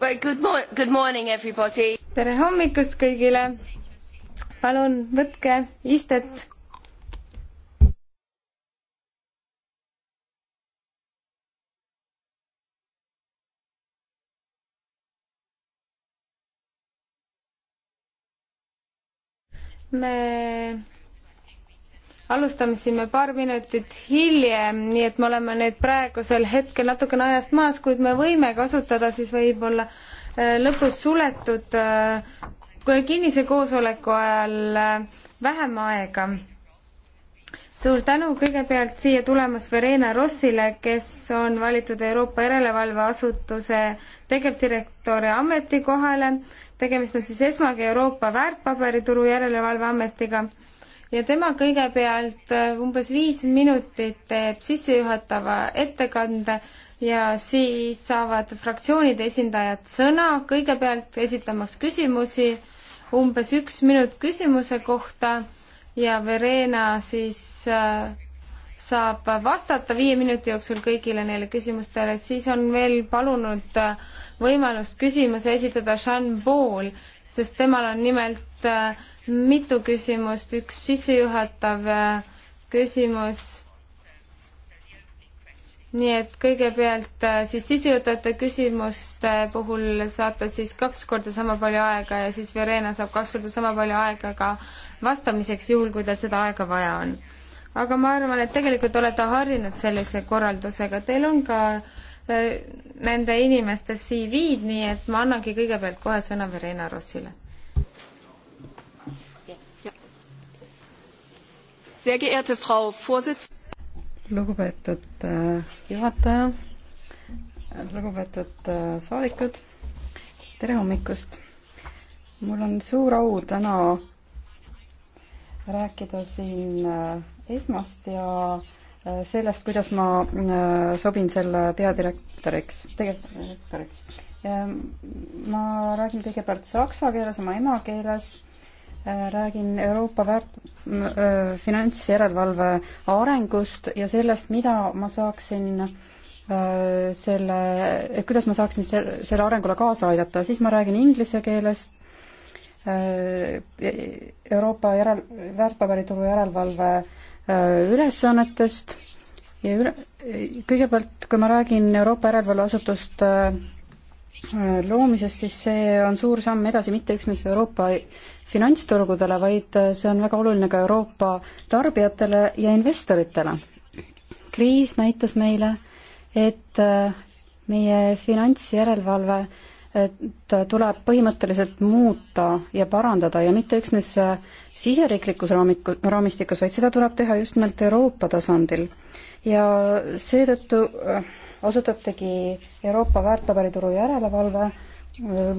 Good, mo good morning everybody. tere hommikust kõigile. palun võtke istet. me alustasime paar minutit hiljem, nii et me oleme nüüd praegusel hetkel natukene ajast maas, kuid me võime kasutada siis võib-olla äh, lõpus suletud äh, kinnise koosoleku ajal äh, vähem aega. suur tänu kõigepealt siia tulemast Verena Rossile, kes on valitud Euroopa Järelevalveasutuse tegevdirektori ametikohale. tegemist on siis esmagi Euroopa väärtpaberituru järelevalveametiga ja tema kõigepealt äh, umbes viis minutit teeb sissejuhatava ettekande ja siis saavad fraktsioonide esindajad sõna, kõigepealt esitamaks küsimusi, umbes üks minut küsimuse kohta ja Verena siis äh, saab vastata viie minuti jooksul kõigile neile küsimustele, siis on veel palunud äh, võimalust küsimuse esitada Sean Paul, sest temal on nimelt Äh, mitu küsimust, üks sissejuhatav äh, küsimus. nii et kõigepealt äh, siis sissejuhatavate küsimuste puhul saate siis kaks korda sama palju aega ja siis Verena saab kaks korda sama palju aega ka vastamiseks, juhul kui tal seda aega vaja on. aga ma arvan, et tegelikult olete harjunud sellise korraldusega, teil on ka nende inimeste CV-d, nii et ma annangi kõigepealt kohe sõna Verena Rossile lugupeetud äh, juhataja, lugupeetud äh, saadikud, tere hommikust! mul on suur au täna rääkida siin äh, esmast ja sellest, kuidas ma sobin selle peadirektoriks, tegevdirektoriks. ma räägin kõigepealt saksa keeles, oma emakeeles Äh, räägin Euroopa väärt-, äh, finantsjärelevalve arengust ja sellest, mida ma saaksin äh, selle, et kuidas ma saaksin selle, selle arengule kaasa aidata, siis ma räägin inglise keelest, e-, Euroopa järel, väärtpaberituru järelevalve ülesannetest ja üle, kõigepealt, kui ma räägin Euroopa järelevalveasutust loomisest, siis see on suur samm edasi mitte üksnes Euroopa finantsturgudele, vaid äh, see on väga oluline ka Euroopa tarbijatele ja investoritele. kriis näitas meile, et äh, meie finantsjärelevalve et äh, tuleb põhimõtteliselt muuta ja parandada ja mitte üksnes siseriiklikus raamiku, raamistikus, vaid seda tuleb teha just nimelt Euroopa tasandil. ja seetõttu asutatigi Euroopa väärtpaberituru järelevalve äh,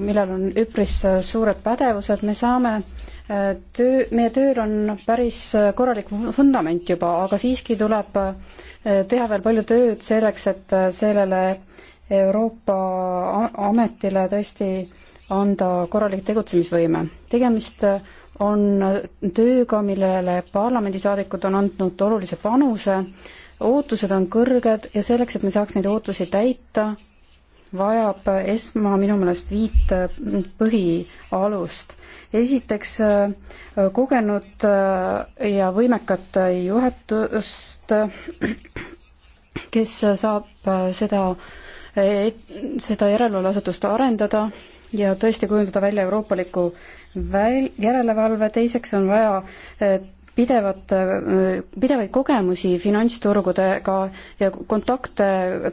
millel on üpris äh, suured pädevused, me saame äh, töö, meie tööl on päris äh, korralik vundament juba, aga siiski tuleb teha veel palju tööd selleks, et sellele Euroopa ametile tõesti anda korralik tegutsemisvõime. tegemist on tööga, millele parlamendisaadikud on andnud olulise panuse, ootused on kõrged ja selleks, et me saaks neid ootusi täita, vajab ESMA minu meelest viit põhialust. esiteks äh, kogenud äh, ja võimekat juhatust, kes saab äh, seda, seda järelevalveasutust arendada ja tõesti kujundada välja euroopalikku väl-, järelevalve, teiseks on vaja pidevat, pidevaid kogemusi finantsturgudega ja kontakte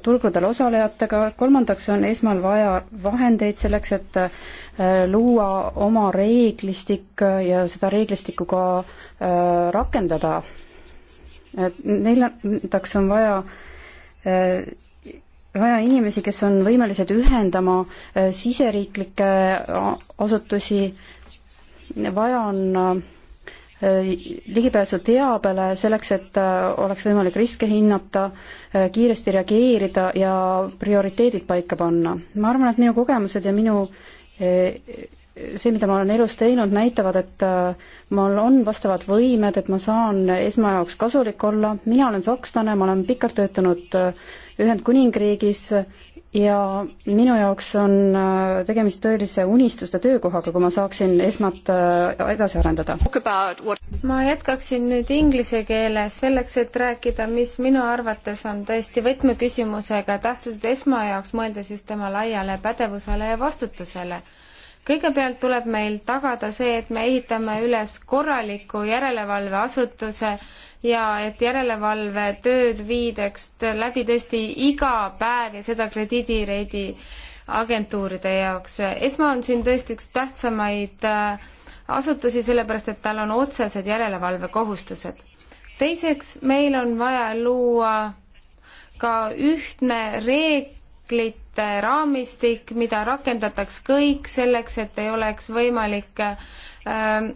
turgudel osalejatega, kolmandaks on esmal vaja vahendeid selleks, et äh, luua oma reeglistik ja seda reeglistikku ka äh, rakendada. neljandaks on vaja äh, vaja inimesi, kes on võimelised ühendama siseriiklikke asutusi, vaja on Äh, ligipääsu teabele selleks, et äh, oleks võimalik riske hinnata, äh, kiiresti reageerida ja prioriteedid paika panna. ma arvan, et minu kogemused ja minu see, mida ma olen elus teinud, näitavad, et mul on vastavad võimed, et ma saan esmajaoks kasulik olla, mina olen sakslane, ma olen pikalt töötanud Ühendkuningriigis, ja minu jaoks on äh, tegemist tõelise unistuste töökohaga, kui ma saaksin esmat äh, edasi arendada. ma jätkaksin nüüd inglise keeles selleks, et rääkida, mis minu arvates on tõesti võtmeküsimusega tähtsuselt esma jaoks, mõeldes just tema laiale pädevusele ja vastutusele kõigepealt tuleb meil tagada see, et me ehitame üles korraliku järelevalveasutuse ja et järelevalvetööd viidaks läbi tõesti iga päev ja seda krediidireidi agentuuride jaoks. ESMA on siin tõesti üks tähtsamaid äh, asutusi, sellepärast et tal on otsesed järelevalvekohustused. teiseks, meil on vaja luua ka ühtne reeglite põhimõtete äh, raamistik, mida rakendataks kõik selleks, et ei oleks võimalik ähm,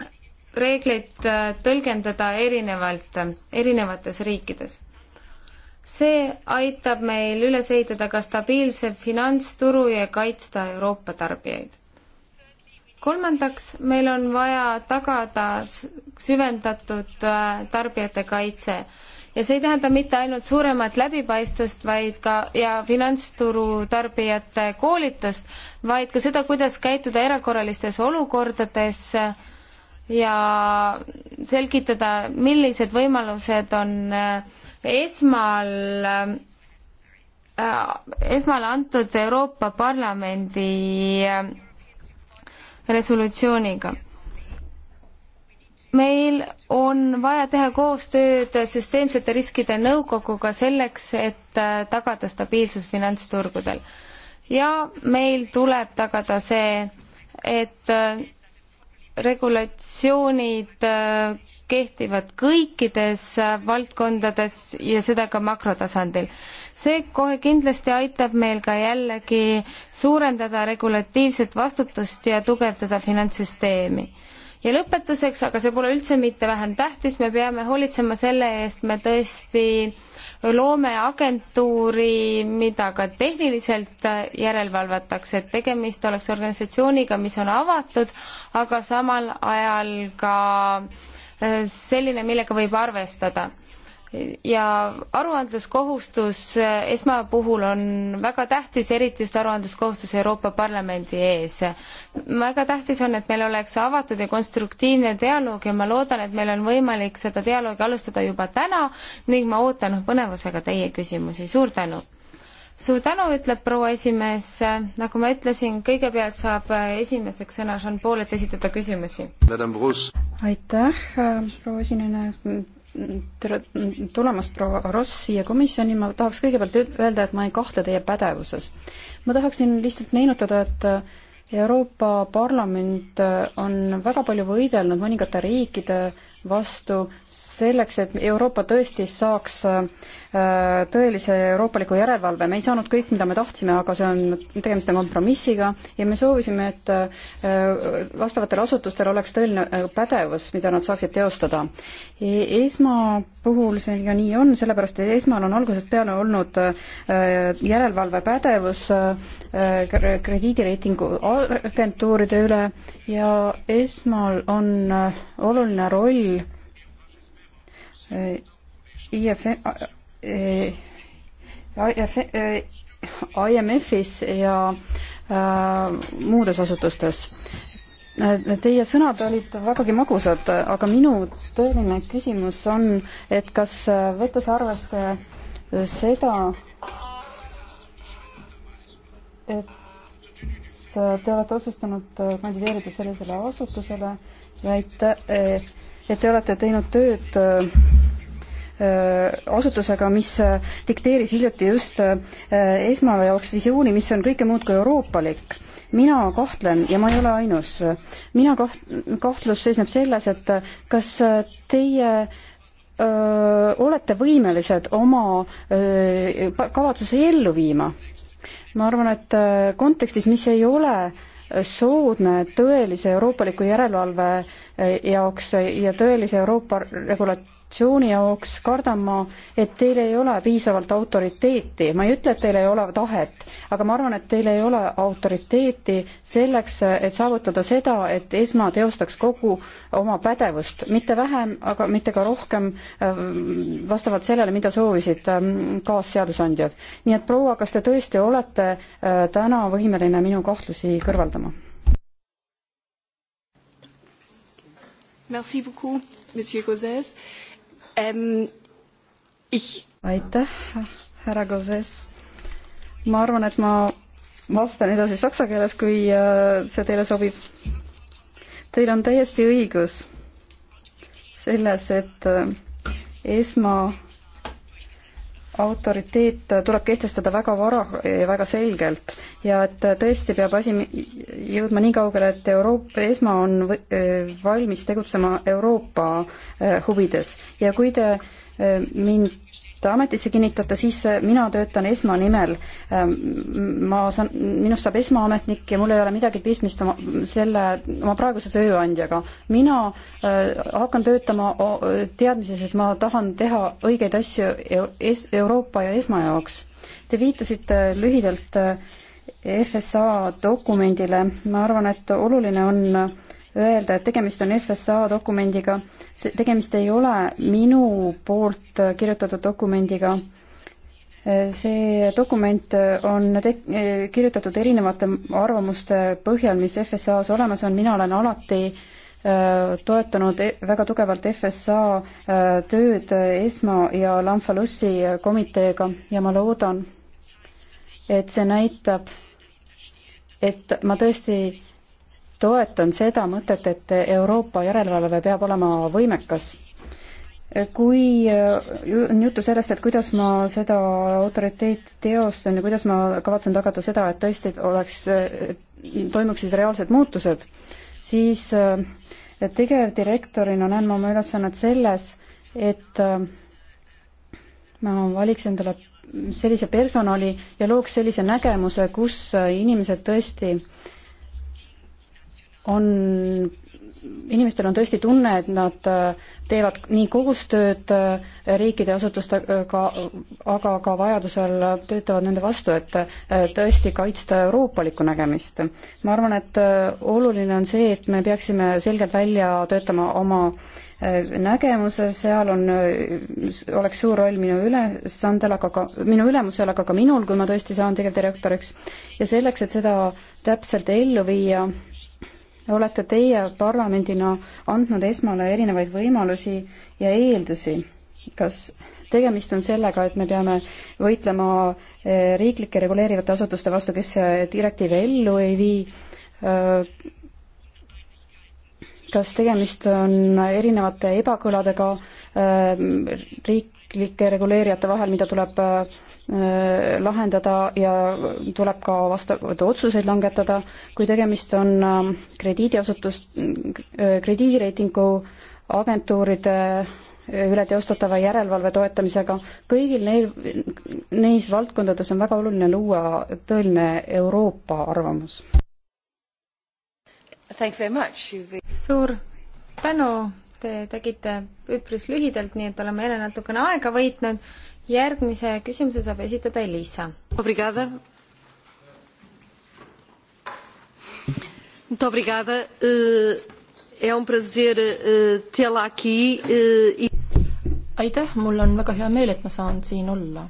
äh, reegleid tõlgendada erinevalt, äh, erinevates riikides. see aitab meil üles ehitada ka stabiilse finantsturu ja kaitsta Euroopa tarbijaid. kolmandaks, meil on vaja tagada süvendatud äh, tarbijate kaitse ja see ei tähenda mitte ainult suuremat läbipaistvust, vaid ka ja finantsturu tarbijate koolitust, vaid ka seda, kuidas käituda erakorralistes olukordades ja selgitada, millised võimalused on äh, esmal äh, esmale antud Euroopa Parlamendi äh, resolutsiooniga meil on vaja teha koostööd süsteemsete riskide nõukoguga selleks, et äh, tagada stabiilsus finantsturgudel. ja meil tuleb tagada see, et äh, regulatsioonid äh, kehtivad kõikides valdkondades ja seda ka makrotasandil. see kohe kindlasti aitab meil ka jällegi suurendada regulatiivset vastutust ja tugevdada finantssüsteemi ja lõpetuseks, aga see pole üldse mitte vähem tähtis, me peame hoolitsema selle eest, me tõesti loome agentuuri, mida ka tehniliselt järelevalvatakse, et tegemist oleks organisatsiooniga, mis on avatud, aga samal ajal ka äh, selline, millega võib arvestada ja aruandluskohustus äh, ESMA puhul on väga tähtis, eriti just aruandluskohustus Euroopa Parlamendi ees. väga tähtis on, et meil oleks avatud ja konstruktiivne dialoog ja ma loodan, et meil on võimalik seda dialoogi alustada juba täna ning ma ootan põnevusega teie küsimusi, suur tänu! suur tänu, ütleb proua esimees, nagu ma ütlesin, kõigepealt saab esimeseks sõna Jean-Paul, et esitada küsimusi. aitäh, proua esineja tere tulemast, proua Ross, siia komisjoni, ma tahaks kõigepealt öelda, et ma ei kahtle teie pädevuses. ma tahaksin lihtsalt meenutada, et äh, Euroopa Parlament äh, on väga palju võidelnud mõningate riikide vastu selleks, et Euroopa tõesti saaks äh, tõelise euroopaliku järelevalve. me ei saanud kõik, mida me tahtsime, aga see on, tegemist on kompromissiga ja me soovisime, et äh, vastavatel asutustel oleks tõeline äh, pädevus, mida nad saaksid teostada. E, ESMA puhul see ka nii on, sellepärast et ESMA-l on algusest peale olnud järelevalvepädevus krediidireitingu agentuuride üle ja ESMA-l on oluline roll Äh, IFM, äh, äh, IMF-is ja muudes asutustes. Teie sõnad olid vägagi magusad, aga minu tõeline küsimus on, et kas võttes arvesse seda, et te olete otsustanud kandideerida sellisele asutusele, väita, et et te olete teinud tööd äh, äh, asutusega, mis äh, dikteeris hiljuti just esmale jaoks visiooni, mis on kõike muud kui euroopalik. mina kahtlen ja ma ei ole ainus. mina kaht-, kahtlus seisneb selles, et kas teie öö, olete võimelised oma öö, kavatsusi ellu viima? ma arvan, et kontekstis, mis ei ole soodne tõelise euroopaliku järelevalve öö, jaoks ja tõelise Euroopa regulatsiooni jaoks kardan ma, et teil ei ole piisavalt autoriteeti, ma ei ütle, et teil ei ole tahet, aga ma arvan, et teil ei ole autoriteeti selleks, et saavutada seda, et ESMA teostaks kogu oma pädevust, mitte vähem, aga mitte ka rohkem äh, vastavalt sellele, mida soovisid ähm, kaasseadusandjad. nii et proua, kas te tõesti olete äh, täna võimeline minu kahtlusi kõrvaldama? Merci beaucoup, monsieur Gauzes ähm,. Ich... aitäh, härra Gauzes. ma arvan, et ma vastan edasi saksa keeles, kui äh, see teile sobib. Teil on täiesti õigus selles, et äh, esma autoriteet tuleb kehtestada väga vara ja väga selgelt ja et tõesti peab asi jõudma nii kaugele, et Euroopa, ESMA on valmis tegutsema Euroopa eh, huvides ja kui te eh, mind te ametisse kinnitate, siis mina töötan ESMA nimel. Ähm, ma saan, minust saab ESMA ametnik ja mul ei ole midagi pistmist oma, selle, oma praeguse tööandjaga. mina äh, hakkan töötama teadmises, et ma tahan teha õigeid asju e-, es, Euroopa ja ESMA jaoks. Te viitasite lühidalt äh, FSA dokumendile, ma arvan, et oluline on äh, öelda, et tegemist on FSA dokumendiga. see, tegemist ei ole minu poolt kirjutatud dokumendiga. see dokument on tek-, kirjutatud erinevate arvamuste põhjal, mis FSA-s olemas on, mina olen alati äh, toetanud e-, väga tugevalt FSA äh, tööd ESMA ja Lamfalussi komiteega ja ma loodan, et see näitab, et ma tõesti toetan seda mõtet, et Euroopa järelevalve peab olema võimekas. kui on juttu sellest, et kuidas ma seda autoriteeti teostan ja kuidas ma kavatsen tagada seda, et tõesti oleks, toimuks siis reaalsed muutused, siis tegevdirektorina näen ma oma ülesannet selles, et ma valiks endale sellise personali ja looks sellise nägemuse, kus inimesed tõesti äh, on, inimestel on tõesti tunne, et nad äh, teevad nii koostööd äh, riikide asutustega, aga ka vajadusel töötavad nende vastu, et äh, tõesti kaitsta euroopalikku nägemist. ma arvan, et oluline on see, et me peaksime selgelt välja töötama oma nägemuse, seal on, oleks suur roll minu ülesandel, aga ka, minu ülemusel, aga ka minul, kui ma tõesti saan tegevdirektoriks. ja selleks, et seda täpselt ellu viia, olete teie parlamendina andnud esmale erinevaid võimalusi ja eeldusi. kas tegemist on sellega, et me peame võitlema eh, riiklike reguleerivate asutuste vastu, kes eh, direktiive ellu ei vii, kas tegemist on erinevate ebakõladega riiklike reguleerijate vahel, mida tuleb Äh, lahendada ja tuleb ka vastavaid otsuseid langetada. kui tegemist on ähm, krediidiasutus, äh, krediidireitingu agentuuride äh, üle teostatava järelevalve toetamisega, kõigil neil, neis valdkondades on väga oluline luua tõeline Euroopa arvamus. suur tänu, te tegite üpris lühidalt, nii et oleme jälle natukene aega võitnud järgmise küsimuse saab esitada Elisa. Muito obrigada. Eh, é um prazer eh, tê-la aqui. Eh, e Aitäh, mul on väga hea meel, et ma saan siin olla.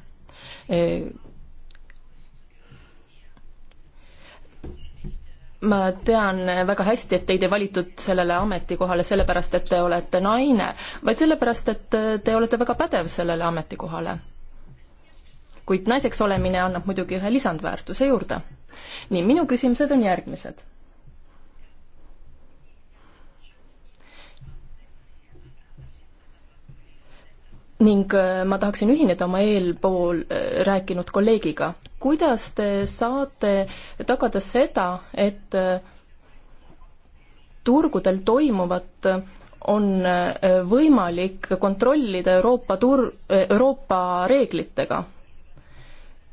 ma tean väga hästi, et teid ei valitud sellele ametikohale sellepärast, et te olete naine, vaid sellepärast, et te olete väga pädev sellele ametikohale. kuid naiseks olemine annab muidugi ühe lisandväärtuse juurde. nii, minu küsimused on järgmised. ning äh, ma tahaksin ühineda oma eelpool äh, rääkinud kolleegiga. kuidas te saate tagada seda, et äh, turgudel toimuvat on võimalik kontrollida Euroopa tur-, Euroopa reeglitega?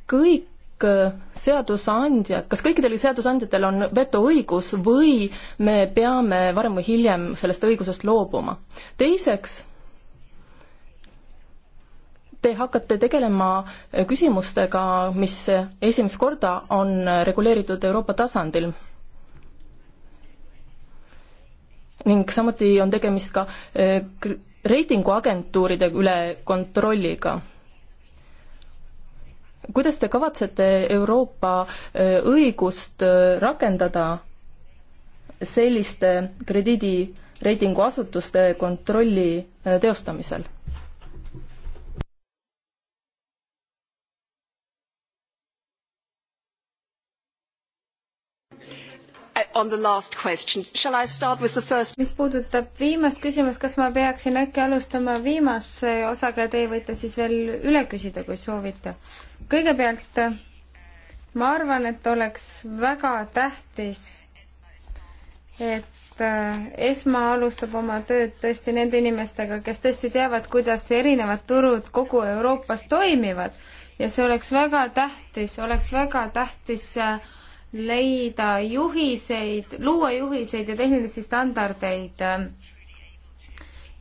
kõik seadusandjad, kas kõikidel seadusandjatel on vetoõigus või me peame varem või hiljem sellest õigusest loobuma? teiseks te hakkate tegelema äh, küsimustega, mis esimest korda on reguleeritud Euroopa tasandil. ning samuti on tegemist ka äh, reitinguagentuuride üle kontrolliga kuidas te kavatsete Euroopa äh, õigust rakendada selliste krediidireitinguasutuste kontrolli teostamisel? on the last question. Shall I start with the first? mis puudutab viimast küsimust, kas ma peaksin äkki alustama viimase osaga ja teie võite siis veel üle küsida, kui soovite. kõigepealt ma arvan, et oleks väga tähtis, et äh, ESMA alustab oma tööd tõesti nende inimestega, kes tõesti teavad, kuidas erinevad turud kogu Euroopas toimivad ja see oleks väga tähtis, oleks väga tähtis äh, leida juhiseid, luua juhiseid ja tehnilisi standardeid, äh,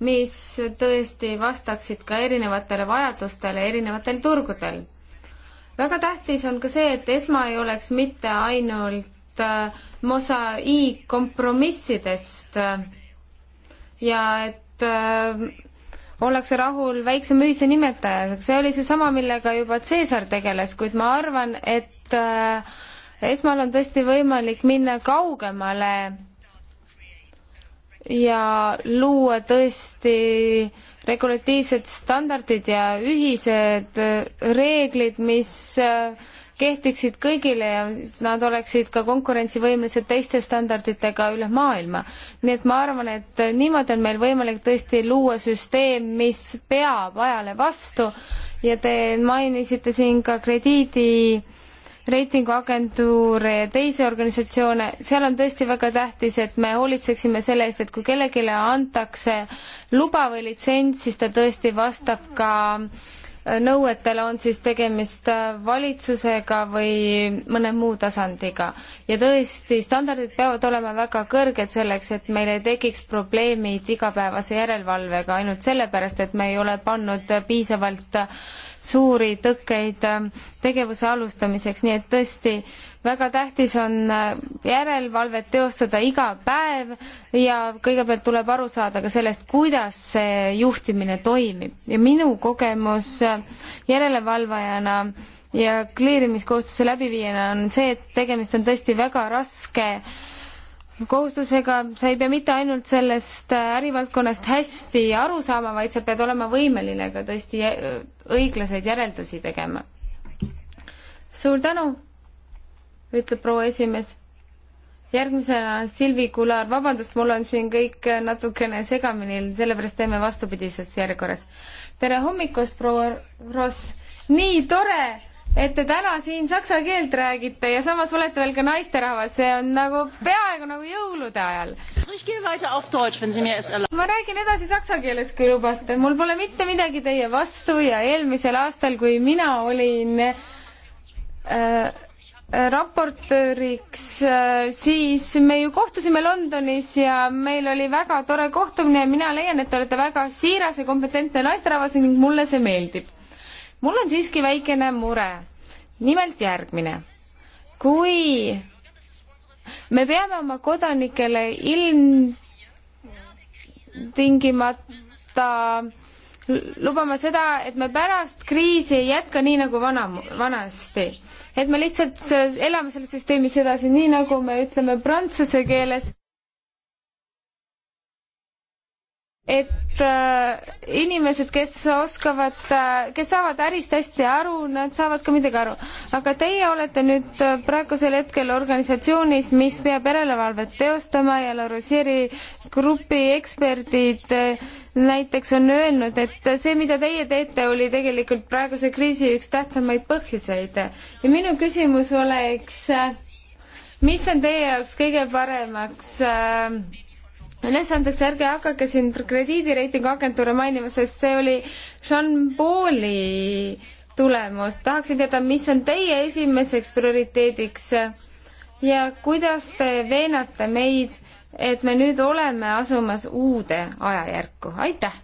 mis tõesti vastaksid ka erinevatele vajadustele erinevatel turgudel. väga tähtis on ka see, et ESMA ei oleks mitte ainult äh, mosaiik kompromissidest äh, ja et ollakse rahul väiksema ühise nimetajaga, see oli seesama, millega juba Caesar tegeles, kuid ma arvan, et äh, esmal on tõesti võimalik minna kaugemale ja luua tõesti regulatiivsed standardid ja ühised äh, reeglid, mis äh, kehtiksid kõigile ja nad oleksid ka konkurentsivõimelised teiste standarditega üle maailma. nii et ma arvan, et äh, niimoodi on meil võimalik tõesti luua süsteem, mis peab ajale vastu ja te mainisite siin ka krediidi äh, reitinguagentuure ja teisi organisatsioone, seal on tõesti väga tähtis, et me hoolitseksime selle eest, et kui kellelegi antakse luba või litsents, siis ta tõesti vastab ka äh, nõuetele, on siis tegemist äh, valitsusega või mõne muu tasandiga. ja tõesti, standardid peavad olema väga kõrged selleks, et meil ei tekiks probleemid igapäevase järelevalvega ainult sellepärast, et me ei ole pannud piisavalt äh, suuri tõkkeid ähm, tegevuse alustamiseks, nii et tõesti väga tähtis on äh, järelevalvet teostada iga päev ja kõigepealt tuleb aru saada ka sellest, kuidas see juhtimine toimib ja minu kogemus äh, järelevalvajana ja kleerimiskohustuse läbiviijana on see, et tegemist on tõesti väga raske kohustusega, sa ei pea mitte ainult sellest äh, ärivaldkonnast hästi aru saama, vaid sa pead olema võimeline ka tõesti äh, õiglaseid järeldusi tegema. suur tänu, ütleb proua esimees. järgmisena Silvi Kular, vabandust, mul on siin kõik äh, natukene segamini, sellepärast teeme vastupidises järjekorras. tere hommikust, proua Ross, nii tore et te täna siin saksa keelt räägite ja samas olete veel ka naisterahvas, see on nagu peaaegu nagu jõulude ajal. ma räägin edasi saksa keeles, kui lubate, mul pole mitte midagi teie vastu ja eelmisel aastal, kui mina olin äh, raportööriks, äh, siis me ju kohtusime Londonis ja meil oli väga tore kohtumine ja mina leian, et te olete väga siiras ja kompetentne naisterahvas ning mulle see meeldib mul on siiski väikene mure. nimelt järgmine. kui me peame oma kodanikele ilmtingimata lubama seda, et me pärast kriisi ei jätka nii nagu vana, vanasti. et me lihtsalt elame selles süsteemis edasi, nii nagu me ütleme prantsuse keeles et äh, inimesed, kes oskavad, äh, kes saavad ärist hästi aru, nad saavad ka midagi aru. aga teie olete nüüd äh, praegusel hetkel organisatsioonis, mis peab järelevalvet teostama ja La Rosieri grupi eksperdid näiteks on öelnud, et see, mida teie teete, oli tegelikult praeguse kriisi üks tähtsamaid põhjuseid. ja minu küsimus oleks, mis on teie jaoks kõige paremaks äh, ülesandeks ärge hakake siin krediidireitingu agentuure mainima, sest see oli Jean Pauli tulemus. tahaksin teada, mis on teie esimeseks prioriteediks ja kuidas te veenate meid, et me nüüd oleme asumas uude ajajärku, aitäh!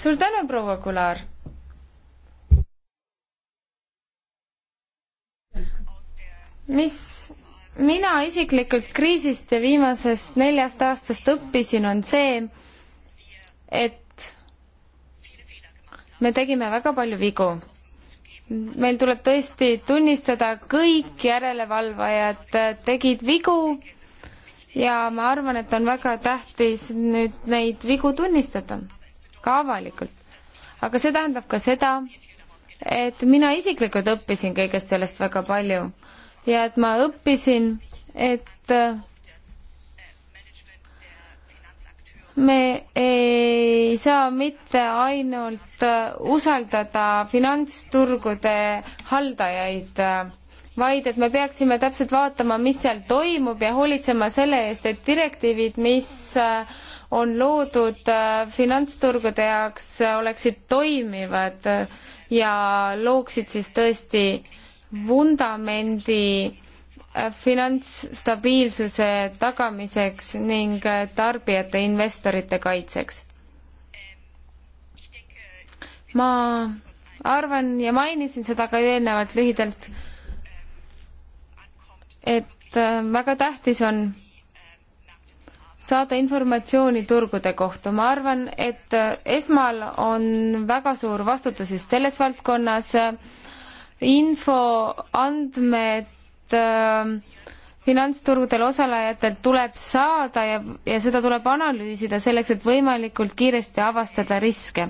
suur tänu, proua Kular! mis mina isiklikult kriisist ja viimasest neljast aastast õppisin, on see, et me tegime väga palju vigu. meil tuleb tõesti tunnistada, kõik järelevalvajad äh, tegid vigu ja ma arvan, et on väga tähtis nüüd neid vigu tunnistada, ka avalikult. aga see tähendab ka seda, et mina isiklikult õppisin kõigest sellest väga palju ja et ma õppisin, et äh, me ei saa mitte ainult äh, usaldada finantsturgude haldajaid, äh, vaid et me peaksime täpselt vaatama, mis seal toimub ja hoolitsema selle eest, et direktiivid, mis on loodud finantsturgude jaoks, oleksid toimivad ja looksid siis tõesti vundamendi äh, finantsstabiilsuse tagamiseks ning äh, tarbijate investorite kaitseks. ma arvan ja mainisin seda ka eelnevalt lühidalt, et äh, väga tähtis on saada informatsiooni turgude kohta. ma arvan, et esmal on väga suur vastutus just selles valdkonnas äh, info, andmed äh, finantsturgudel osalejatel tuleb saada ja, ja seda tuleb analüüsida selleks, et võimalikult kiiresti avastada riske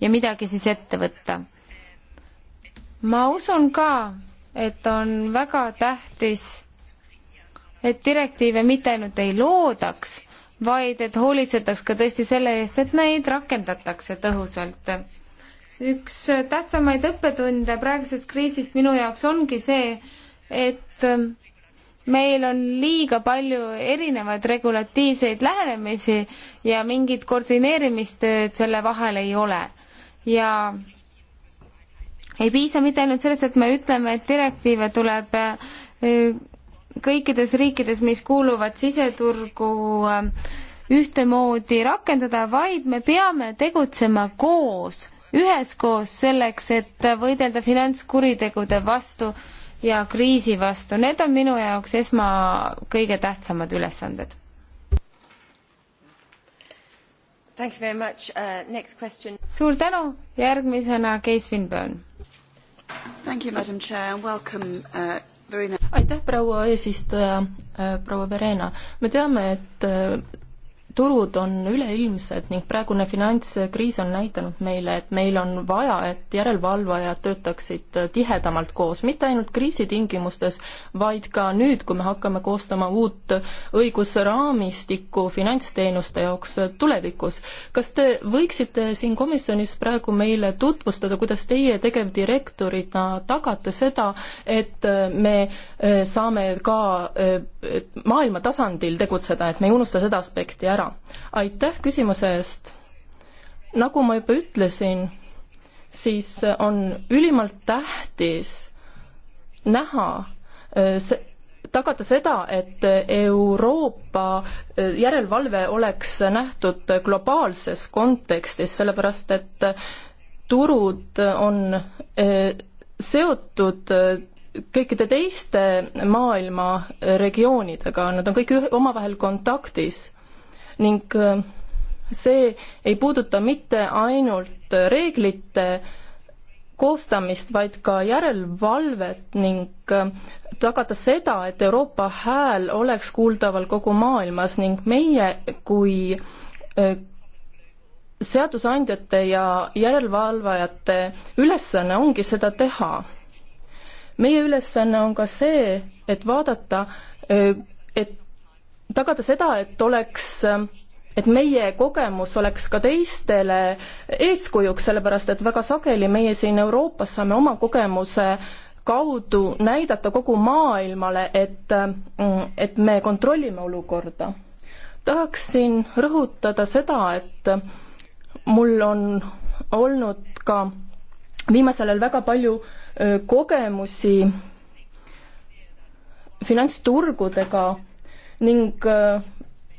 ja midagi siis ette võtta. ma usun ka, et on väga tähtis, et direktiive mitte ainult ei loodaks, vaid et hoolitsetaks ka tõesti selle eest, et neid rakendatakse tõhusalt üks tähtsamaid õppetunde praegusest kriisist minu jaoks ongi see, et ähm, meil on liiga palju erinevaid regulatiivseid lähenemisi ja mingit koordineerimistööd selle vahel ei ole. ja ei piisa mitte ainult sellest, et me ütleme, et direktiive tuleb äh, kõikides riikides, mis kuuluvad siseturgu ähm, ühtemoodi rakendada, vaid me peame tegutsema koos üheskoos selleks, et võidelda finantskuritegude vastu ja kriisi vastu. Need on minu jaoks esma kõige tähtsamad ülesanded. Thank you very much uh,. Next question. suur tänu, järgmisena Keis Finburn. Thank you, madam chair, welcome uh, aitäh, proua eesistuja, uh, proua Verena. me teame, et uh, turud on üleilmsed ning praegune finantskriis on näidanud meile, et meil on vaja, et järelevalvajad töötaksid äh, tihedamalt koos, mitte ainult kriisi tingimustes, vaid ka nüüd, kui me hakkame koostama uut õigusraamistikku finantsteenuste jaoks äh, tulevikus. kas te võiksite siin komisjonis praegu meile tutvustada, kuidas teie tegevdirektorina tagate seda, et äh, me saame ka maailma tasandil tegutseda, et me ei unusta seda aspekti ära? ära. aitäh küsimuse eest. nagu ma juba ütlesin, siis on ülimalt tähtis näha äh, see, tagada seda, et Euroopa äh, järelevalve oleks nähtud globaalses kontekstis, sellepärast et turud on äh, seotud kõikide teiste maailma regioonidega, nad on kõik omavahel kontaktis ning äh, see ei puuduta mitte ainult reeglite koostamist, vaid ka järelevalvet ning äh, tagada seda, et Euroopa hääl oleks kuuldaval kogu maailmas ning meie kui äh, seadusandjate ja järelevalvajate ülesanne ongi seda teha. meie ülesanne on ka see, et vaadata, et tagada seda, et oleks et meie kogemus oleks ka teistele eeskujuks, sellepärast et väga sageli meie siin Euroopas saame oma kogemuse kaudu näidata kogu maailmale, et, et me kontrollime olukorda. tahaksin rõhutada seda, et mul on olnud ka viimasel ajal väga palju kogemusi finantsturgudega ning äh,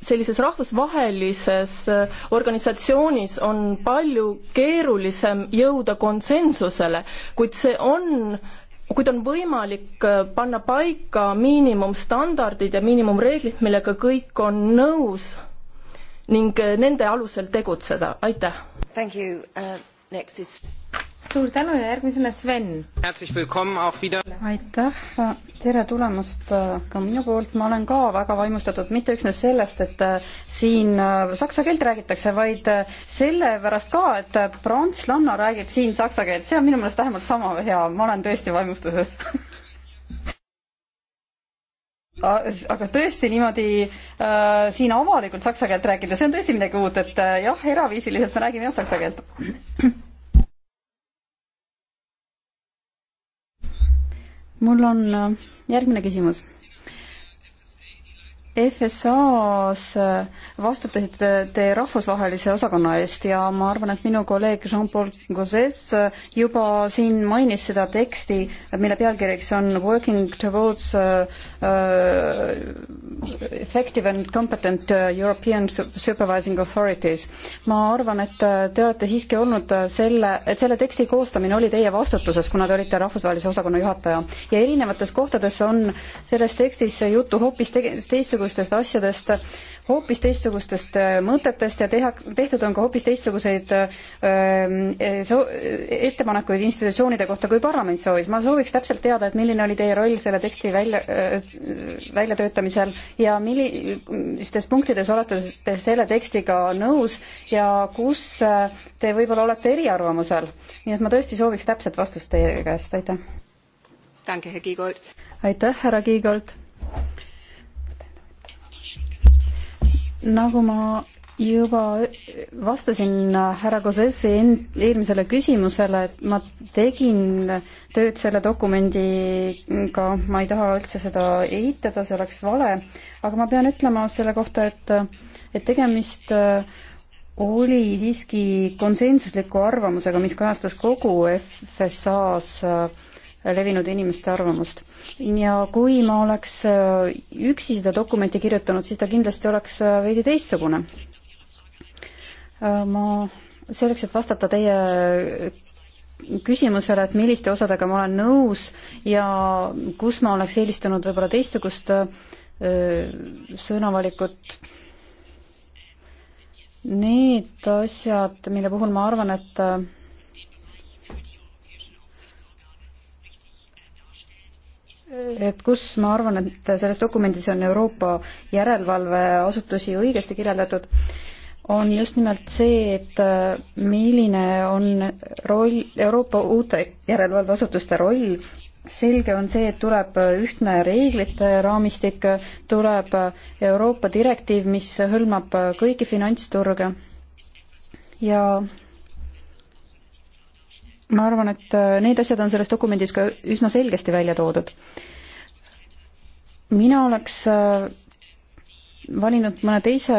sellises rahvusvahelises äh, organisatsioonis on palju keerulisem jõuda konsensusele, kuid see on kuid on võimalik äh, panna paika miinimumstandardid ja miinimumreeglid, millega kõik on nõus ning nende alusel tegutseda, aitäh! suur tänu ja järgmisena Sven. aitäh, tere tulemast äh, ka minu poolt, ma olen ka väga vaimustatud mitte üksnes sellest, et äh, siin äh, saksa keelt räägitakse, vaid sellepärast ka, et prantslanna räägib siin saksa keelt, see on minu meelest vähemalt sama hea, ma olen tõesti vaimustuses aga tõesti niimoodi äh, siin avalikult saksa keelt rääkida, see on tõesti midagi uut, et äh, jah, eraviisiliselt me räägime jah saksa keelt mul on äh, järgmine küsimus FSA-s äh, vastutasite te rahvusvahelise osakonna eest ja ma arvan, et minu kolleeg Jean-Paul Gauzes äh, juba siin mainis seda teksti, mille pealkirjaks on Working towards uh, uh, effective and competent European supervising authorities. ma arvan, et te olete siiski olnud selle, et selle teksti koostamine oli teie vastutuses, kuna te olite rahvusvahelise osakonna juhataja ja erinevates kohtades on selles tekstis juttu hoopis teistsugusest teistsugustest asjadest, hoopis teistsugustest äh, mõtetest ja teha, tehtud on ka hoopis teistsuguseid äh, äh, ettepanekuid institutsioonide kohta, kui parlament soovis. ma sooviks täpselt teada, et milline oli teie roll selle teksti välja, väljatöötamisel ja millistes punktides olete te selle tekstiga nõus ja kus te võib-olla olete eriarvamusel. nii et ma tõesti sooviks täpset vastust teie käest, aitäh. aitäh, härra Kiigold nagu ma juba vastasin härra Kozessi eelmisele küsimusele, et ma tegin tööd selle dokumendiga, ma ei taha üldse seda eitada, see oleks vale, aga ma pean ütlema selle kohta, et, et tegemist oli siiski konsensusliku arvamusega, mis kajastas kogu FSA-s levinud inimeste arvamust. ja kui ma oleks äh, üksi seda dokumenti kirjutanud, siis ta kindlasti oleks äh, veidi teistsugune. Äh, ma selleks, et vastata teie küsimusele, et milliste osadega ma olen nõus ja kus ma oleks eelistanud võib-olla teistsugust sõnavalikut, need asjad, mille puhul ma arvan, et et kus ma arvan, et selles dokumendis on Euroopa järelevalveasutusi õigesti kirjeldatud, on just nimelt see, et äh, milline on roll, Euroopa uute järelevalveasutuste roll, selge on see, et tuleb ühtne reeglite raamistik, tuleb Euroopa direktiiv, mis hõlmab kõiki finantsturge ja ma arvan, et äh, need asjad on selles dokumendis ka üsna selgesti välja toodud. mina oleks äh, valinud mõne teise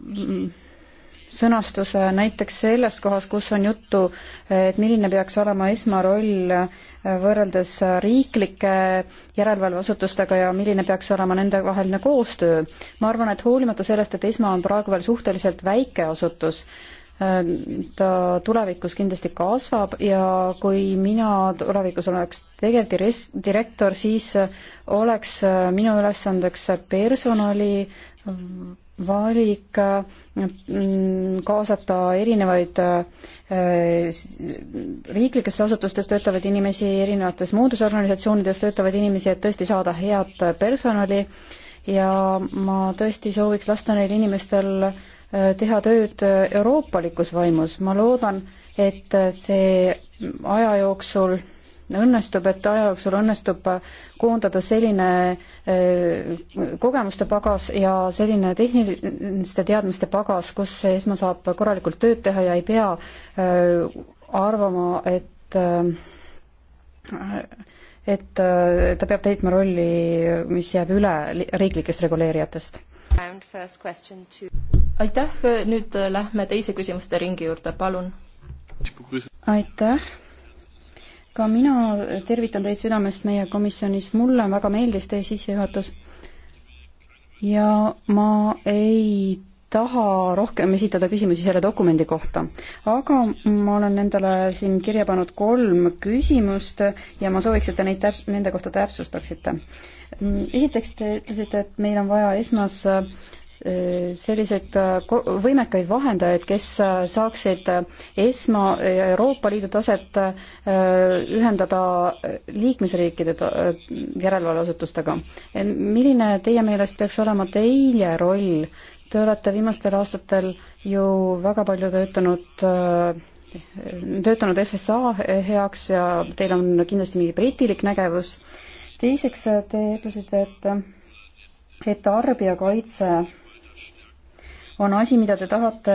mm, sõnastuse näiteks selles kohas, kus on juttu, et milline peaks olema esmaroll äh, võrreldes riiklike järelevalveasutustega ja milline peaks olema nendevaheline koostöö. ma arvan, et hoolimata sellest, et esma on praegu veel suhteliselt väike asutus, ta tulevikus kindlasti kasvab ja kui mina tulevikus oleks tegevdirektor, siis oleks minu ülesandeks personali valik kaasata erinevaid eh, riiklikes asutustes töötavaid inimesi, erinevates muudes organisatsioonides töötavaid inimesi, et tõesti saada head personali ja ma tõesti sooviks lasta neil inimestel äh, teha tööd euroopalikus vaimus. ma loodan, et see aja jooksul õnnestub, et aja jooksul õnnestub koondada selline äh, kogemuste pagas ja selline tehniliste teadmiste pagas, kus ESMA saab korralikult tööd teha ja ei pea äh, arvama, et äh, et ta peab täitma rolli, mis jääb üle riiklikest reguleerijatest. To aitäh, nüüd äh, lähme teise küsimuste ringi juurde, palun. aitäh. ka mina tervitan teid südamest meie komisjonis, mulle väga meeldis teie sissejuhatus. ja ma ei taha rohkem esitada küsimusi selle dokumendi kohta, aga ma olen endale siin kirja pannud kolm küsimust ja ma sooviks, et te neid täps-, nende kohta täpsustaksite. Mm, esiteks te ütlesite, et meil on vaja esmas äh, selliseid äh, võimekaid vahendajaid, kes äh, saaksid äh, ESMA ja Euroopa Liidu taset ühendada liikmesriikide järelevalveasutustega. milline teie meelest peaks olema teie roll? Te olete viimastel aastatel ju väga palju töötanud töötanud FSA heaks ja teil on kindlasti mingi britilik nägevus. teiseks, te ütlesite, et et tarbijakaitse on asi, mida te tahate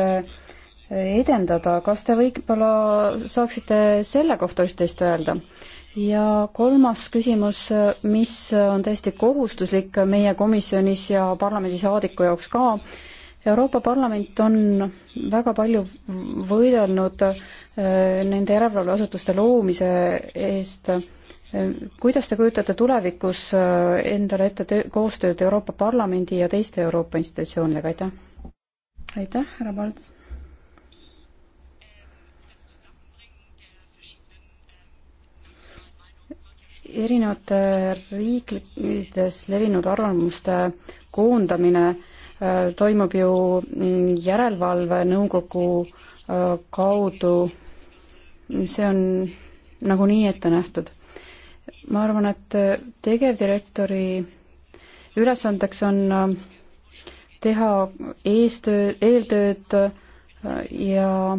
edendada, kas te võib-olla saaksite selle kohta üht-teist öelda? ja kolmas küsimus, mis on täiesti kohustuslik meie komisjonis ja parlamendisaadiku jaoks ka, Euroopa Parlament on väga palju võidelnud äh, nende järelevalveasutuste loomise eest kuidas te kujutate tulevikus äh, endale ette koostööd Euroopa Parlamendi ja teiste Euroopa institutsioonidega, aitäh? aitäh, härra Palts. erinevate riikides levinud arvamuste koondamine äh, toimub ju mm, järelevalvenõukogu äh, kaudu. see on nagunii ette nähtud. ma arvan, et äh, tegevdirektori ülesandeks on teha eestöö, eeltööd äh, ja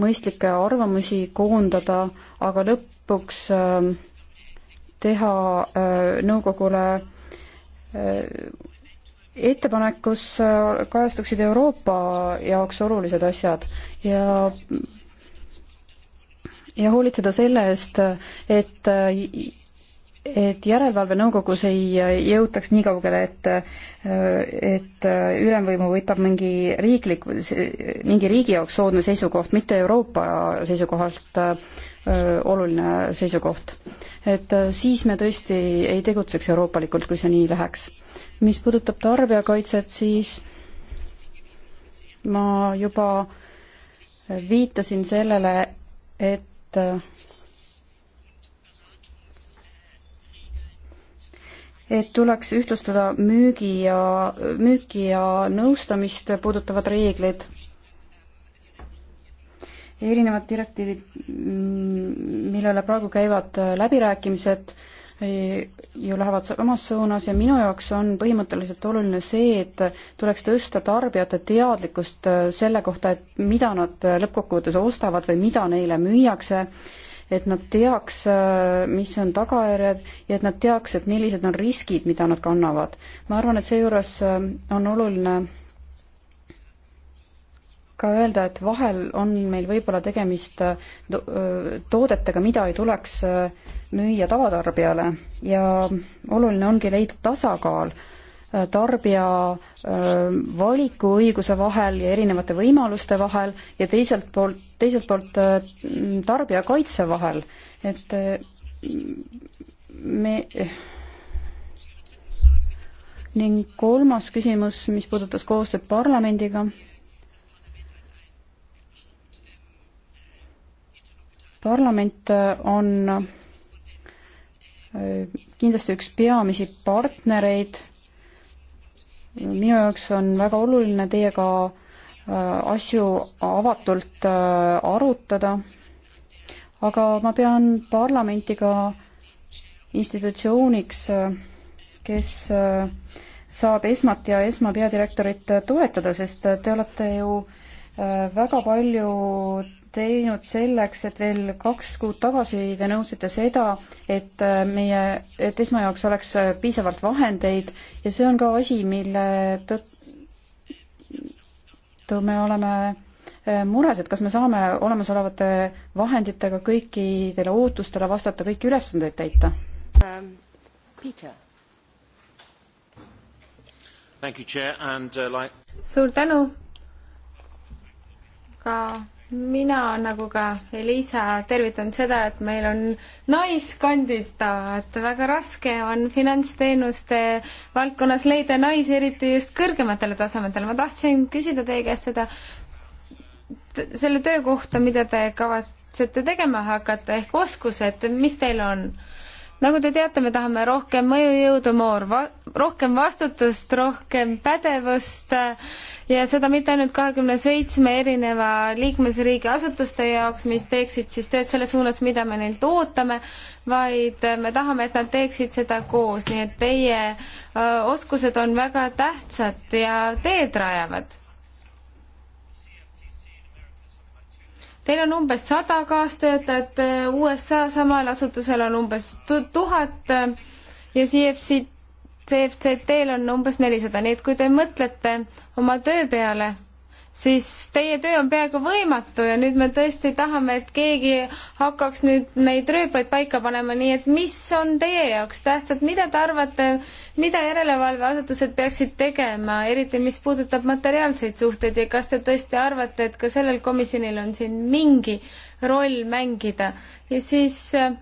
mõistlikke arvamusi koondada, aga lõpuks äh, teha äh, nõukogule ettepanekus kajastuksid Euroopa jaoks olulised asjad ja ja hoolitseda selle eest, et et järelevalvenõukogus ei jõutaks nii kaugele, et et ülemvõimu võtab mingi riiklik, mingi riigi jaoks soodne seisukoht, mitte Euroopa seisukohalt oluline seisukoht. et siis me tõesti ei tegutseks euroopalikult, kui see nii läheks. mis puudutab tarbijakaitset, siis ma juba viitasin sellele, et et tuleks ühtlustada müügi ja, müüki ja nõustamist puudutavad reeglid. erinevad direktiivid, mm, millele praegu käivad läbirääkimised, e, ju lähevad samas suunas ja minu jaoks on põhimõtteliselt oluline see, et tuleks tõsta tarbijate teadlikkust e, selle kohta, et mida nad e, lõppkokkuvõttes ostavad või mida neile müüakse et nad teaks, äh, mis on tagajärjed ja et nad teaks, et millised on riskid, mida nad kannavad. ma arvan, et seejuures äh, on oluline ka öelda, et vahel on meil võib-olla tegemist äh, toodetega, mida ei tuleks müüa tavatarbijale ja oluline ongi leida tasakaal tarbija valikuõiguse vahel ja erinevate võimaluste vahel ja teiselt poolt, teiselt poolt tarbijakaitse vahel, et me ning kolmas küsimus, mis puudutas koostööd parlamendiga. parlament on kindlasti üks peamisi partnereid minu jaoks on väga oluline teiega äh, asju avatult äh, arutada, aga ma pean parlamenti ka institutsiooniks, äh, kes saab esmat ja esma peadirektorit toetada, sest te olete ju väga palju teinud selleks, et veel kaks kuud tagasi te nõudsite seda, et äh, meie, et esmajaoks oleks äh, piisavalt vahendeid ja see on ka asi, mille tõttu me oleme äh, mures, et kas me saame olemasolevate vahenditega kõikidele ootustele vastata, kõiki ülesandeid täita um,? Uh, like... suur tänu ka mina nagu ka Elisa tervitan seda, et meil on naiskandidaat, väga raske on finantsteenuste valdkonnas leida naisi, eriti just kõrgematele tasemetele. ma tahtsin küsida teie käest seda, selle töö kohta, mida te kavatsete tegema hakata ehk oskused, mis teil on? nagu te teate, me tahame rohkem mõjujõudu, moor va-, rohkem vastutust, rohkem pädevust ja seda mitte ainult kahekümne seitsme erineva liikmesriigi asutuste jaoks, mis teeksid siis tööd selles suunas, mida me neilt ootame, vaid me tahame, et nad teeksid seda koos, nii et teie äh, oskused on väga tähtsad ja teed rajavad Teil on umbes sada kaastöötajat, äh, USA samal asutusel on umbes tuhat äh, ja CFC, CFCT-l on umbes nelisada, nii et kui te mõtlete oma töö peale siis teie töö on peaaegu võimatu ja nüüd me tõesti tahame, et keegi hakkaks nüüd neid rööpaid paika panema, nii et mis on teie jaoks tähtsad, mida te arvate, mida järelevalveasutused peaksid tegema, eriti mis puudutab materiaalseid suhteid ja kas te tõesti arvate, et ka sellel komisjonil on siin mingi roll mängida ja siis äh,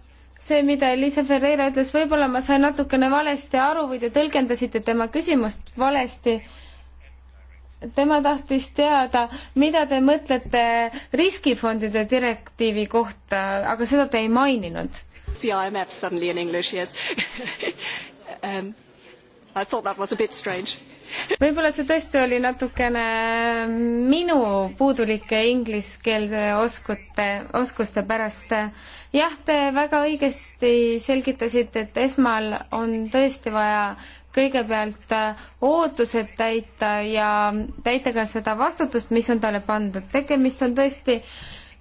see, mida Elisa Ferreira ütles, võib-olla ma sain natukene valesti aru või te tõlgendasite tema küsimust valesti tema tahtis teada, mida te mõtlete riskifondide direktiivi kohta, aga seda te ei maininud. CIMF suddenly in english, yes um,. I thought that was a bit strange võib-olla see tõesti oli natukene minu puudulike ingliskeelse oskute, oskuste pärast. jah, te väga õigesti selgitasite, et esmal on tõesti vaja kõigepealt äh, ootused täita ja täita ka seda vastutust, mis on talle pandud. tegemist on tõesti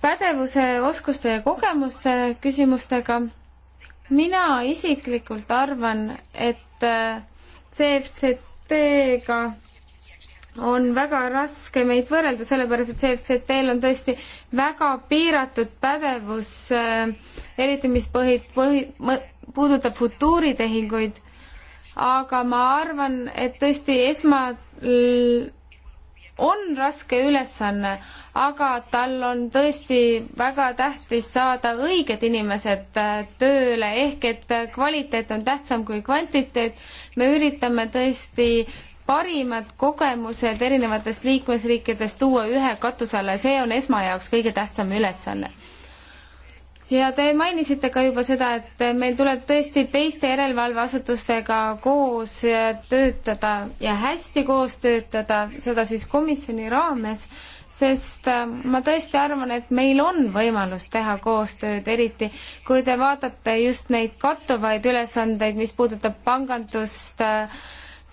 pädevuse, oskuste ja kogemuse küsimustega. mina isiklikult arvan, et äh, CFCT-ga on väga raske meid võrrelda, sellepärast et CFCT-l on tõesti väga piiratud pädevus, äh, eriti mis põhi, põhi, puudutab futuuritehinguid aga ma arvan, et tõesti esma- on raske ülesanne, aga tal on tõesti väga tähtis saada õiged inimesed äh, tööle, ehk et äh, kvaliteet on tähtsam kui kvantiteet. me üritame tõesti parimad kogemused erinevatest liikmesriikidest tuua ühe katuse alla ja see on esma jaoks kõige tähtsam ülesanne ja te mainisite ka juba seda, et meil tuleb tõesti teiste järelevalveasutustega koos töötada ja hästi koos töötada, seda siis komisjoni raames, sest äh, ma tõesti arvan, et meil on võimalus teha koostööd, eriti kui te vaatate just neid kattuvaid ülesandeid, mis puudutab pangandust, äh,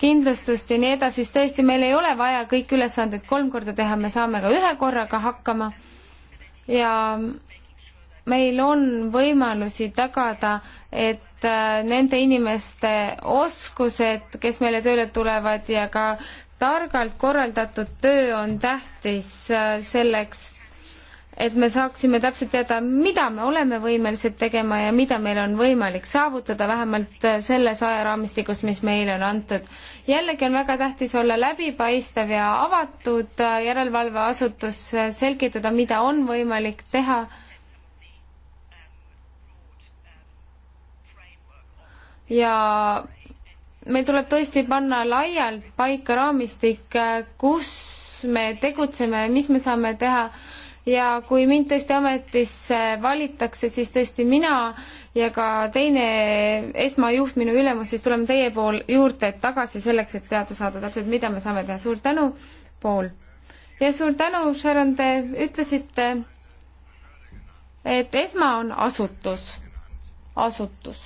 kindlustust ja nii edasi, siis tõesti meil ei ole vaja kõik ülesanded kolm korda teha, me saame ka ühe korraga hakkama ja meil on võimalusi tagada, et äh, nende inimeste oskused, kes meile tööle tulevad ja ka targalt korraldatud töö on tähtis äh, selleks, et me saaksime täpselt teada, mida me oleme võimelised tegema ja mida meil on võimalik saavutada, vähemalt äh, selles ajaraamistikus, mis meile on antud. jällegi on väga tähtis olla läbipaistev ja avatud järelevalveasutus, selgitada, mida on võimalik teha ja meil tuleb tõesti panna laialt paika raamistik, kus me tegutseme ja mis me saame teha ja kui mind tõesti ametisse valitakse, siis tõesti mina ja ka teine esmajuht, minu ülemus, siis tuleme teie pool juurde tagasi selleks, et teada saada täpselt, mida me saame teha. suur tänu, Paul! ja suur tänu, Sharon, te ütlesite, et esma on asutus, asutus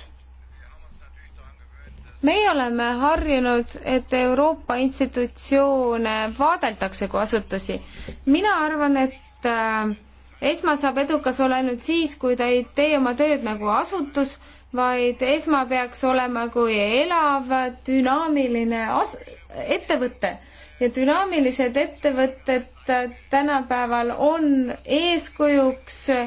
meie oleme harjunud, et Euroopa institutsioone vaadeldakse kui asutusi. mina arvan, et äh, ESMA saab edukas olla ainult siis, kui ta ei tee oma tööd nagu asutus, vaid ESMA peaks olema kui elav dünaamiline as-, ettevõte. ja dünaamilised ettevõtted tänapäeval on eeskujuks äh,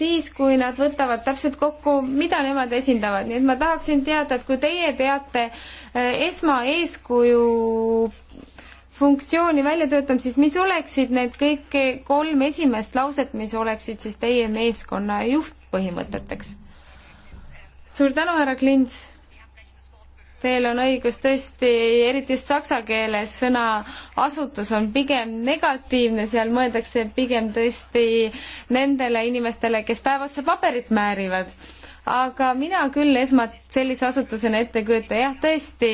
siis, kui nad võtavad täpselt kokku, mida nemad esindavad, nii et ma tahaksin teada, et kui teie peate eh, esmaeeskuju funktsiooni välja töötama, siis mis oleksid need kõik kolm esimest lauset, mis oleksid siis teie meeskonna juhtpõhimõteteks? suur tänu, härra Klints! Teil on õigus tõesti, eriti just saksa keeles sõna asutus on pigem negatiivne, seal mõeldakse pigem tõesti nendele inimestele, kes päev otsa paberit määrivad. aga mina küll esmalt sellise asutusena ette kujuta, jah, tõesti,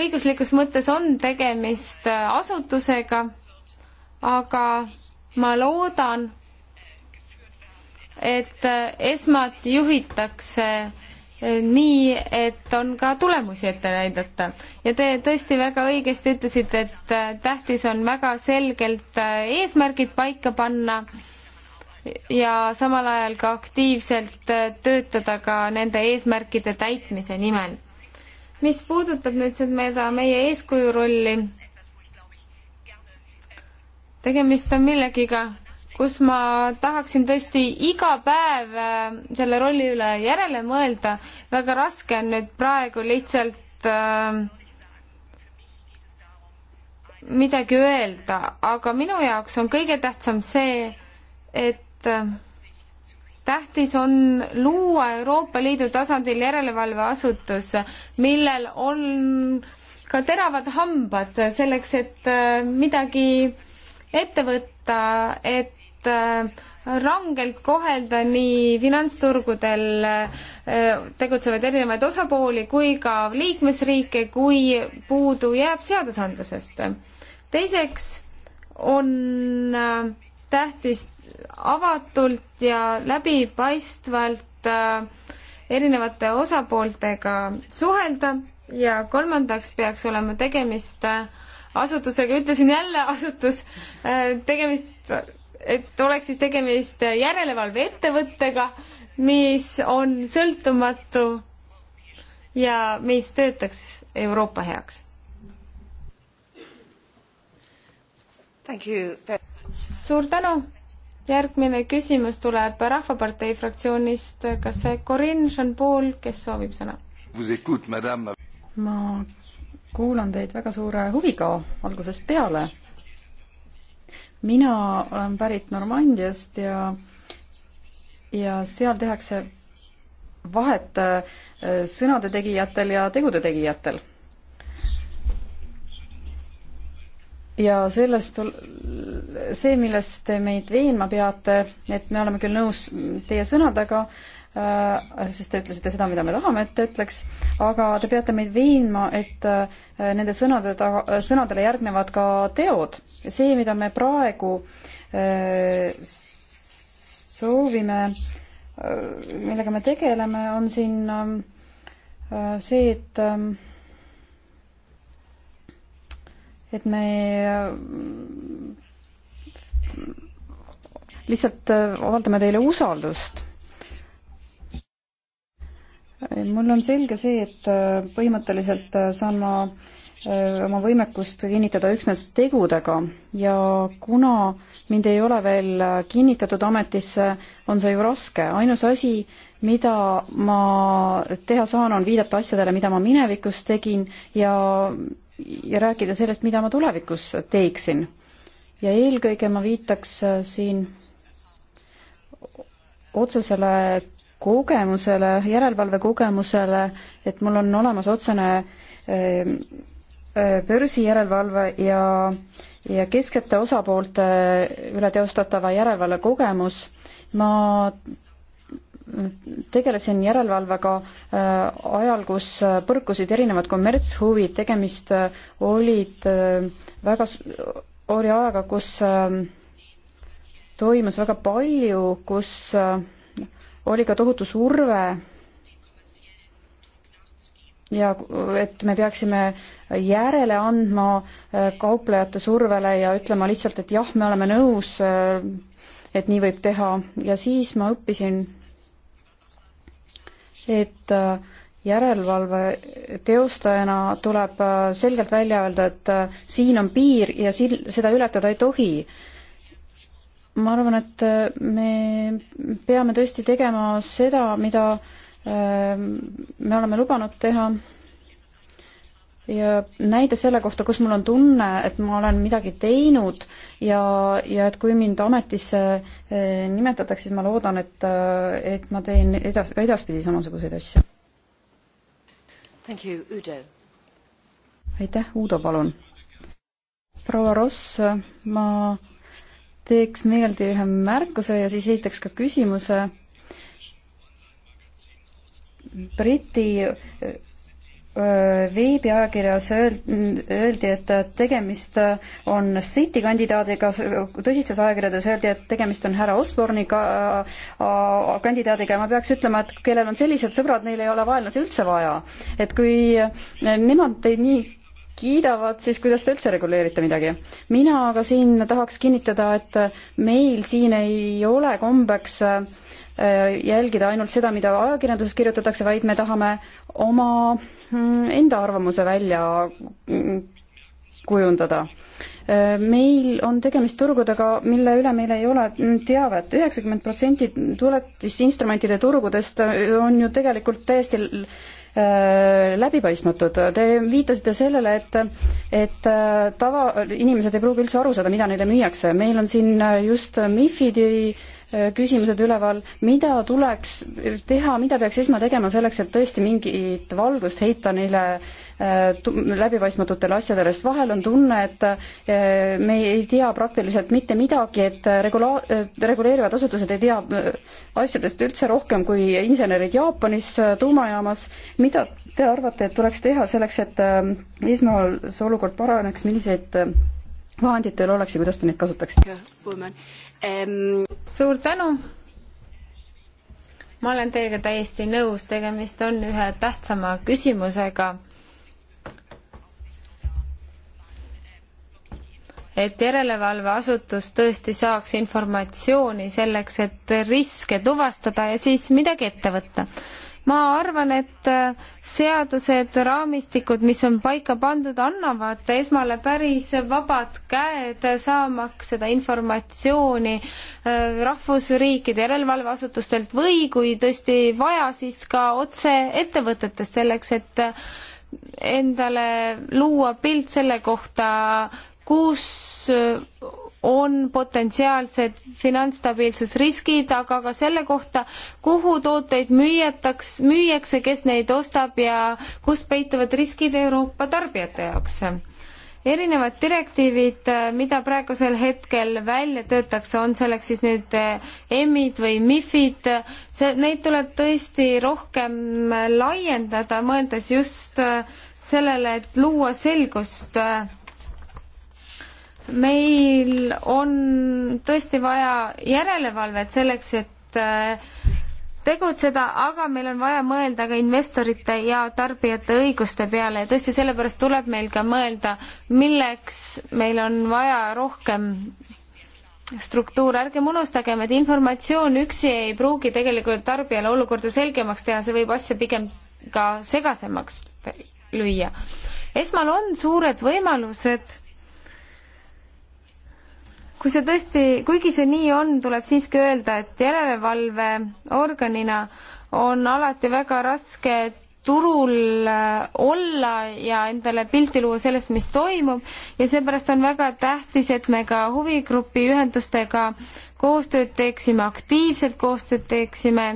õiguslikus mõttes on tegemist asutusega, aga ma loodan, et esmalt juhitakse nii, et on ka tulemusi ette näidata. ja te tõesti väga õigesti ütlesite, et äh, tähtis on väga selgelt äh, eesmärgid paika panna ja samal ajal ka aktiivselt äh, töötada ka nende eesmärkide täitmise nimel. mis puudutab nüüd seda meie eeskuju rolli, tegemist on millegiga, kus ma tahaksin tõesti iga päev äh, selle rolli üle järele mõelda. väga raske on nüüd praegu lihtsalt äh, midagi öelda, aga minu jaoks on kõige tähtsam see, et äh, tähtis on luua Euroopa Liidu tasandil järelevalveasutus, millel on ka teravad hambad selleks, et äh, midagi ette võtta, et Äh, rangelt kohelda nii finantsturgudel äh, tegutsevaid erinevaid osapooli kui ka liikmesriike, kui puudu jääb seadusandlusest. teiseks on äh, tähtis avatult ja läbipaistvalt erinevate osapooltega suhelda ja kolmandaks peaks olema tegemist asutusega, ütlesin jälle asutus, tegemist et oleks siis tegemist järelevalveettevõttega, mis on sõltumatu ja mis töötaks Euroopa heaks. suur tänu. järgmine küsimus tuleb Rahvapartei fraktsioonist. kas see Corinne Jean-Paul, kes soovib sõna? ma kuulan teid väga suure huviga algusest peale mina olen pärit Normandiast ja, ja seal tehakse vahet äh, sõnade tegijatel ja tegude tegijatel. ja sellest, see, millest te meid veenma peate, et me oleme küll nõus teie sõnadega, Äh, sest te ütlesite seda, mida me tahame, et ta ütleks, aga te peate meid veenma, et äh, nende sõnade taga, äh, sõnadele järgnevad ka teod. see, mida me praegu soovime, millega me tegeleme, on siin ähm, see, et ähm, et me lihtsalt avaldame teile usaldust mul on selge see, et äh, põhimõtteliselt äh, saan ma äh, oma võimekust kinnitada üksnes tegudega ja kuna mind ei ole veel kinnitatud ametisse, on see ju raske, ainus asi, mida ma teha saan, on viidata asjadele, mida ma minevikus tegin ja, ja rääkida sellest, mida ma tulevikus teeksin. ja eelkõige ma viitaks siin otsesele kogemusele, järelevalve kogemusele, et mul on olemas otsene eh, börsijärelevalve ja, ja keskete osapoolte üle teostatava järelevalve kogemus. ma tegelesin järelevalvega eh, ajal, kus põrkusid erinevad kommertshuvid, tegemist eh, olid väga, oli ajaga, kus toimus väga palju, kus äh, oli ka tohutu surve ja et me peaksime järele andma äh, kauplejate survele ja ütlema lihtsalt, et jah, me oleme nõus, äh, et nii võib teha ja siis ma õppisin, et äh, järelevalve teostajana tuleb selgelt välja öelda, et siin on piir ja sil-, seda ületada ei tohi ma arvan, et äh, me peame tõesti tegema seda, mida äh, me oleme lubanud teha ja näide selle kohta, kus mul on tunne, et ma olen midagi teinud ja, ja et kui mind ametisse äh, nimetatakse, siis ma loodan, et, et ma teen edas-, ka edaspidi samasuguseid asju. aitäh, Uudo, palun. proua Ross, ma teeks meeleldi ühe märkuse ja siis esitaks ka küsimuse. Briti veebiajakirjas öeldi, et tegemist on City kandidaadiga, tõsistes ajakirjades öeldi, et tegemist on härra Osborne'i ka, kandidaadiga ja ma peaks ütlema, et kellel on sellised sõbrad, neil ei ole vaenlasi üldse vaja. et kui nemad teid nii kiidavad, siis kuidas te üldse reguleerite midagi? mina aga siin tahaks kinnitada, et meil siin ei ole kombeks äh, jälgida ainult seda, mida ajakirjanduses kirjutatakse, vaid me tahame oma mm, enda arvamuse välja mm, kujundada. Äh, meil on tegemist turgudega, mille üle meil ei ole teavet. üheksakümmend protsenti tuletisinstrumentide turgudest on ju tegelikult täiesti Äh, läbipaistmatud. Te viitasite sellele, et, et äh, tava, inimesed ei pruugi üldse aru saada, mida neile müüakse. meil on siin äh, just MIFID-i Äh, küsimused üleval, mida tuleks teha, mida peaks esma tegema selleks, et tõesti mingit valgust heita neile äh, läbipaistmatutele asjadele, sest vahel on tunne, et äh, me ei tea praktiliselt mitte midagi, et regula-, reguleerivad asutused ei tea asjadest üldse rohkem kui insenerid Jaapanis tuumajaamas, mida te arvate, et tuleks teha selleks, et esmal see olukord paraneks, milliseid vahendid teil oleks ja kuidas te neid kasutaksite? ähm.... suur tänu. ma olen teiega täiesti nõus, tegemist on ühe tähtsama küsimusega. et järelevalveasutus tõesti saaks informatsiooni selleks, et riske tuvastada ja siis midagi ette võtta ma arvan, et äh, seadused, raamistikud, mis on paika pandud, annavad esmale päris vabad käed saamaks seda informatsiooni äh, rahvusriikide järelevalveasutustelt või kui tõesti vaja, siis ka otse ettevõtetest selleks, et äh, endale luua pilt selle kohta, kus on potentsiaalsed finantsstabiilsusriskid, aga ka selle kohta, kuhu tooteid müüjataks, müüakse, kes neid ostab ja kus peituvad riskid Euroopa tarbijate jaoks. erinevad direktiivid, mida praegusel hetkel välja töötakse, on selleks siis nüüd EM-id või MIFid, see, neid tuleb tõesti rohkem laiendada, mõeldes just sellele, et luua selgust äh, meil on tõesti vaja järelevalvet selleks, et äh, tegutseda, aga meil on vaja mõelda ka investorite ja tarbijate õiguste peale ja tõesti sellepärast tuleb meil ka mõelda, milleks meil on vaja rohkem struktuur, ärgem unustagem, et informatsioon üksi ei pruugi tegelikult tarbijale olukorda selgemaks teha, see võib asja pigem ka segasemaks lüüa. esmal on suured võimalused kui see tõesti, kuigi see nii on, tuleb siiski öelda, et järelevalveorganina on alati väga raske turul äh, olla ja endale pilti luua sellest, mis toimub ja seepärast on väga tähtis, et me ka huvigrupi ühendustega koostööd teeksime, aktiivselt koostööd teeksime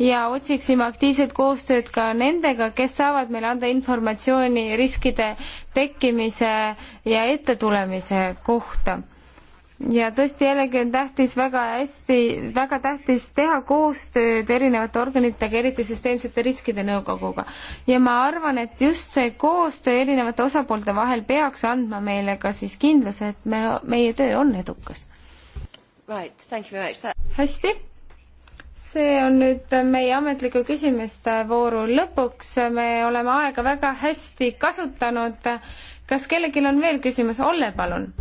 ja otsiksime aktiivselt koostööd ka nendega, kes saavad meile anda informatsiooni riskide tekkimise ja ettetulemise kohta ja tõesti jällegi on tähtis väga hästi, väga tähtis teha koostööd erinevate organitega, eriti süsteemsete riskide nõukoguga. ja ma arvan, et just see koostöö erinevate osapoolte vahel peaks andma meile ka siis kindluse, et me, meie töö on edukas right,. That... hästi, see on nüüd meie ametliku küsimuste vooru lõpuks, me oleme aega väga hästi kasutanud. kas kellelgi on veel küsimus, Olle, palun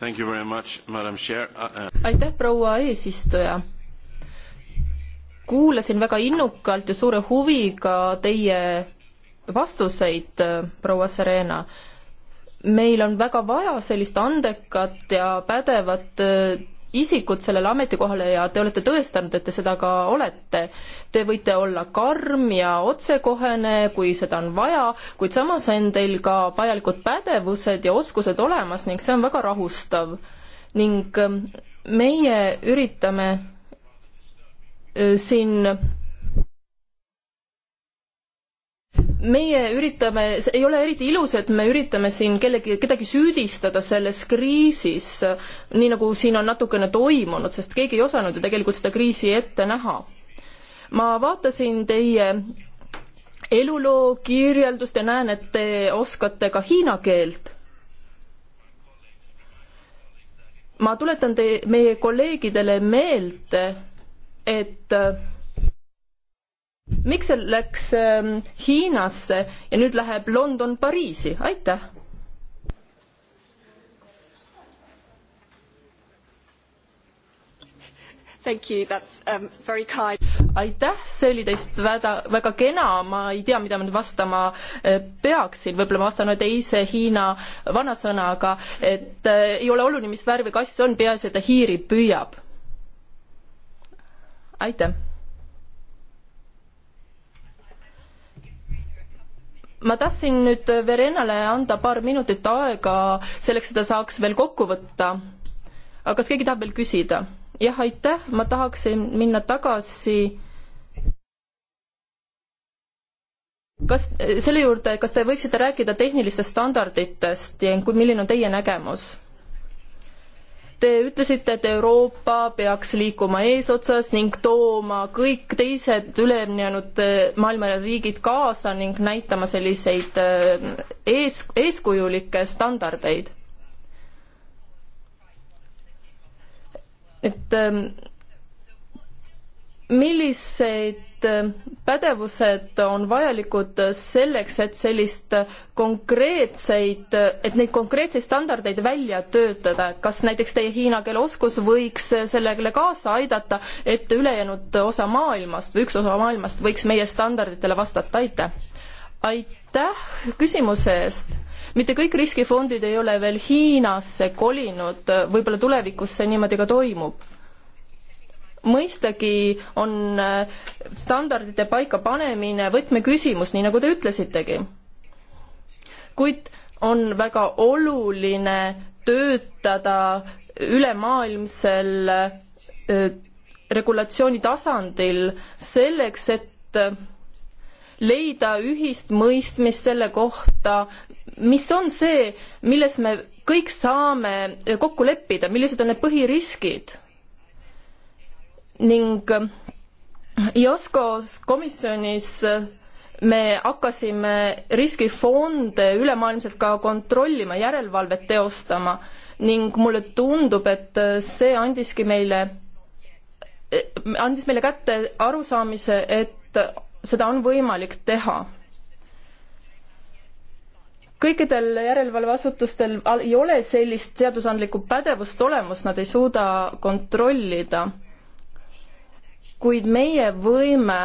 Much, uh, uh, aitäh, proua eesistuja! kuulasin väga innukalt ja suure huviga teie vastuseid, proua Serena. meil on väga vaja sellist andekat ja pädevat äh, isikut sellele ametikohale ja te olete tõestanud, et te seda ka olete. Te võite olla karm ja otsekohene, kui seda on vaja, kuid samas on teil ka vajalikud pädevused ja oskused olemas ning see on väga rahustav. ning ähm, meie üritame äh, siin meie üritame, ei ole eriti ilus, et me üritame siin kellegi, kedagi süüdistada selles kriisis, nii nagu siin on natukene toimunud, sest keegi ei osanud ju tegelikult seda kriisi ette näha. ma vaatasin teie eluloo kirjeldust ja näen, et te oskate ka hiina keelt ma tuletan te, meie kolleegidele meelde, et miks see läks ähm, Hiinasse ja nüüd läheb London Pariisi, aitäh! Um, aitäh, see oli teist väga, väga kena, ma ei tea, mida ma nüüd vastama äh, peaksin, võib-olla ma vastan ühe teise Hiina vanasõnaga, et äh, ei ole oluline, mis värvi kass on, peaasi, et ta hiiri püüab. aitäh ma tahtsin nüüd Verenale anda paar minutit aega selleks, et ta saaks veel kokku võtta. aga kas keegi tahab veel küsida? jah, aitäh, ma tahaksin minna tagasi kas, selle juurde, kas te võiksite rääkida tehnilistest standarditest ja kui, milline on teie nägemus? Te ütlesite, et Euroopa peaks liikuma eesotsas ning tooma kõik teised ülejäänud äh, maailma riigid kaasa ning näitama selliseid äh, ees, eeskujulikke standardeid. et ähm, milliseid äh, pädevused on vajalikud selleks, et sellist konkreetseid, et neid konkreetseid standardeid välja töötada, et kas näiteks teie hiina keele oskus võiks sellele kaasa aidata, et ülejäänud osa maailmast või üks osa maailmast võiks meie standarditele vastata, aitäh! aitäh küsimuse eest! mitte kõik riskifondid ei ole veel Hiinasse kolinud, võib-olla tulevikus see niimoodi ka toimub mõistagi on äh, standardite paikapanemine võtmeküsimus, nii nagu te ütlesitegi. kuid on väga oluline töötada ülemaailmsel äh, regulatsiooni tasandil selleks, et äh, leida ühist mõistmist selle kohta, mis on see, milles me kõik saame kokku leppida, millised on need põhiriskid ning IOSCO-s komisjonis me hakkasime riskifonde ülemaailmselt ka kontrollima, järelevalvet teostama ning mulle tundub, et see andiski meile, andis meile kätte arusaamise, et seda on võimalik teha. kõikidel järelevalveasutustel ei ole sellist seadusandlikku pädevust olemas, nad ei suuda kontrollida kuid meie võime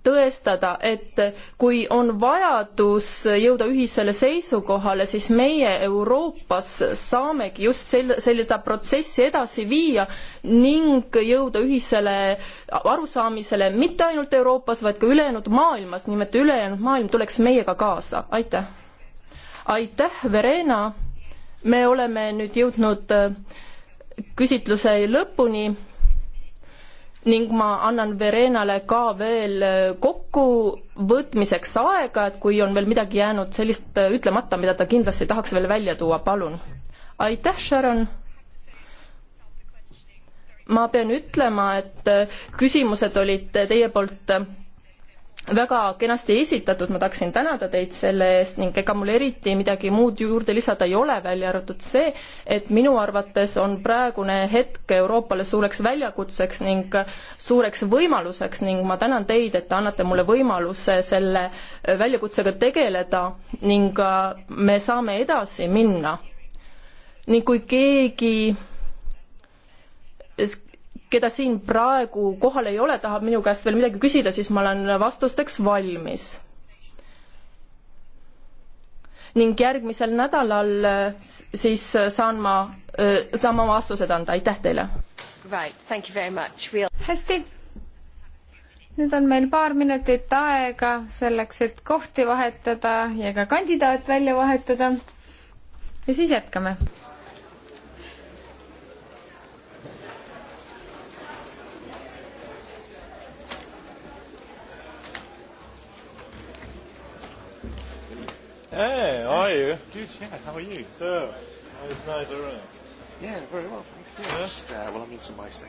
tõestada, et kui on vajadus jõuda ühisele seisukohale, siis meie Euroopas saamegi just sel-, seda protsessi edasi viia ning jõuda ühisele arusaamisele mitte ainult Euroopas, vaid ka ülejäänud maailmas, nimelt ülejäänud maailm tuleks meiega kaasa, aitäh! aitäh, Verena, me oleme nüüd jõudnud äh, küsitluse lõpuni ning ma annan Verenale ka veel äh, kokkuvõtmiseks aega, et kui on veel midagi jäänud sellist äh, ütlemata, mida ta kindlasti tahaks veel välja tuua, palun. aitäh, Sharon! ma pean ütlema, et äh, küsimused olid teie poolt väga kenasti esitatud, ma tahaksin tänada teid selle eest ning ega mul eriti midagi muud juurde lisada ei ole, välja arvatud see, et minu arvates on praegune hetk Euroopale suureks väljakutseks ning suureks võimaluseks ning ma tänan teid, et te annate mulle võimaluse selle väljakutsega tegeleda ning me saame edasi minna. ning kui keegi keda siin praegu kohal ei ole, tahab minu käest veel midagi küsida, siis ma olen vastusteks valmis. ning järgmisel nädalal äh, siis äh, saan ma, äh, saan ma vastused anda, aitäh teile! Right, thank you very much we'll.... hästi. nüüd on meil paar minutit aega selleks, et kohti vahetada ja ka kandidaat välja vahetada. ja siis jätkame. Hey, how are you? Good, yeah, how are you? So, it was nice, relaxed. Yeah, very well, thanks. Yeah, yeah. just, uh, well, I'm in some ice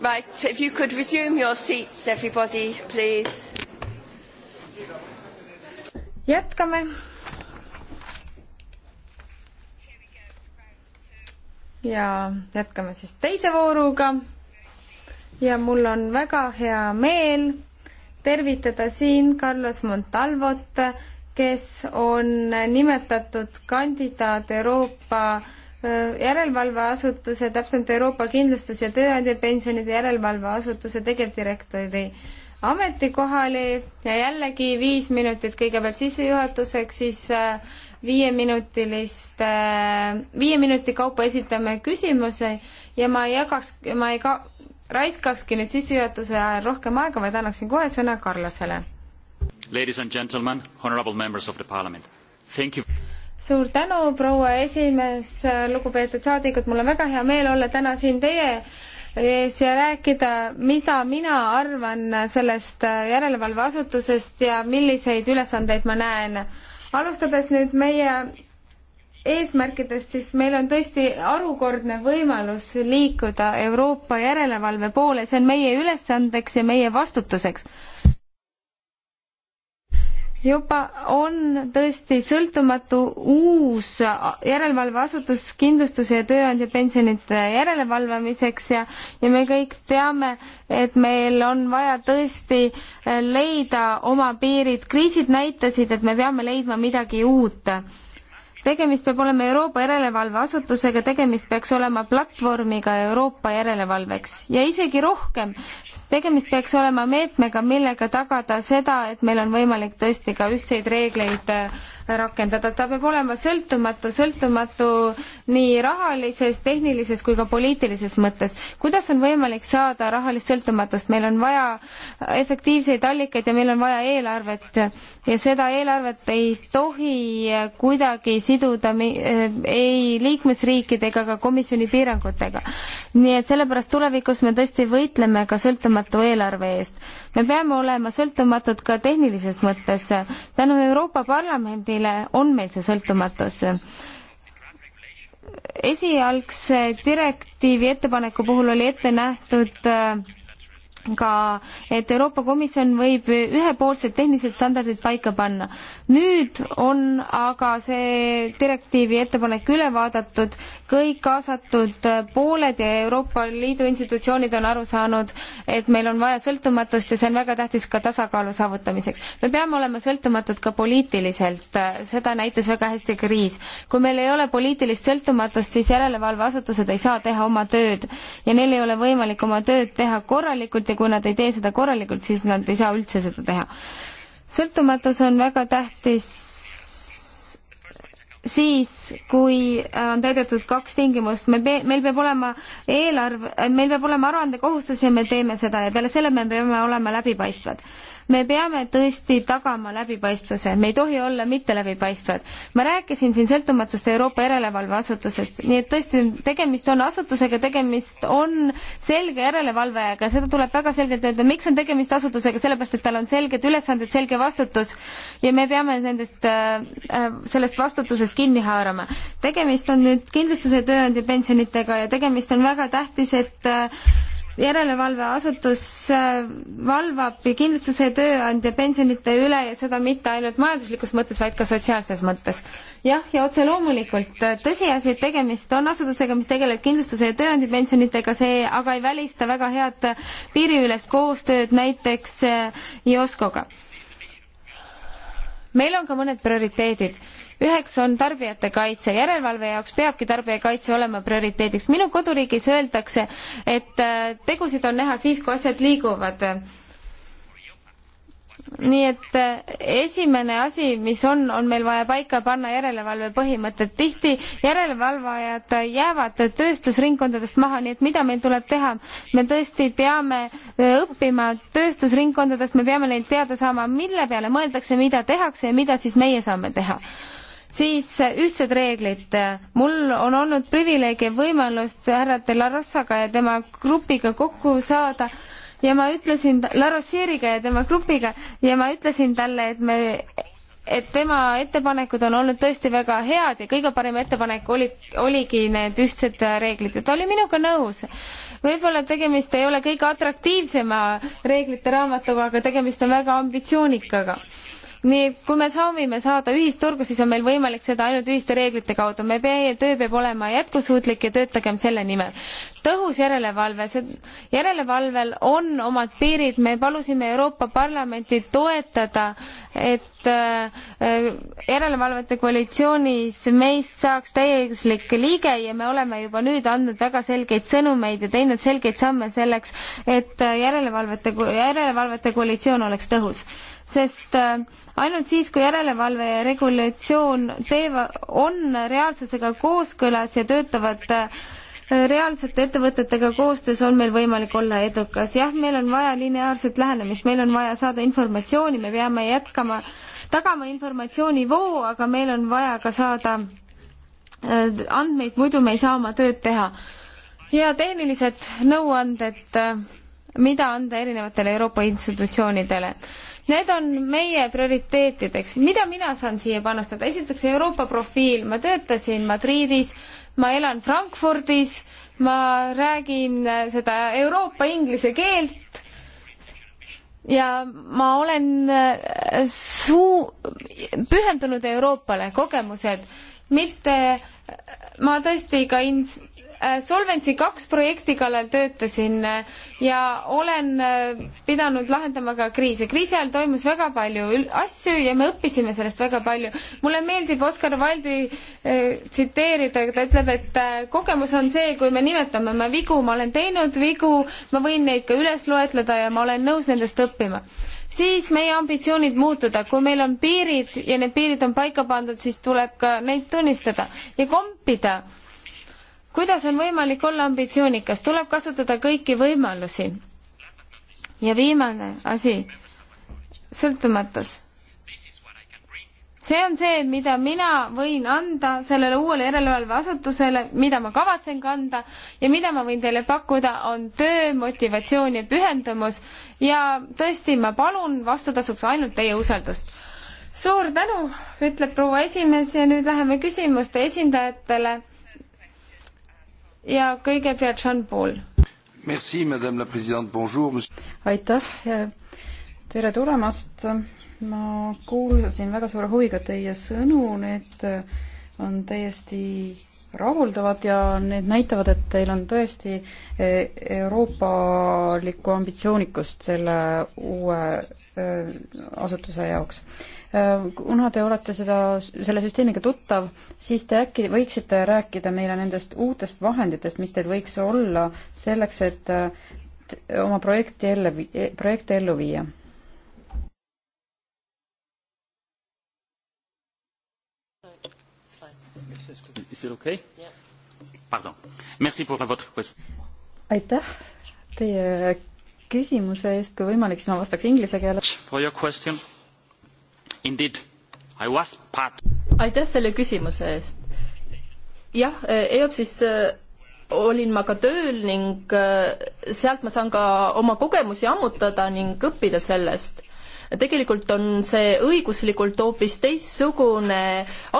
Right, if you could resume your seats, everybody, please. jätkame. ja jätkame siis teise vooruga. ja mul on väga hea meel tervitada siin Carlos Montalvot, kes on nimetatud kandidaat Euroopa Äh, järelevalveasutuse, täpsemalt Euroopa Kindlustus- ja Tööandjapensionide Järelevalveasutuse tegevdirektori ametikohali ja jällegi viis minutit kõigepealt sissejuhatuseks, siis äh, viieminutilist, äh, viie minuti kaupa esitame küsimuse ja ma ei jagaks, ma ei ka-, raiskakski nüüd sissejuhatuse ajal rohkem aega, vaid annaksin kohe sõna Karlasele. Ladies and gentlemen, honorable members of the parliament, thank you suur tänu, proua esimees, lugupeetud saadikud, mul on väga hea meel olla täna siin teie ees ja rääkida, mida mina arvan sellest järelevalveasutusest ja milliseid ülesandeid ma näen. alustades nüüd meie eesmärkidest, siis meil on tõesti harukordne võimalus liikuda Euroopa järelevalve poole, see on meie ülesandeks ja meie vastutuseks juba on tõesti sõltumatu uus järelevalveasutus kindlustuse ja tööandja pensionite järelevalvamiseks ja, ja me kõik teame, et meil on vaja tõesti leida oma piirid. kriisid näitasid, et me peame leidma midagi uut tegemist peab olema Euroopa järelevalveasutusega, tegemist peaks olema platvormiga Euroopa järelevalveks ja isegi rohkem. tegemist peaks olema meetmega, millega tagada seda, et meil on võimalik tõesti ka ühtseid reegleid äh, rakendada, ta peab olema sõltumatu, sõltumatu nii rahalises, tehnilises kui ka poliitilises mõttes. kuidas on võimalik saada rahalist sõltumatust, meil on vaja efektiivseid allikaid ja meil on vaja eelarvet ja seda eelarvet ei tohi kuidagi siduda ei liikmesriikidega ega komisjoni piirangutega. nii et sellepärast tulevikus me tõesti võitleme ka sõltumatu eelarve eest. me peame olema sõltumatud ka tehnilises mõttes. tänu Euroopa Parlamendi meile, on meil see sõltumatus. esialgse direktiivi ettepaneku puhul oli ette nähtud äh, ka, et Euroopa Komisjon võib ühepoolsed tehnilised standardid paika panna. nüüd on aga see direktiivi ettepanek üle vaadatud, kõik kaasatud pooled ja Euroopa Liidu institutsioonid on aru saanud, et meil on vaja sõltumatust ja see on väga tähtis ka tasakaalu saavutamiseks. me peame olema sõltumatud ka poliitiliselt, seda näitas väga hästi kriis. kui meil ei ole poliitilist sõltumatust, siis järelevalveasutused ei saa teha oma tööd ja neil ei ole võimalik oma tööd teha korralikult ja kui nad ei tee seda korralikult, siis nad ei saa üldse seda teha. sõltumatus on väga tähtis siis, kui äh, on täidetud kaks tingimust, me, meil peab olema eelarve, meil peab olema aruandekohustus ja me teeme seda ja peale selle me peame olema läbipaistvad me peame tõesti tagama läbipaistvuse, me ei tohi olla mitteläbipaistvad. ma rääkisin siin sõltumatust Euroopa järelevalveasutusest, nii et tõesti, tegemist on asutusega, tegemist on selge järelevalvajaga, seda tuleb väga selgelt öelda, miks on tegemist asutusega, sellepärast et tal on selged ülesanded, selge vastutus ja me peame nendest äh,, äh sellest vastutusest kinni haarama. tegemist on nüüd kindlustuse, tööandja pensionitega ja tegemist on väga tähtis, et äh, järelevalveasutus äh, valvab kindlustuse tööandja pensionite üle ja seda mitte ainult majanduslikus mõttes, vaid ka sotsiaalses mõttes. jah, ja otse loomulikult, äh, tõsiasi, et tegemist on asutusega, mis tegeleb kindlustuse ja tööandja pensionitega, see aga ei välista väga head äh, piiriülest koostööd näiteks Joskoga. meil on ka mõned prioriteedid üheks on tarbijate kaitse, järelevalve jaoks peabki tarbijakaitse olema prioriteediks. minu koduriigis öeldakse, et äh, tegusid on näha siis, kui asjad liiguvad nii et äh, esimene asi, mis on, on meil vaja paika panna järelevalve põhimõtted. tihti järelevalvajad jäävad tööstusringkondadest maha, nii et mida meil tuleb teha? me tõesti peame äh, õppima tööstusringkondadest, me peame neilt teada saama, mille peale mõeldakse, mida tehakse ja mida siis meie saame teha siis eh, ühtsed reeglid. mul on olnud privileeg ja võimalus härra De La Rossaga ja tema grupiga kokku saada ja ma ütlesin, La Rossieriga ja tema grupiga ja ma ütlesin talle, et me et tema ettepanekud on olnud tõesti väga head ja kõige parem ettepanek oli, oligi need ühtsed reeglid ja ta oli minuga nõus. võib-olla tegemist ei ole kõige atraktiivsema reeglite raamatuga, aga tegemist on väga ambitsioonikaga nii, kui me soovime saada ühisturgu, siis on meil võimalik seda ainult ühiste reeglite kaudu. me pea, töö peab olema jätkusuutlik ja töötagem selle nimel. tõhus järelevalve, see järelevalvel on omad piirid, me palusime Euroopa Parlamenti toetada, et äh, järelevalvete koalitsioonis meist saaks täiuslik liige ja me oleme juba nüüd andnud väga selgeid sõnumeid ja teinud selgeid samme selleks, et järelevalvete, järelevalvete koalitsioon oleks tõhus. sest äh, ainult siis, kui järelevalve ja regulatsioon teeva, on reaalsusega kooskõlas ja töötavad äh, reaalsete ettevõtetega koostöös on meil võimalik olla edukas. jah, meil on vaja lineaarset lähenemist, meil on vaja saada informatsiooni, me peame jätkama, tagama informatsioonivoo, aga meil on vaja ka saada äh, andmeid, muidu me ei saa oma tööd teha. ja tehnilised nõuanded, äh, mida anda erinevatele Euroopa institutsioonidele Need on meie prioriteetideks. mida mina saan siia panustada? esiteks Euroopa profiil, ma töötasin Madridis, ma elan Frankfurdis, ma räägin seda Euroopa inglise keelt ja ma olen äh, suu-, pühendunud Euroopale, kogemused, mitte ma tõesti ka ins-, Äh, Solvency kaks projekti kallal töötasin äh, ja olen äh, pidanud lahendama ka kriise. kriisi ajal toimus väga palju asju ja me õppisime sellest väga palju. mulle meeldib Oskar Valdi äh, tsiteerida, ta ütleb, et kogemus on see, kui me nimetame oma vigu, ma olen teinud vigu, ma võin neid ka üles loetleda ja ma olen nõus nendest õppima siis meie ambitsioonid muutuda, kui meil on piirid ja need piirid on paika pandud, siis tuleb ka neid tunnistada ja kompida äh, kuidas on võimalik olla ambitsioonikas, tuleb kasutada kõiki võimalusi. ja viimane asi, sõltumatus. see on see, mida mina võin anda sellele uuele järelevalveasutusele, mida ma kavatsen kanda ja mida ma võin teile pakkuda, on töö, motivatsioon ja pühendumus ja tõesti, ma palun vastutasuks ainult teie usaldust suur tänu, ütleb proua esimees ja nüüd läheme küsimuste esindajatele ja kõigepealt Sean Paul. Merci, madame la president, bonjour. aitäh, tere tulemast. ma kuulasin väga suure huviga teie sõnu, need on täiesti rahuldavad ja need näitavad, et teil on tõesti e-, euroopalikku ambitsioonikust selle uue e-, asutuse jaoks Äh, kuna te olete seda, selle süsteemiga tuttav, siis te äkki võiksite rääkida meile nendest uutest vahenditest, mis teil võiks olla selleks, et äh, oma projekti ellu, e-, projekte ellu viia? Okay? aitäh teie küsimuse eest, kui võimalik, siis ma vastaks inglise keeles. Indeed, I was part. aitäh selle küsimuse eest. jah, eh, EOPSis eh, olin ma ka tööl ning eh, sealt ma saan ka oma kogemusi ammutada ning õppida sellest tegelikult on see õiguslikult hoopis teistsugune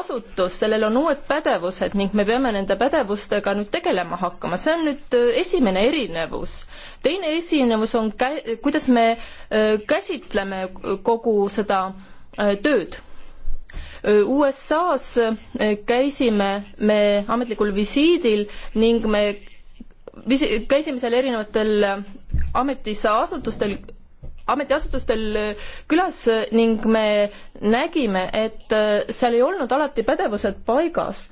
asutus, sellel on uued pädevused ning me peame nende pädevustega nüüd tegelema hakkama, see on nüüd esimene erinevus. teine esinevus on kä-, kuidas me käsitleme kogu seda Äh, tööd. Äh, USA-s äh, käisime me ametlikul visiidil ning me visi-, käisime seal erinevatel ametisse asutustel, ametiasutustel külas ning me nägime, et seal ei olnud alati pädevused paigas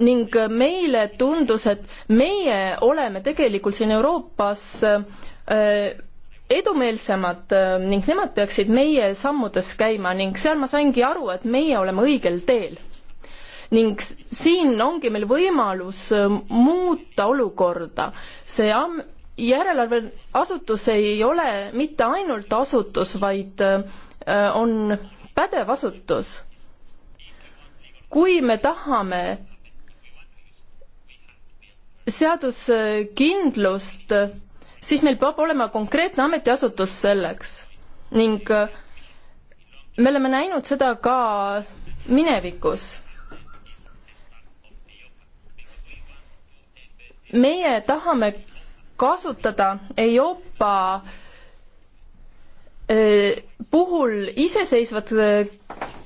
ning meile tundus, et meie oleme tegelikult siin Euroopas öö, edumeelsemad äh, ning nemad peaksid meie sammudes käima ning seal ma saingi aru, et meie oleme õigel teel. ning siin ongi meil võimalus äh, muuta olukorda. see am-, järelevalveasutus ei ole mitte ainult asutus, vaid äh, on pädev asutus. kui me tahame seaduskindlust siis meil peab olema konkreetne ametiasutus selleks ning äh, me oleme näinud seda ka minevikus. meie tahame kasutada Euroopa äh, puhul iseseisvat äh,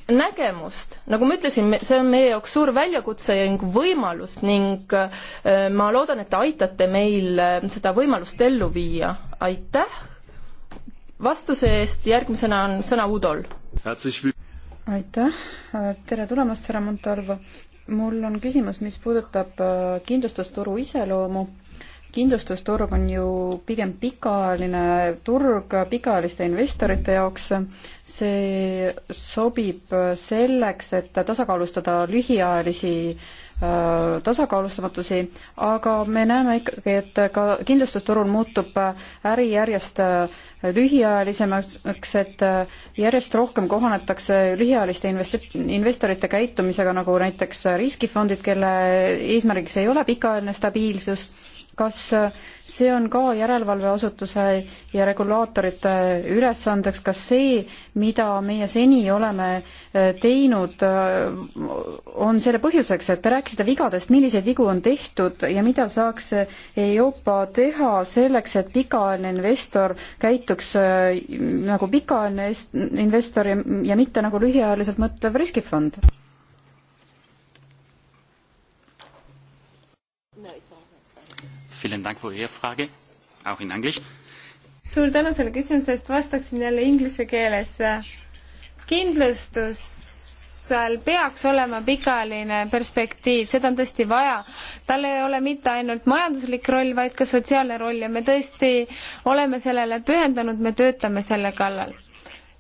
nägemust, nagu ma ütlesin, see on meie jaoks suur väljakutse ning võimalus ning äh, ma loodan, et te aitate meil äh, seda võimalust ellu viia. aitäh vastuse eest, järgmisena on sõna Udol. aitäh, tere tulemast, härra Montalvo. mul on küsimus, mis puudutab äh, kindlustusturu iseloomu kindlustusturg on ju pigem pikaajaline turg pikaajaliste investorite jaoks. see sobib selleks, et tasakaalustada lühiajalisi äh, tasakaalustamatusi, aga me näeme ikkagi, et ka kindlustusturul muutub äri järjest äh, lühiajalisemaks, et äh, järjest rohkem kohanetakse lühiajaliste invest-, investorite käitumisega, nagu näiteks riskifondid, kelle eesmärgiks ei ole pikaajaline stabiilsus kas äh, see on ka järelevalveasutuse ja regulaatorite ülesandeks, kas see, mida meie seni oleme äh, teinud, äh, on selle põhjuseks, et te rääkisite vigadest, milliseid vigu on tehtud ja mida saaks Euroopa teha selleks, et pikaajaline investor käituks nagu pikaajaline investor ja, ja mitte nagu lühiajaliselt mõtlev riskifond? suur tänu selle küsimuse eest, vastaksin jälle inglise keeles. kindlustusel peaks olema pikaajaline perspektiiv, seda on tõesti vaja. tal ei ole mitte ainult majanduslik roll, vaid ka sotsiaalne roll ja me tõesti oleme sellele pühendanud, me töötame selle kallal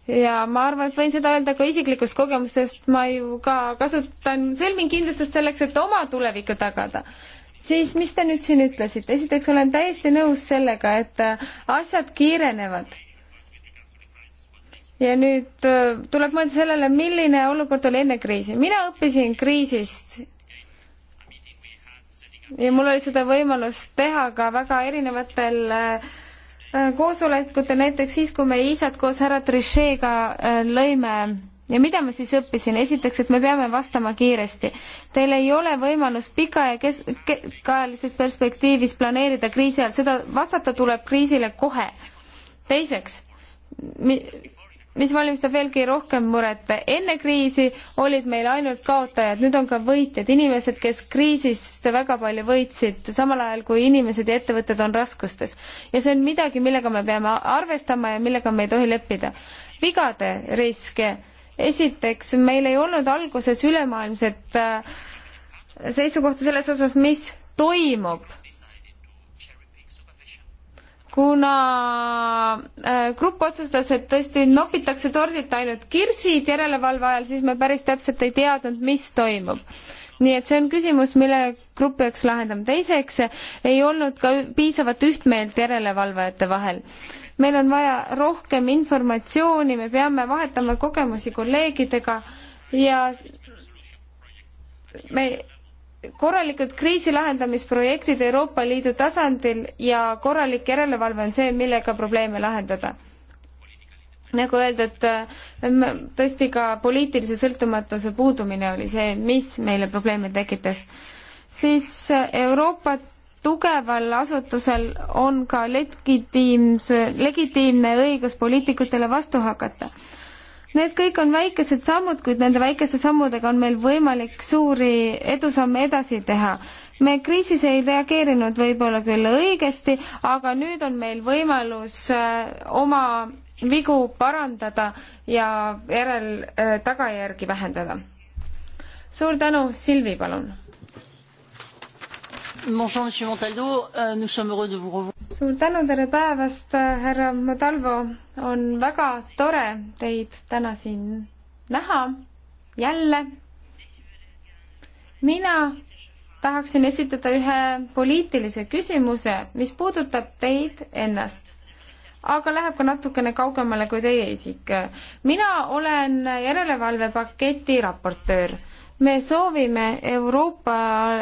ja ma arvan, et võin seda öelda ka isiklikust kogemusest, ma ju ka kasutan, sõlmin kindlustust selleks, et oma tulevikku tagada siis mis te nüüd siin ütlesite? esiteks olen täiesti nõus sellega, et äh, asjad kiirenevad. ja nüüd äh, tuleb mõelda sellele, milline olukord oli enne kriisi. mina õppisin kriisist ja mul oli seda võimalust teha ka väga erinevatel äh, koosolekutel, näiteks siis, kui me isad koos härra Trichet'ga lõime ja mida ma siis õppisin? esiteks, et me peame vastama kiiresti. Teil ei ole võimalus pika ja kes-, pikaaegalises perspektiivis planeerida kriisi ajal, seda, vastata tuleb kriisile kohe. teiseks, mi-, mis valmistab veelgi rohkem muret, enne kriisi olid meil ainult kaotajad, nüüd on ka võitjad, inimesed, kes kriisist väga palju võitsid, samal ajal kui inimesed ja ettevõtted on raskustes. ja see on midagi, millega me peame arvestama ja millega me ei tohi leppida. vigade riske esiteks, meil ei olnud alguses ülemaailmset äh, seisukohta selles osas, mis toimub kuna äh, grupp otsustas, et tõesti nopitakse tordilt ainult kirsid järelevalve ajal, siis me päris täpselt ei teadnud, mis toimub nii et see on küsimus, mille grupp peaks lahendama. teiseks ei olnud ka piisavat ühtmeelt järelevalvajate vahel. meil on vaja rohkem informatsiooni, me peame vahetama kogemusi kolleegidega ja me korralikud kriisilahendamisprojektid Euroopa Liidu tasandil ja korralik järelevalve on see, millega probleeme lahendada nagu öeldud, äh, tõesti ka poliitilise sõltumatuse puudumine oli see, mis meile probleeme tekitas. siis äh, Euroopa tugeval asutusel on ka legitiims, legitiimne õigus poliitikutele vastu hakata. Need kõik on väikesed sammud, kuid nende väikeste sammudega on meil võimalik suuri edusamme edasi teha. me kriisis ei reageerinud võib-olla küll õigesti, aga nüüd on meil võimalus äh, oma vigu parandada ja järel äh, tagajärgi vähendada. suur tänu, Silvi, palun. Euh, suur tänu, tere päevast, äh, härra Montalvo. on väga tore teid täna siin näha, jälle. mina tahaksin esitada ühe poliitilise küsimuse, mis puudutab teid ennast aga läheb ka natukene kaugemale kui teie isik. mina olen järelevalvepaketi raportöör. me soovime Euroopa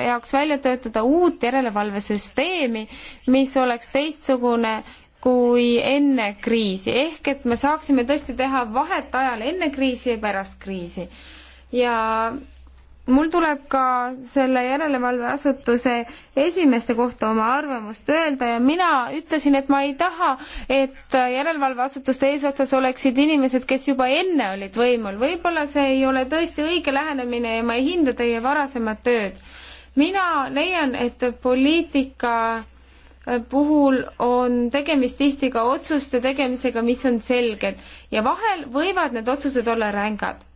jaoks välja töötada uut järelevalvesüsteemi, mis oleks teistsugune kui enne kriisi, ehk et me saaksime tõesti teha vahet ajal enne kriisi ja pärast kriisi. ja mul tuleb ka selle järelevalveasutuse esimeste kohta oma arvamust öelda ja mina ütlesin, et ma ei taha, et järelevalveasutuste eesotsas oleksid inimesed, kes juba enne olid võimul. võib-olla see ei ole tõesti õige lähenemine ja ma ei hinda teie varasemat tööd. mina leian, et poliitika äh, puhul on tegemist tihti ka otsuste tegemisega, mis on selged ja vahel võivad need otsused olla rängad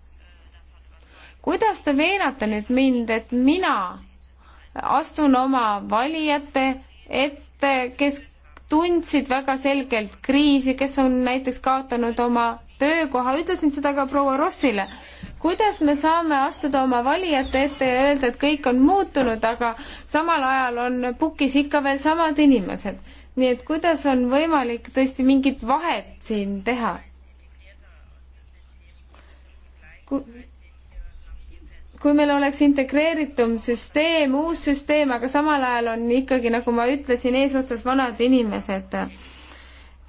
kuidas te veenate nüüd mind, et mina astun oma valijate ette, kes tundsid väga selgelt kriisi, kes on näiteks kaotanud oma töökoha, ütlesin seda ka proua Rossile. kuidas me saame astuda oma valijate ette ja öelda, et kõik on muutunud, aga samal ajal on pukis ikka veel samad inimesed. nii et kuidas on võimalik tõesti mingit vahet siin teha? kui meil oleks integreeritum süsteem, uus süsteem, aga samal ajal on ikkagi, nagu ma ütlesin, eesotsas vanad inimesed.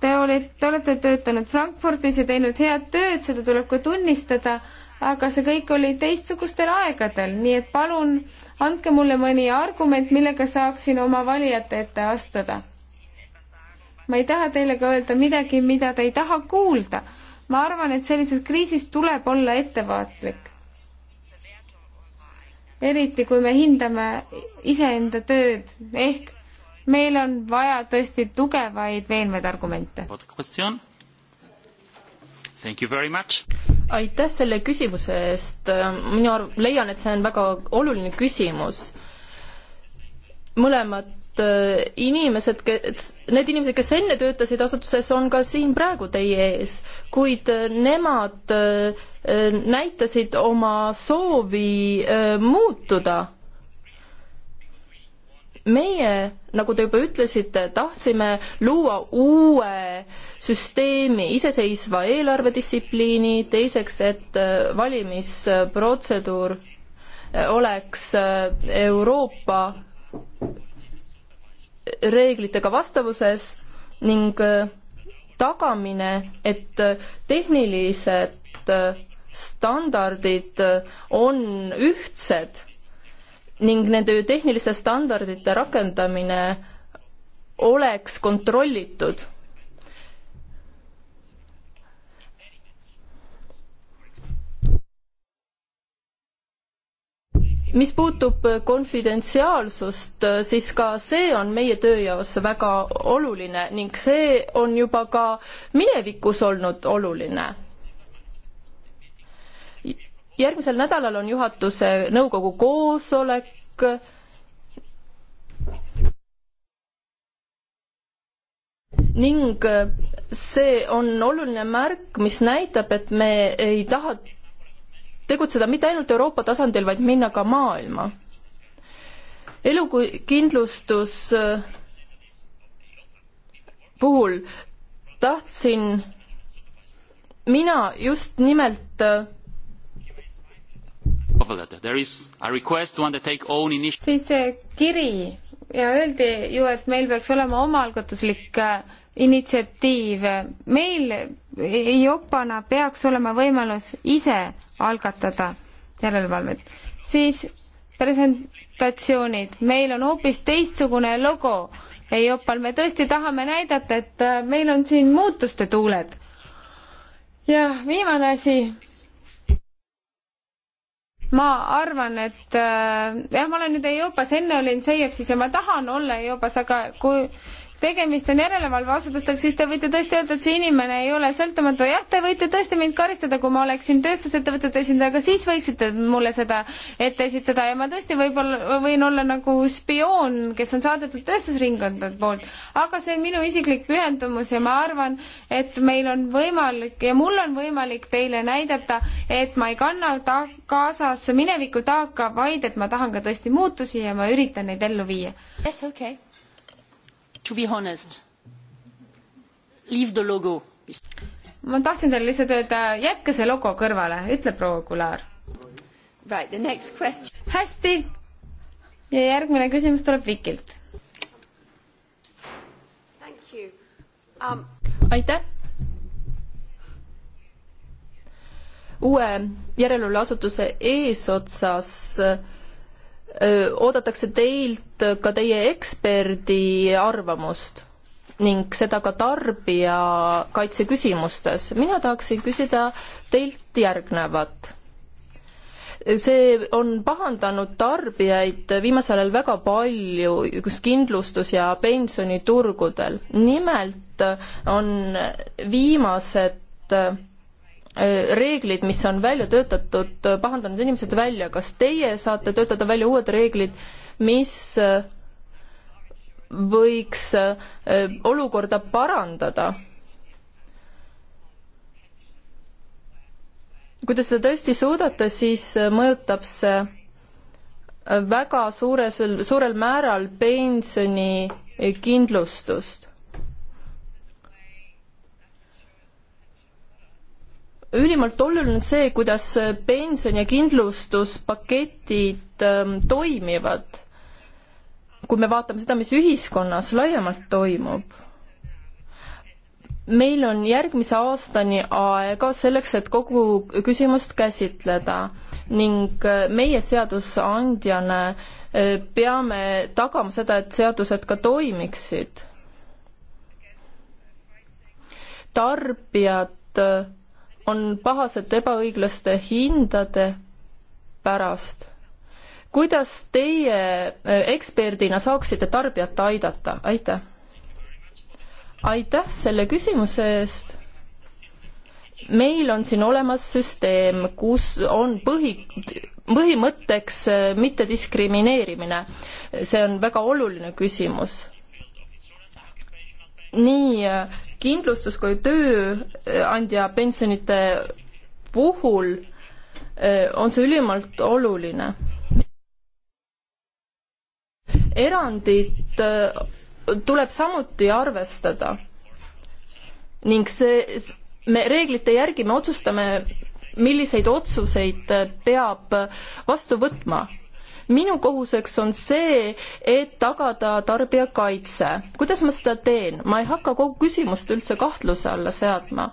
Te olete, te olete töötanud Frankfurdis ja teinud head tööd, seda tuleb ka tunnistada, aga see kõik oli teistsugustel aegadel, nii et palun andke mulle mõni argument, millega saaksin oma valijate ette astuda. ma ei taha teile ka öelda midagi, mida te ei taha kuulda. ma arvan, et sellises kriisis tuleb olla ettevaatlik eriti kui me hindame iseenda tööd, ehk meil on vaja tõesti tugevaid veenvaid argumente. aitäh selle küsimuse eest, mina arv-, leian, et see on väga oluline küsimus mõlemad Äh, inimesed, kes, need inimesed, kes enne töötasid asutuses, on ka siin praegu teie ees, kuid äh, nemad äh, näitasid oma soovi muutuda. meie, nagu te juba ütlesite, tahtsime luua uue süsteemi, iseseisva eelarvedistsipliini, teiseks, et valimisprotseduur oleks Euroopa reeglitega vastavuses ning äh, tagamine, et äh, tehnilised äh, standardid on ühtsed ning nende tehniliste standardite rakendamine oleks kontrollitud mis puutub äh, konfidentsiaalsust, äh, siis ka see on meie töö jaoks väga oluline ning see on juba ka minevikus olnud oluline. järgmisel nädalal on juhatuse nõukogu koosolek. ning äh, see on oluline märk, mis näitab, et me ei taha tegutseda mitte ainult Euroopa tasandil, vaid minna ka maailma. elukindlustus äh, puhul tahtsin mina just nimelt äh, siis kiri ja öeldi ju, et meil peaks olema omaalgatuslik äh, initsiatiiv. meil Jopana peaks olema võimalus ise algatada järelevalvet, siis presentatsioonid, meil on hoopis teistsugune logo Jopal, me tõesti tahame näidata, et äh, meil on siin muutuste tuuled. ja viimane asi, ma arvan, et äh, jah, ma olen nüüd EIOPAS, enne olin CEIEFSis ja ma tahan olla EIOPAS, aga kui tegemist on järelevalveasutustega, siis te võite tõesti öelda, et see inimene ei ole sõltumatu. jah, te võite tõesti mind karistada, kui ma oleksin tööstusettevõtete esindaja, aga siis võiksite mulle seda ette esitada ja ma tõesti võib-olla võin olla nagu spioon, kes on saadetud tööstusringkondade poolt. aga see on minu isiklik pühendumus ja ma arvan, et meil on võimalik ja mul on võimalik teile näidata, et ma ei kanna ta-, kaasas mineviku taaka, vaid et ma tahan ka tõesti muutusi ja ma üritan neid ellu viia. Yes, okay to be honest, leave the logo. ma tahtsin teile lihtsalt öelda, jätke see logo kõrvale, ütleb proua Kular. Right, the next question. hästi. ja järgmine küsimus tuleb Vikilt. Um... aitäh. uue järelevalveasutuse eesotsas äh, oodatakse teilt ka teie eksperdi arvamust ning seda ka tarbijakaitse küsimustes. mina tahaksin küsida teilt järgnevat. see on pahandanud tarbijaid viimasel ajal väga palju just kindlustus- ja pensioniturgudel. nimelt on viimased reeglid, mis on välja töötatud, pahandanud inimesed välja, kas teie saate töötada välja uued reeglid, mis äh, võiks äh, olukorda parandada? kui te seda tõesti suudate, siis äh, mõjutab see väga suures, suurel määral pensionikindlustust ülimalt oluline see, kuidas pension ja kindlustuspaketid ähm, toimivad, kui me vaatame seda, mis ühiskonnas laiemalt toimub meil on järgmise aastani aega selleks, et kogu küsimust käsitleda ning äh, meie seadusandjana äh, peame tagama seda, et seadused ka toimiksid. tarbijad äh, on pahased ebaõiglaste hindade pärast. kuidas teie eh, eksperdina saaksite tarbijat aidata, aitäh! aitäh selle küsimuse eest! meil on siin olemas süsteem, kus on põhi, põhimõtteks eh, mittediskrimineerimine. see on väga oluline küsimus. nii eh, kindlustus kui tööandja pensionite puhul eh, on see ülimalt oluline. erandit eh, tuleb samuti arvestada ning see, me reeglite järgi me otsustame, milliseid otsuseid eh, peab vastu võtma minu kohuseks on see, et tagada tarbijakaitse. kuidas ma seda teen? ma ei hakka kogu küsimust üldse kahtluse alla seadma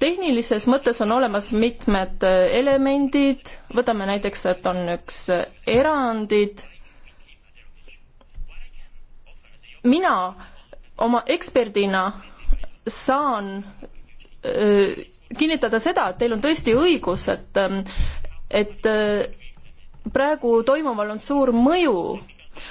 tehnilises mõttes on olemas mitmed äh, elemendid, võtame näiteks, et on üks äh, erandid. mina oma eksperdina saan öö, äh, kinnitada seda, et teil on tõesti õigus, et, ähm, et praegu toimuval on suur mõju.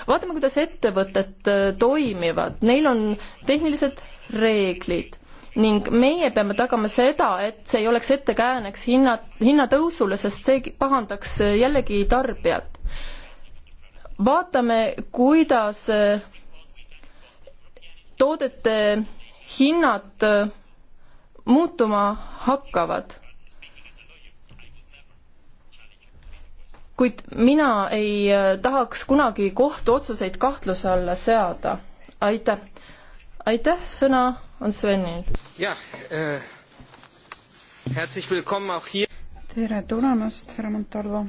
vaatame, kuidas ettevõtted äh, toimivad, neil on tehnilised reeglid ning meie peame tagama seda, et see ei oleks ettekääneks hinna, hinnatõusule, sest see pahandaks äh, jällegi tarbijat. vaatame, kuidas äh, toodete hinnad muutuma hakkavad kuid mina ei äh, tahaks kunagi kohtuotsuseid kahtluse alla seada. aitäh. aitäh, sõna on Svenil. jah äh,, herzlich willkommen auch hier. tere tulemast, härra Montalvo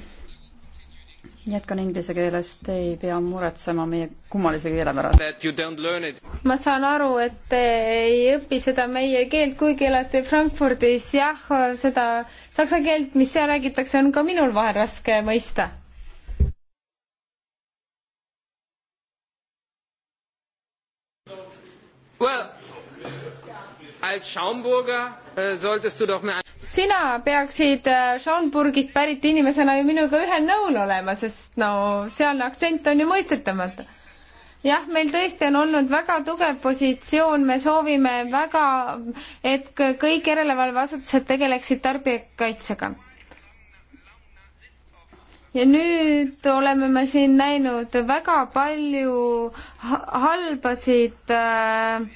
jätkan inglise keeles, te ei pea muretsema meie kummalise keele pärast. ma saan aru, et te ei õpi seda meie keelt, kuigi elate Frankfurdis, jah, seda saksa keelt, mis seal räägitakse, on ka minul vahel raske mõista. Well, als Schaumburger äh, solltest du doch mehr sina peaksid äh, Schaumburgist pärit inimesena ju minuga ühel nõul olema, sest no sealne aktsent on ju mõistetamatu. jah, meil tõesti on olnud väga tugev positsioon, me soovime väga, et kõik järelevalveasutused tegeleksid tarbijakaitsega. ja nüüd oleme me siin näinud väga palju halbasid äh,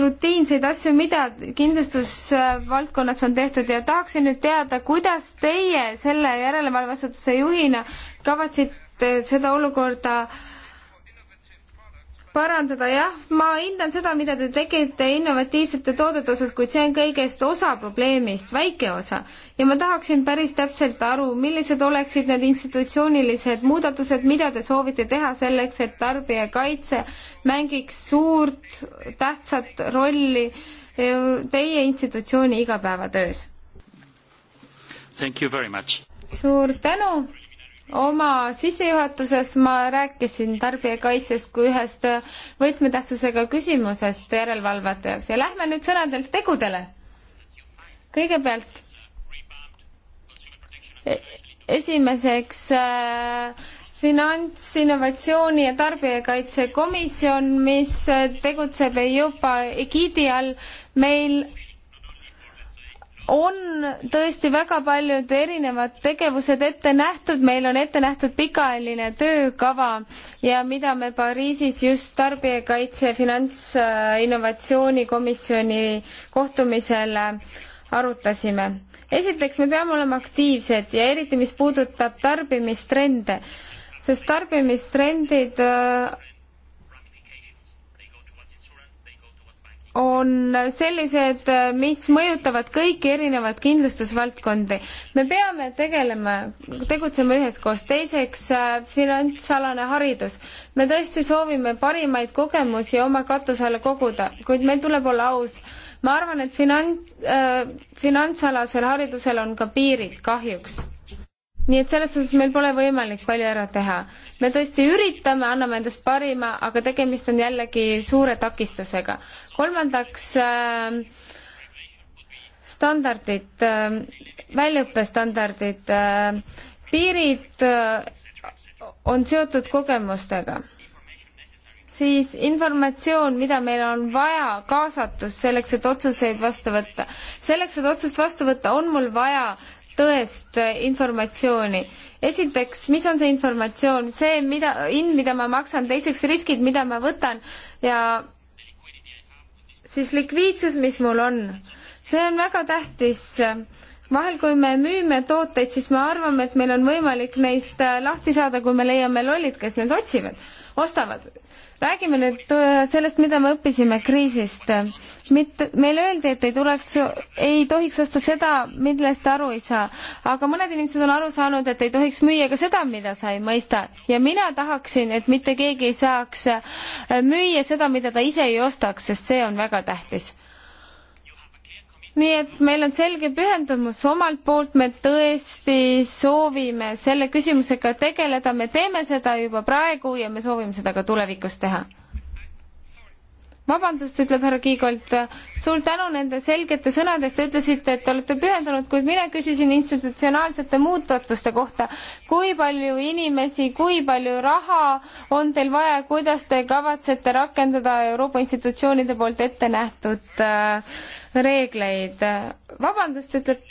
rutiinseid asju, mida kindlustusvaldkonnas on tehtud ja tahaksin nüüd teada, kuidas teie selle järelevalveasutuse juhina kavatsete seda olukorda äh, parandada, jah, ma hindan seda, mida te tegite innovatiivsete toodete osas, kuid see on kõigest osa probleemist, väike osa. ja ma tahaksin päris täpselt aru, millised oleksid need institutsioonilised muudatused, mida te soovite teha selleks, et tarbijakaitse mängiks suurt, tähtsat rolli e, teie institutsiooni igapäevatöös. suur tänu oma sissejuhatuses ma rääkisin tarbijakaitsest kui ühest võtmetähtsusega küsimusest järelevalvete jaoks ja lähme nüüd sõnadelt tegudele. kõigepealt esimeseks äh, finantsinnovatsiooni ja tarbijakaitsekomisjon, mis tegutseb EIOPA egiidi all, meil on tõesti väga paljud erinevad tegevused ette nähtud, meil on ette nähtud pikaajaline töökava ja mida me Pariisis just tarbijakaitse finantsinnovatsiooni komisjoni kohtumisel arutasime. esiteks, me peame olema aktiivsed ja eriti, mis puudutab tarbimistrende, sest tarbimistrendid on sellised, mis mõjutavad kõiki erinevaid kindlustusvaldkondi. me peame tegelema, tegutsema üheskoos, teiseks äh, finantsalane haridus. me tõesti soovime parimaid kogemusi oma katuse alla koguda, kuid meil tuleb olla aus. ma arvan, et finant äh,, finantsalasel haridusel on ka piirid kahjuks nii et selles suhtes meil pole võimalik palju ära teha. me tõesti üritame, anname endast parima, aga tegemist on jällegi suure takistusega. kolmandaks äh,, standardid äh,, väljaõppestandardid äh,, piirid äh, on seotud kogemustega siis informatsioon, mida meil on vaja, kaasatus selleks, et otsuseid vastu võtta. selleks, et otsust vastu võtta, on mul vaja tõest informatsiooni. esiteks, mis on see informatsioon, see, mida, hind, mida ma maksan, teiseks riskid, mida ma võtan ja siis likviidsus, mis mul on. see on väga tähtis. vahel, kui me müüme tooteid, siis me arvame, et meil on võimalik neist lahti saada, kui me leiame lollid, kes need otsivad ostavad. räägime nüüd äh, sellest, mida me õppisime kriisist. mitte, meile öeldi, et ei tuleks, ei tohiks osta seda, millest aru ei saa. aga mõned inimesed on aru saanud, et ei tohiks müüa ka seda, mida sa ei mõista. ja mina tahaksin, et mitte keegi ei saaks äh, müüa seda, mida ta ise ei ostaks, sest see on väga tähtis nii et meil on selge pühendumus omalt poolt, me tõesti soovime selle küsimusega tegeleda, me teeme seda juba praegu ja me soovime seda ka tulevikus teha. vabandust, ütleb härra Kiigolt, suur tänu nende selgete sõnade eest, te ütlesite, et te olete pühendunud, kuid mina küsisin institutsionaalsete muudatuste kohta. kui palju inimesi, kui palju raha on teil vaja, kuidas te kavatsete rakendada Euroopa institutsioonide poolt ette nähtud äh, reegleid. vabandust, ütleb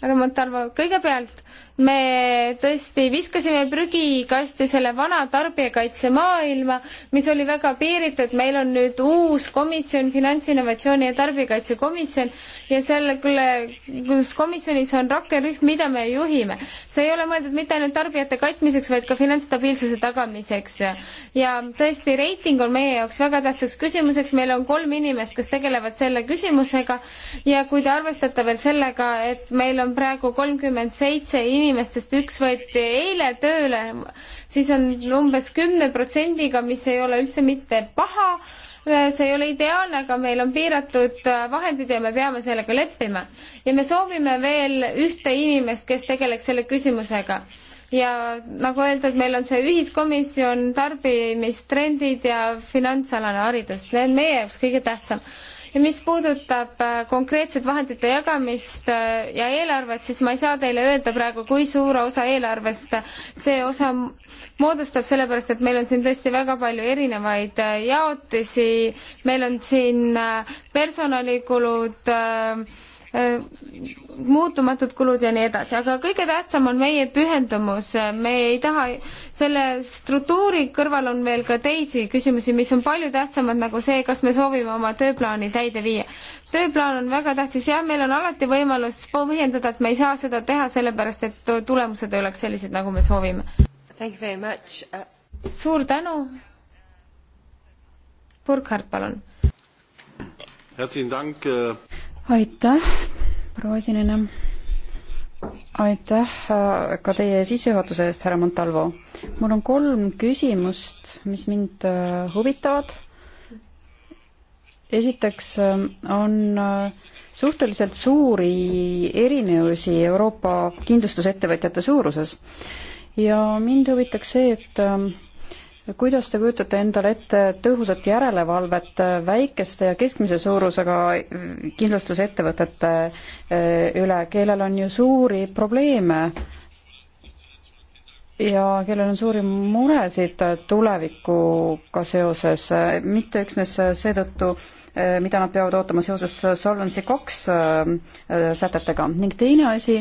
härra Montalvo, kõigepealt me tõesti viskasime prügikasti selle vana tarbijakaitsemaailma, mis oli väga piiritud, meil on nüüd uus komisjon, finantsinnovatsiooni ja tarbijakaitsekomisjon ja selle komisjonis on rakkerühm, mida me juhime. see ei ole mõeldud mitte ainult tarbijate kaitsmiseks, vaid ka finantsstabiilsuse tagamiseks. ja tõesti, reiting on meie jaoks väga tähtsaks küsimuseks, meil on kolm inimest, kes tegelevad selle küsimusega ja kui te arvestate veel sellega, et meil on praegu kolmkümmend seitse inimest, inimestest üks võeti eile tööle, siis on umbes kümne protsendiga, mis ei ole üldse mitte paha, see ei ole ideaalne, aga meil on piiratud vahendid ja me peame sellega leppima. ja me soovime veel ühte inimest, kes tegeleks selle küsimusega ja nagu öeldud, meil on see ühiskomisjon, tarbimistrendid ja finantsalane haridus, need on meie jaoks kõige tähtsam ja mis puudutab äh, konkreetset vahendite jagamist äh, ja eelarvet, siis ma ei saa teile öelda praegu, kui suure osa eelarvest see osa moodustab, sellepärast et meil on siin tõesti väga palju erinevaid äh, jaotisi, meil on siin personalikulud, Äh, muutumatud kulud ja nii edasi, aga kõige tähtsam on meie pühendumus, me ei taha, selle struktuuri kõrval on veel ka teisi küsimusi, mis on palju tähtsamad, nagu see, kas me soovime oma tööplaani täide viia. tööplaan on väga tähtis ja meil on alati võimalus põhjendada, et me ei saa seda teha sellepärast, et tulemused ei oleks sellised, nagu me soovime. Uh... suur tänu. Burkhard, palun. Herzlichen Dank äh, aitäh, proua esineja. aitäh äh, ka teie sissejuhatuse eest, härra Montalvo. mul on kolm küsimust, mis mind äh, huvitavad. esiteks äh, on suhteliselt suuri erinevusi Euroopa kindlustusettevõtjate suuruses ja mind huvitaks see, et kuidas te kujutate endale ette tõhusat järelevalvet äh, väikeste ja keskmise suurusega äh, kindlustusettevõtete äh, üle, kellel on ju suuri probleeme ja kellel on suuri muresid tulevikuga seoses, mitte üksnes seetõttu, mida nad peavad ootama seoses Solvency kaks sätetega ning teine asi,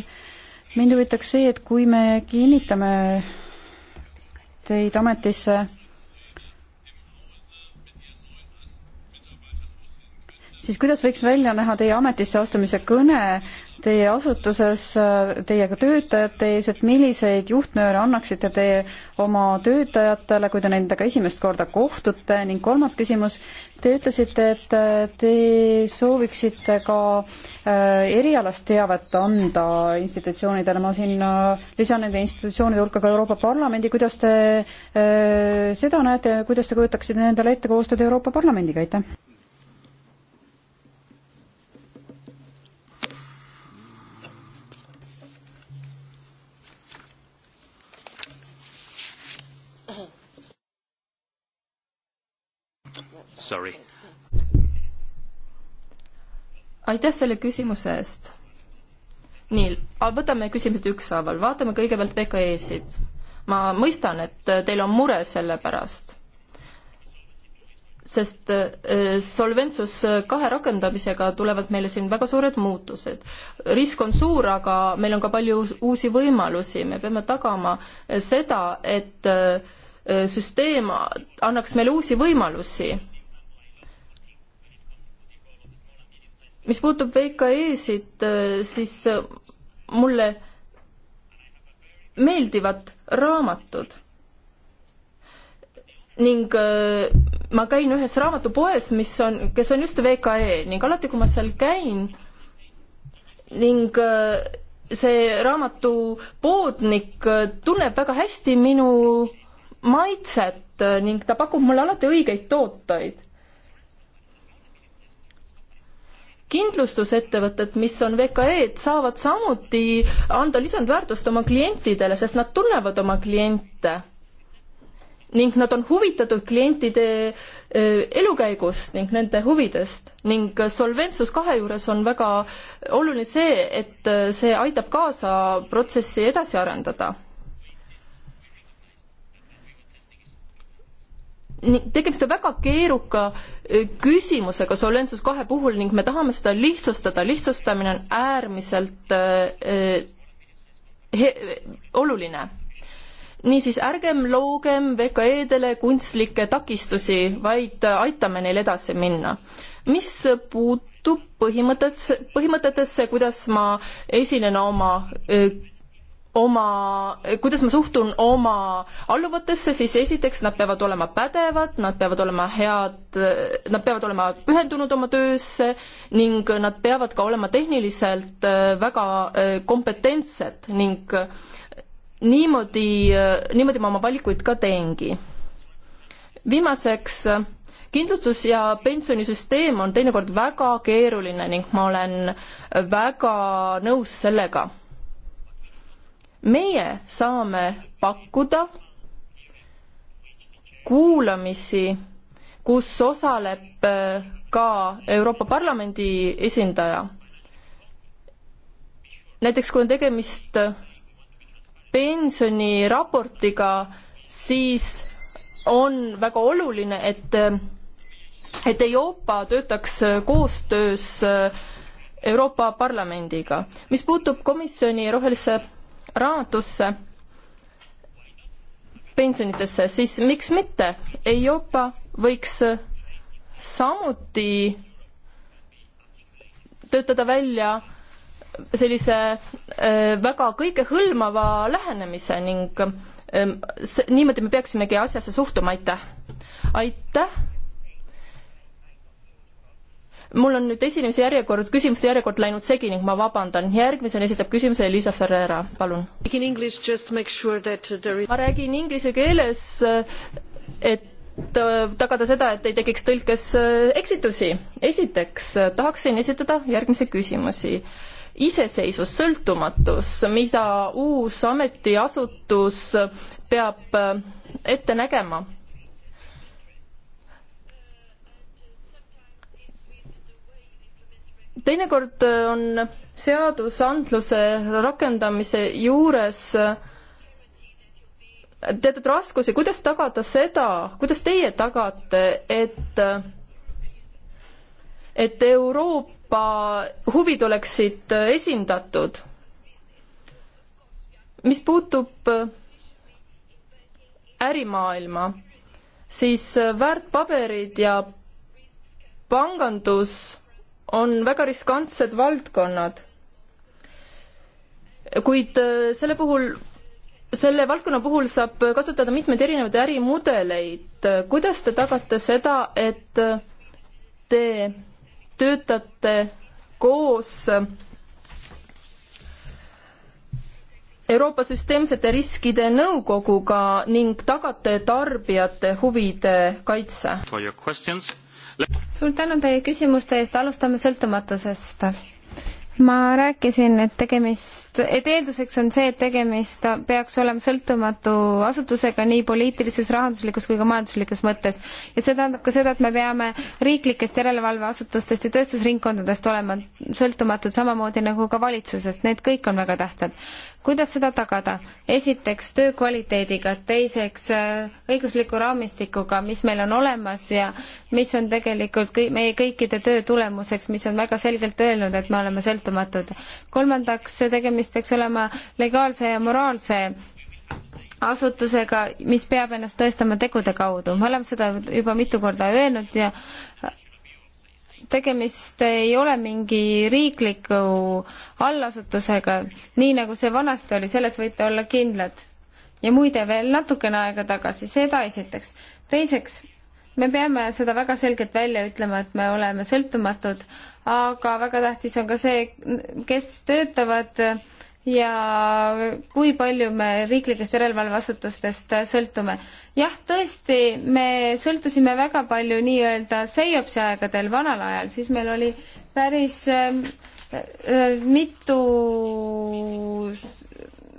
mind huvitaks see, et kui me kinnitame teid ametisse siis kuidas võiks välja näha teie ametisse astumise kõne teie asutuses, teiega töötajate ees, et milliseid juhtnööre annaksite te oma töötajatele, kui te nendega esimest korda kohtute ning kolmas küsimus, te ütlesite, et te sooviksite ka äh, erialast teavet anda institutsioonidele, ma siin äh, lisan nende institutsioonide hulka ka Euroopa Parlamendi, kuidas te äh, seda näete ja kuidas te kujutaksite endale ette koostööd Euroopa Parlamendiga, aitäh? sorry. aitäh selle küsimuse eest. nii, võtame küsimused ükshaaval, vaatame kõigepealt VKE-sid. ma mõistan, et äh, teil on mure selle pärast sest äh, Solventsus äh, kahe rakendamisega tulevad meile siin väga suured muutused. risk on suur, aga meil on ka palju uusi võimalusi, me peame tagama seda, et süsteem annaks meile uusi võimalusi mis puutub VKE-sid, äh, siis äh, mulle meeldivad raamatud. ning äh, ma käin ühes raamatupoes, mis on, kes on just VKE ning alati, kui ma seal käin ning see raamatupoodnik tunneb väga hästi minu maitset ning ta pakub mulle alati õigeid tooteid kindlustusettevõtted, mis on VKE-d, saavad samuti anda lisandväärtust oma klientidele, sest nad tunnevad oma kliente ning nad on huvitatud klientide eh, elukäigust ning nende huvidest ning Solventsus kahe juures on väga oluline see, et eh, see aitab kaasa protsessi edasi arendada tegemist on väga keeruka küsimusega Solventsus kahe puhul ning me tahame seda lihtsustada, lihtsustamine on äärmiselt äh, he, oluline. niisiis, ärgem loogem VKE-dele kunstlikke takistusi, vaid aitame neil edasi minna. mis puutub põhimõttesse, põhimõtetesse, kuidas ma esinen oma äh, oma, kuidas ma suhtun oma alluvatesse, siis esiteks nad peavad olema pädevad, nad peavad olema head, nad peavad olema pühendunud oma töösse ning nad peavad ka olema tehniliselt äh, väga äh, kompetentsed ning äh, niimoodi, niimoodi ma oma valikuid ka teengi. viimaseks kindlustus- ja pensionisüsteem on teinekord väga keeruline ning ma olen väga nõus sellega meie saame pakkuda kuulamisi, kus osaleb äh, ka Euroopa Parlamendi esindaja. näiteks kui on tegemist äh, pensioniraportiga, siis on väga oluline, et, äh, et Euroopa töötaks koostöös Euroopa Parlamendiga. mis puutub komisjoni rohelisse raamatusse, pensionitesse, siis miks mitte, Euroopa võiks samuti töötada välja sellise äh, väga kõikehõlmava lähenemise ning ähm, niimoodi me peaksimegi asjasse suhtuma, aitäh! aitäh! mul on nüüd esinemise järjekord, küsimuste järjekord läinud segi ning ma vabandan. järgmisena esitab küsimuse Elisa Ferreira, palun. Sure there... ma räägin inglise keeles, et äh, tagada seda, et ei tekiks tõlkes äh, eksitusi. esiteks äh, tahaksin esitada järgmisi küsimusi iseseisvus, sõltumatus, mida uus ametiasutus peab ette nägema teinekord äh, on seadusandluse rakendamise juures äh, teatud raskusi, kuidas tagada seda, kuidas teie tagate, et, äh, et Euroopa huvid oleksid esindatud? mis puutub ärimaailma, siis väärtpaberid ja pangandus on väga riskantsed valdkonnad. kuid äh, selle puhul, selle valdkonna puhul saab kasutada mitmeid erinevaid ärimudeleid. kuidas te tagate seda, et äh, te töötate koos äh, Euroopa Süsteemsete Riskide Nõukoguga ning tagate tarbijate huvide kaitse? suur tänu teie küsimuste eest, alustame sõltumatusest. ma rääkisin, et tegemist, et eelduseks on see, et tegemist peaks olema sõltumatu asutusega nii poliitilises, rahanduslikus kui ka majanduslikus mõttes. ja see tähendab ka seda, et me peame riiklikest järelevalveasutustest ja tööstusringkondadest olema sõltumatud, samamoodi nagu ka valitsusest, need kõik on väga tähtsad kuidas seda tagada? esiteks töö kvaliteediga, teiseks äh, õigusliku raamistikuga, mis meil on olemas ja mis on tegelikult kõik, meie kõikide töö tulemuseks, mis on väga selgelt öelnud, et me oleme sõltumatud. kolmandaks, tegemist peaks olema legaalse ja moraalse asutusega, mis peab ennast tõestama tegude kaudu. me oleme seda juba mitu korda öelnud ja tegemist ei ole mingi riikliku allasutusega, nii nagu see vanasti oli, selles võite olla kindlad. ja muide, veel natukene aega tagasi, seda esiteks. teiseks, me peame seda väga selgelt välja ütlema, et me oleme sõltumatud, aga väga tähtis on ka see, kes töötavad äh, ja kui palju me riiklikest järelevalveasutustest sõltume. jah, tõesti, me sõltusime väga palju nii-öelda seiopsi aegadel, vanal ajal, siis meil oli päris äh, äh mitu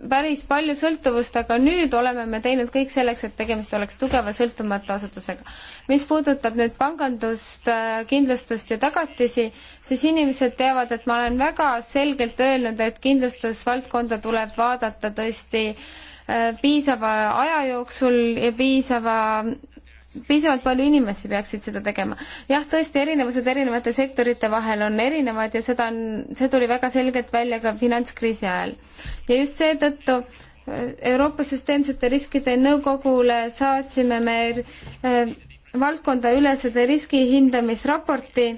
päris palju sõltuvust, aga nüüd oleme me teinud kõik selleks, et tegemist oleks tugeva sõltumatu asutusega. mis puudutab nüüd pangandust, äh, kindlustust ja tagatisi, siis inimesed teavad, et ma olen väga selgelt öelnud, et kindlustusvaldkonda tuleb vaadata tõesti äh, piisava aja jooksul ja piisava piisavalt palju inimesi peaksid seda tegema. jah, tõesti, erinevused erinevate sektorite vahel on erinevad ja seda on, see tuli väga selgelt välja ka finantskriisi ajal. ja just seetõttu äh, Euroopa Süsteemsete Riskide Nõukogule saatsime me äh, valdkondaülesede riskihindamisraporti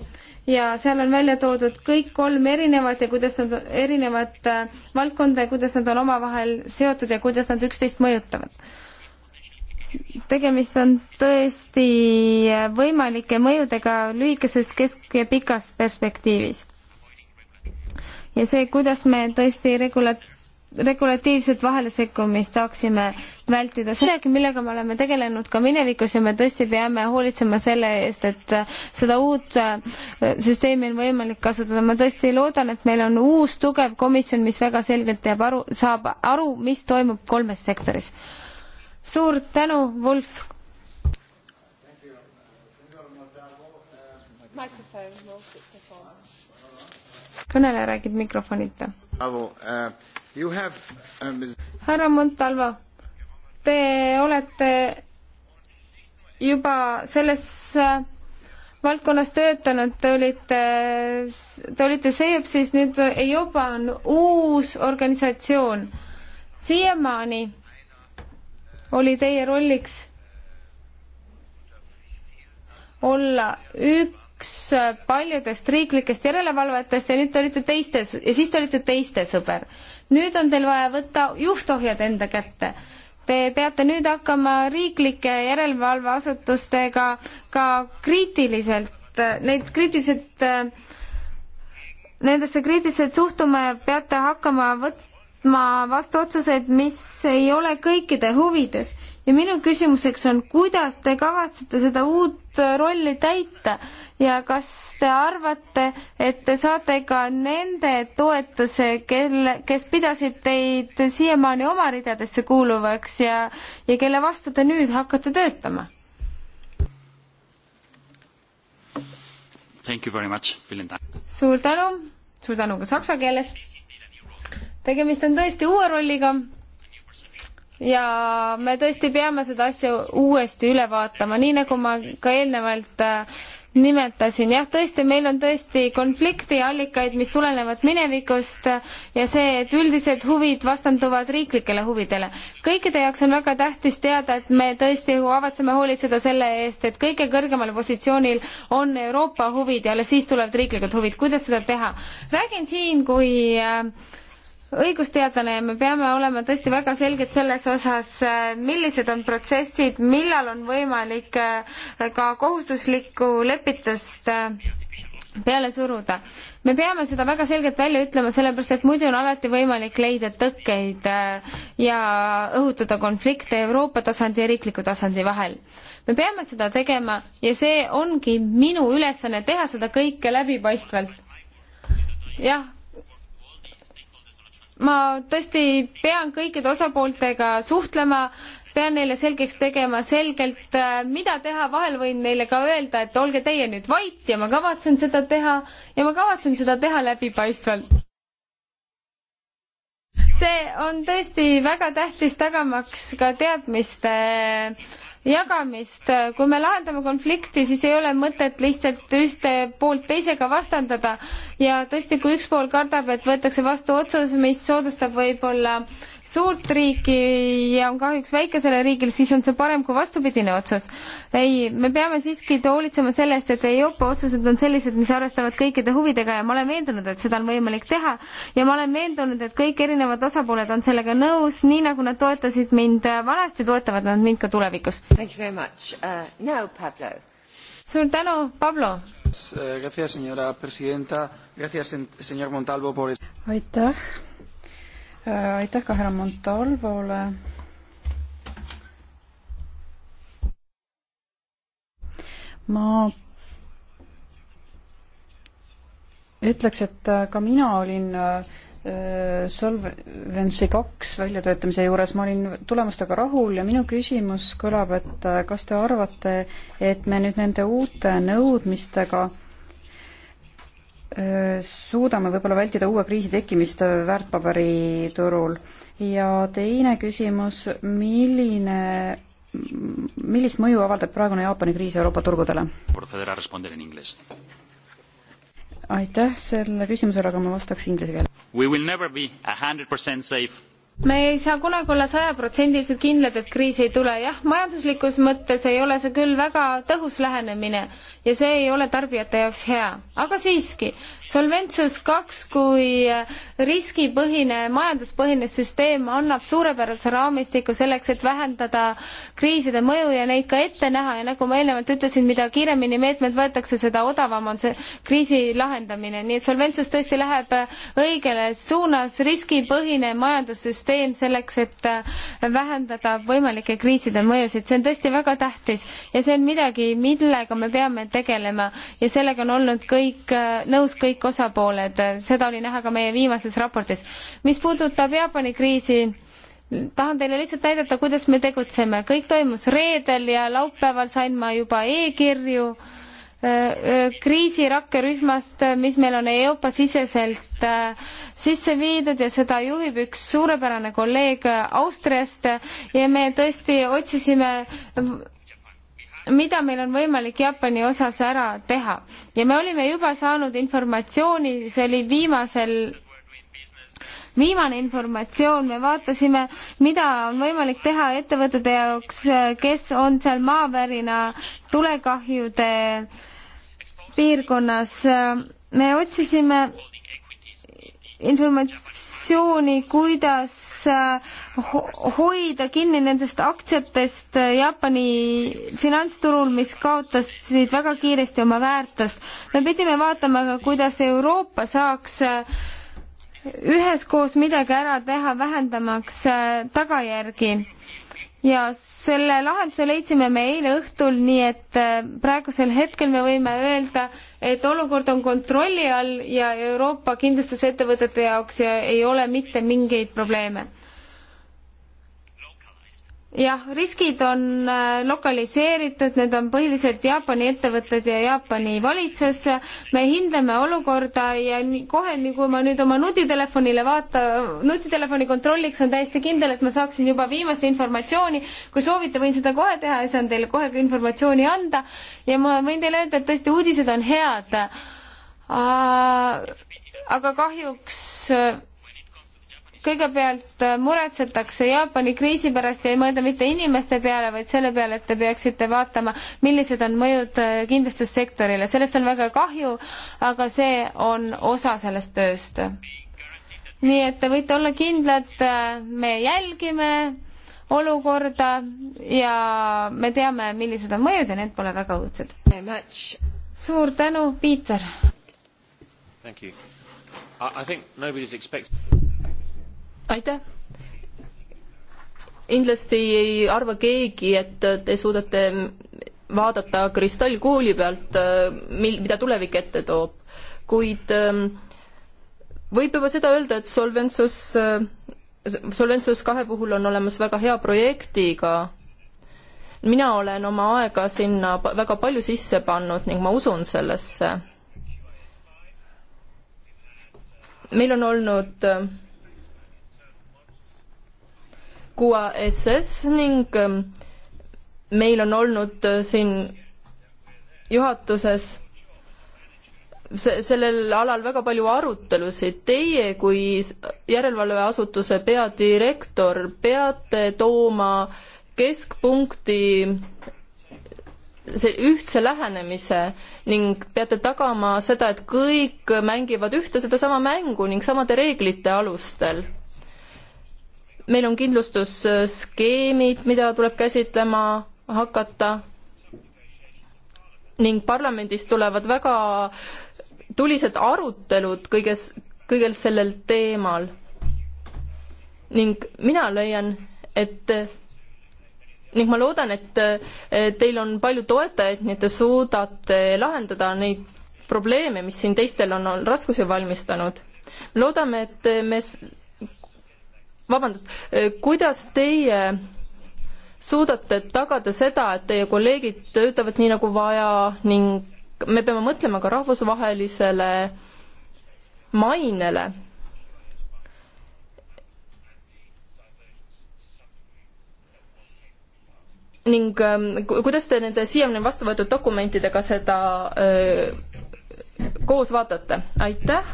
ja seal on välja toodud kõik kolm erinevat ja kuidas nad, erinevat äh, valdkonda ja kuidas nad on omavahel seotud ja kuidas nad üksteist mõjutavad tegemist on tõesti võimalike mõjudega lühikeses, kesk- ja pikas perspektiivis. ja see, kuidas me tõesti regula-, regulatiivset vahelesekkumist saaksime vältida, see on midagi, millega me oleme tegelenud ka minevikus ja me tõesti peame hoolitsema selle eest, et seda uut äh, süsteemi on võimalik kasutada. ma tõesti loodan, et meil on uus tugev komisjon, mis väga selgelt teab aru, saab aru, mis toimub kolmes sektoris suur tänu, Wolf. kõneleja räägib mikrofonita. Um, härra Montalvo, te olete juba selles äh, valdkonnas töötanud, te olite, te olite Seepsis, nüüd EIOPA on uus organisatsioon. siiamaani oli teie rolliks olla üks paljudest riiklikest järelevalvetest ja nüüd te olite teistes ja siis te olite teiste sõber. nüüd on teil vaja võtta juhtohjad enda kätte. Te peate nüüd hakkama riiklike järelevalveasutustega ka kriitiliselt, neid kriitiliselt, nendesse kriitiliselt suhtuma ja peate hakkama võtma võtma vastu otsuseid, mis ei ole kõikide huvides. ja minu küsimuseks on, kuidas te kavatsete seda uut rolli täita ja kas te arvate, et te saate ka nende toetuse, kelle, kes pidasid teid siiamaani oma ridadesse kuuluvaks ja, ja kelle vastu te nüüd hakkate töötama? suur tänu, suur tänu ka saksa keeles tegemist on tõesti uue rolliga ja me tõesti peame seda asja uuesti üle vaatama, nii nagu ma ka eelnevalt äh, nimetasin, jah, tõesti, meil on tõesti konfliktiallikaid, mis tulenevad minevikust ja see, et üldised huvid vastanduvad riiklikele huvidele. kõikide jaoks on väga tähtis teada, et me tõesti kavatseme hoolitseda selle eest, et kõige kõrgemal positsioonil on Euroopa huvid ja alles siis tulevad riiklikud huvid. kuidas seda teha? räägin siin kui äh, õigusteadlane ja me peame olema tõesti väga selged selles osas, äh, millised on protsessid, millal on võimalik äh, ka kohustuslikku lepitust äh, peale suruda. me peame seda väga selgelt välja ütlema, sellepärast et muidu on alati võimalik leida tõkkeid ja õhutada konflikte Euroopa tasandi ja riikliku tasandi vahel. me peame seda tegema ja see ongi minu ülesanne teha seda kõike läbipaistvalt. jah ma tõesti pean kõikide osapooltega suhtlema, pean neile selgeks tegema selgelt, äh, mida teha, vahel võin neile ka öelda, et olge teie nüüd vait ja ma kavatsen seda teha ja ma kavatsen seda teha läbipaistvalt. see on tõesti väga tähtis, tagamaks ka teadmiste äh, jagamist. kui me lahendame konflikti, siis ei ole mõtet lihtsalt ühte poolt teisega vastandada ja tõesti, kui üks pool kardab, et võetakse vastu otsus, mis soodustab võib-olla suurt riiki ja on kahjuks väikesele riigile, siis on see parem kui vastupidine otsus. ei, me peame siiski hoolitsema selle eest, et EIOPA otsused on sellised, mis arvestavad kõikide huvidega ja ma olen veendunud, et seda on võimalik teha ja ma olen veendunud, et kõik erinevad osapooled on sellega nõus, nii nagu nad toetasid mind vanasti, toetavad nad mind ka tulevikus. Uh, no, suur tänu, Pablo! aitäh! Äh, aitäh ka härra Montalvole. ma ütleks, et äh, ka mina olin äh, Solvency kaks väljatöötamise juures, ma olin tulemustega rahul ja minu küsimus kõlab, et kas te arvate, et me nüüd nende uute nõudmistega äh, suudame võib-olla vältida uue kriisi tekkimist väärtpaberiturul. ja teine küsimus, milline, millist mõju avaldab praegune Jaapani kriis Euroopa turgudele? aitäh selle küsimusele, aga ma vastaks inglise keeles. We will never be a hundred percent safe me ei saa kunagi olla sajaprotsendiliselt kindlad, et kriis ei tule. jah, majanduslikus mõttes ei ole see küll väga tõhus lähenemine ja see ei ole tarbijate jaoks hea. aga siiski, Solventsus kaks kui äh, riskipõhine, majanduspõhine süsteem annab suurepärase raamistiku selleks, et vähendada kriiside mõju ja neid ka ette näha ja nagu ma eelnevalt ütlesin, mida kiiremini meetmed võetakse, seda odavam on see kriisi lahendamine. nii et Solventsus tõesti läheb õigele suunas, riskipõhine majandussüsteem süsteem selleks, et äh, vähendada võimalike kriiside mõjusid, see on tõesti väga tähtis ja see on midagi, millega me peame tegelema ja sellega on olnud kõik, äh, nõus kõik osapooled, seda oli näha ka meie viimases raportis. mis puudutab Jaapani kriisi, tahan teile lihtsalt näidata, kuidas me tegutseme, kõik toimus reedel ja laupäeval sain ma juba e-kirju kriisirakkerühmast, mis meil on Euroopa siseselt äh, sisse viidud ja seda juhib üks suurepärane kolleeg Austriast ja me tõesti otsisime mida meil on võimalik Jaapani osas ära teha ja me olime juba saanud informatsiooni, see oli viimasel viimane informatsioon, me vaatasime, mida on võimalik teha ettevõtete jaoks, kes on seal maavärina tulekahjude äh, piirkonnas. me otsisime informatsiooni, kuidas äh, hoida kinni nendest aktsiatest Jaapani finantsturul, mis kaotasid väga kiiresti oma väärtust. me pidime vaatama ka, kuidas Euroopa saaks äh, üheskoos midagi ära teha, vähendamaks äh, tagajärgi ja selle lahenduse leidsime me eile õhtul, nii et äh, praegusel hetkel me võime öelda, et olukord on kontrolli all ja Euroopa kindlustusettevõtete jaoks ei ole mitte mingeid probleeme jah, riskid on äh, lokaliseeritud, need on põhiliselt Jaapani ettevõtted ja Jaapani valitsus. me hindame olukorda ja nii, kohe, nii kui ma nüüd oma nutitelefonile vaata, nutitelefoni kontrolliks on täiesti kindel, et ma saaksin juba viimast informatsiooni. kui soovite, võin seda kohe teha ja saan teile kohe ka informatsiooni anda. ja ma võin teile öelda, et tõesti uudised on head. aga kahjuks äh, kõigepealt äh, muretsetakse Jaapani kriisi pärast ja ei mõelda mitte inimeste peale, vaid selle peale, et te peaksite vaatama, millised on mõjud äh, kindlustussektorile. sellest on väga kahju, aga see on osa sellest tööst. nii et te võite olla kindlad, äh, me jälgime olukorda ja me teame, millised on mõjud ja need pole väga õudsed. suur tänu, Piiter! Thank you. I, I think nobody's expecting aitäh! kindlasti ei arva keegi, et te suudate vaadata kristallkuuli pealt, mil, mida tulevik ette toob. kuid ähm, võib juba seda öelda, et Solventsus, äh, Solventsus kahe puhul on olemas väga hea projektiga, mina olen oma aega sinna väga palju sisse pannud ning ma usun sellesse. meil on olnud äh, QASS ning ähm, meil on olnud äh, siin juhatuses se-, sellel alal väga palju arutelusid. Teie kui järelevalveasutuse peadirektor peate tooma keskpunkti see ühtse lähenemise ning peate tagama seda, et kõik mängivad ühte sedasama mängu ning samade reeglite alustel meil on kindlustusskeemid, mida tuleb käsitlema hakata ning parlamendis tulevad väga tulised arutelud kõiges, kõigel sellel teemal. ning mina leian, et ning ma loodan, et teil on palju toetajaid, nii et te suudate lahendada neid probleeme, mis siin teistel on, on raskusi valmistanud. loodame, et me vabandust, äh, kuidas teie suudate tagada seda, et teie kolleegid töötavad nii, nagu vaja ning me peame mõtlema ka rahvusvahelisele mainele. ning ähm, kuidas te nende siiani vastu võetud dokumentidega seda öö, äh, koos vaatate? aitäh,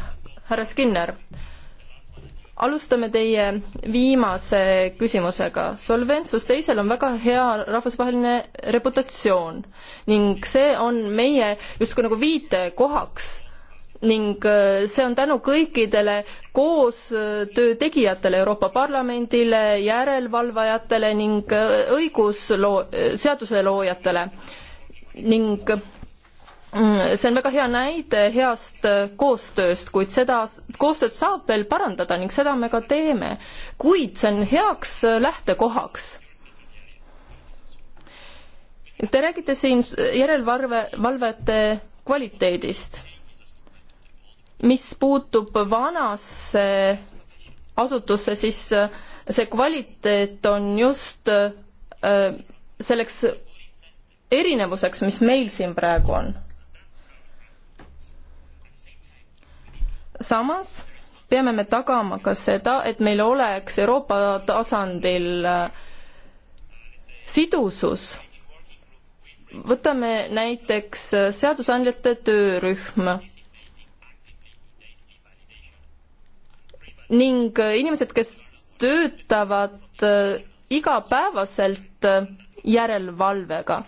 härra Skinner alustame teie viimase küsimusega. Solventsus teisel on väga hea rahvusvaheline reputatsioon ning see on meie justkui nagu viitekohaks ning äh, see on tänu kõikidele koostöö tegijatele, Euroopa Parlamendile, järelevalvajatele ning äh, õigusloo-, äh, seaduseloojatele ning Mm, see on väga hea näide heast äh, koostööst, kuid seda koostööd saab veel parandada ning seda me ka teeme. kuid see on heaks äh, lähtekohaks. Te räägite siin järelevalve, valvete kvaliteedist. mis puutub vanasse asutusse, siis äh, see kvaliteet on just selleks erinevuseks, mis meil siin praegu on samas peame me tagama ka seda, et meil oleks Euroopa tasandil äh, sidusus. võtame näiteks äh, seadusandjate töörühm ning äh, inimesed, kes töötavad igapäevaselt järelevalvega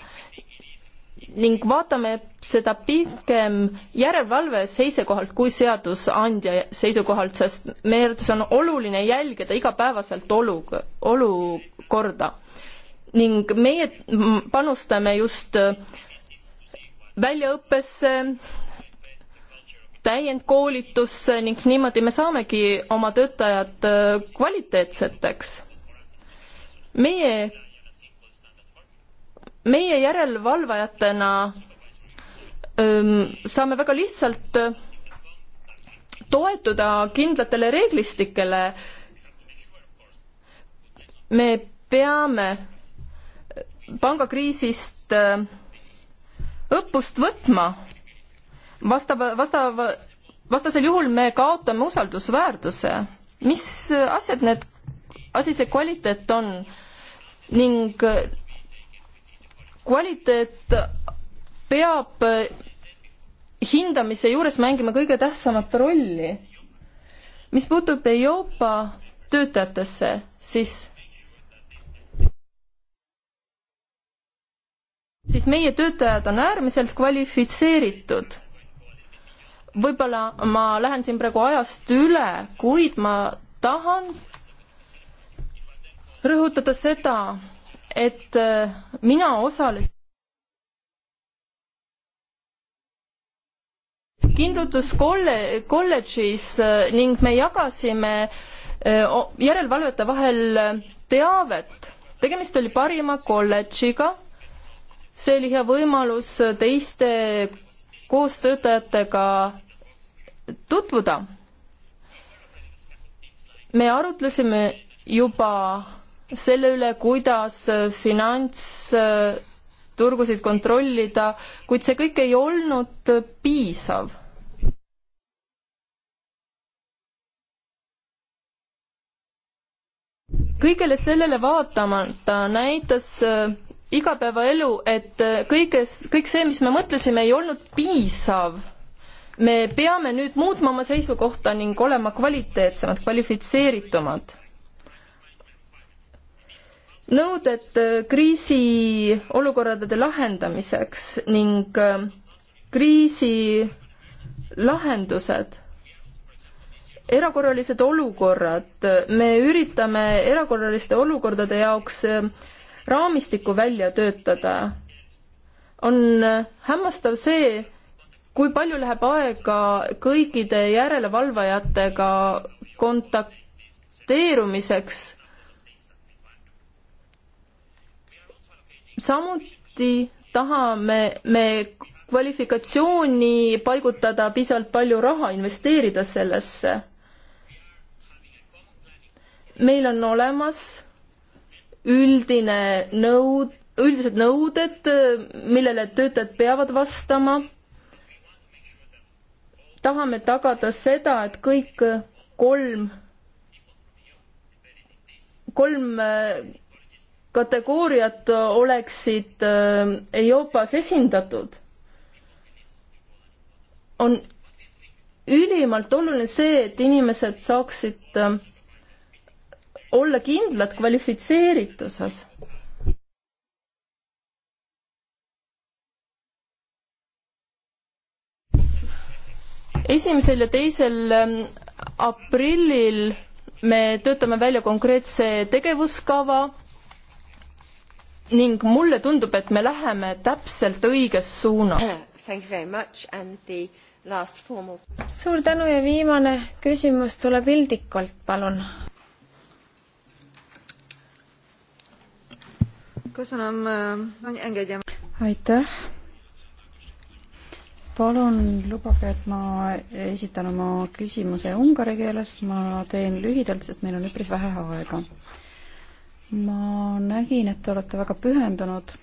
ning vaatame seda pigem järelevalve seisukohalt kui seadusandja seisukohalt, sest meie arvates on oluline jälgida igapäevaselt olu, olukorda. ning meie panustame just väljaõppesse, täiendkoolitusse ning niimoodi me saamegi oma töötajad kvaliteetseteks. meie meie järelevalvajatena saame väga lihtsalt toetuda kindlatele reeglistikele. me peame pangakriisist õppust võtma, vastava, vastava, vastasel juhul me kaotame usaldusväärtuse. mis asjad need, asi see kvaliteet on ning kvaliteet peab hindamise juures mängima kõige tähtsamat rolli. mis puutub Euroopa töötajatesse, siis siis meie töötajad on äärmiselt kvalifitseeritud. võib-olla ma lähen siin praegu ajast üle, kuid ma tahan rõhutada seda, et äh, mina osalesin kindlutuskolle-, kolledžis äh, ning me jagasime äh, järelevalvete vahel teavet. tegemist oli parima kolledžiga, see oli hea võimalus teiste koostöötajatega tutvuda. me arutlesime juba selle üle, kuidas äh, finantsturgusid kontrollida, kuid see kõik ei olnud äh, piisav. kõigele sellele vaatamata näitas äh, igapäevaelu, et kõiges, kõik see, mis me mõtlesime, ei olnud piisav me peame nüüd muutma oma seisukohta ning olema kvaliteetsemad, kvalifitseeritumad nõuded äh, kriisiolukordade lahendamiseks ning äh, kriisi lahendused, erakorralised olukorrad, me üritame erakorraliste olukordade jaoks äh, raamistikku välja töötada. on hämmastav see, kui palju läheb aega kõikide järelevalvajatega kontakteerumiseks samuti tahame me kvalifikatsiooni paigutada piisavalt palju raha, investeerida sellesse. meil on olemas üldine nõud, üldised nõuded, millele töötajad peavad vastama. tahame tagada seda, et kõik kolm, kolm kategooriad oleksid äh, EIOPA-s esindatud, on ülimalt oluline see, et inimesed saaksid äh, olla kindlad kvalifitseerituses. esimesel ja teisel ähm, aprillil me töötame välja konkreetse tegevuskava ning mulle tundub, et me läheme täpselt õiges suunas. Formal... suur tänu ja viimane küsimus tuleb Ildikult, palun. aitäh palun lubage, et ma esitan oma küsimuse ungari keeles, ma teen lühidalt, sest meil on üpris vähe aega ma nägin, et te olete väga pühendunud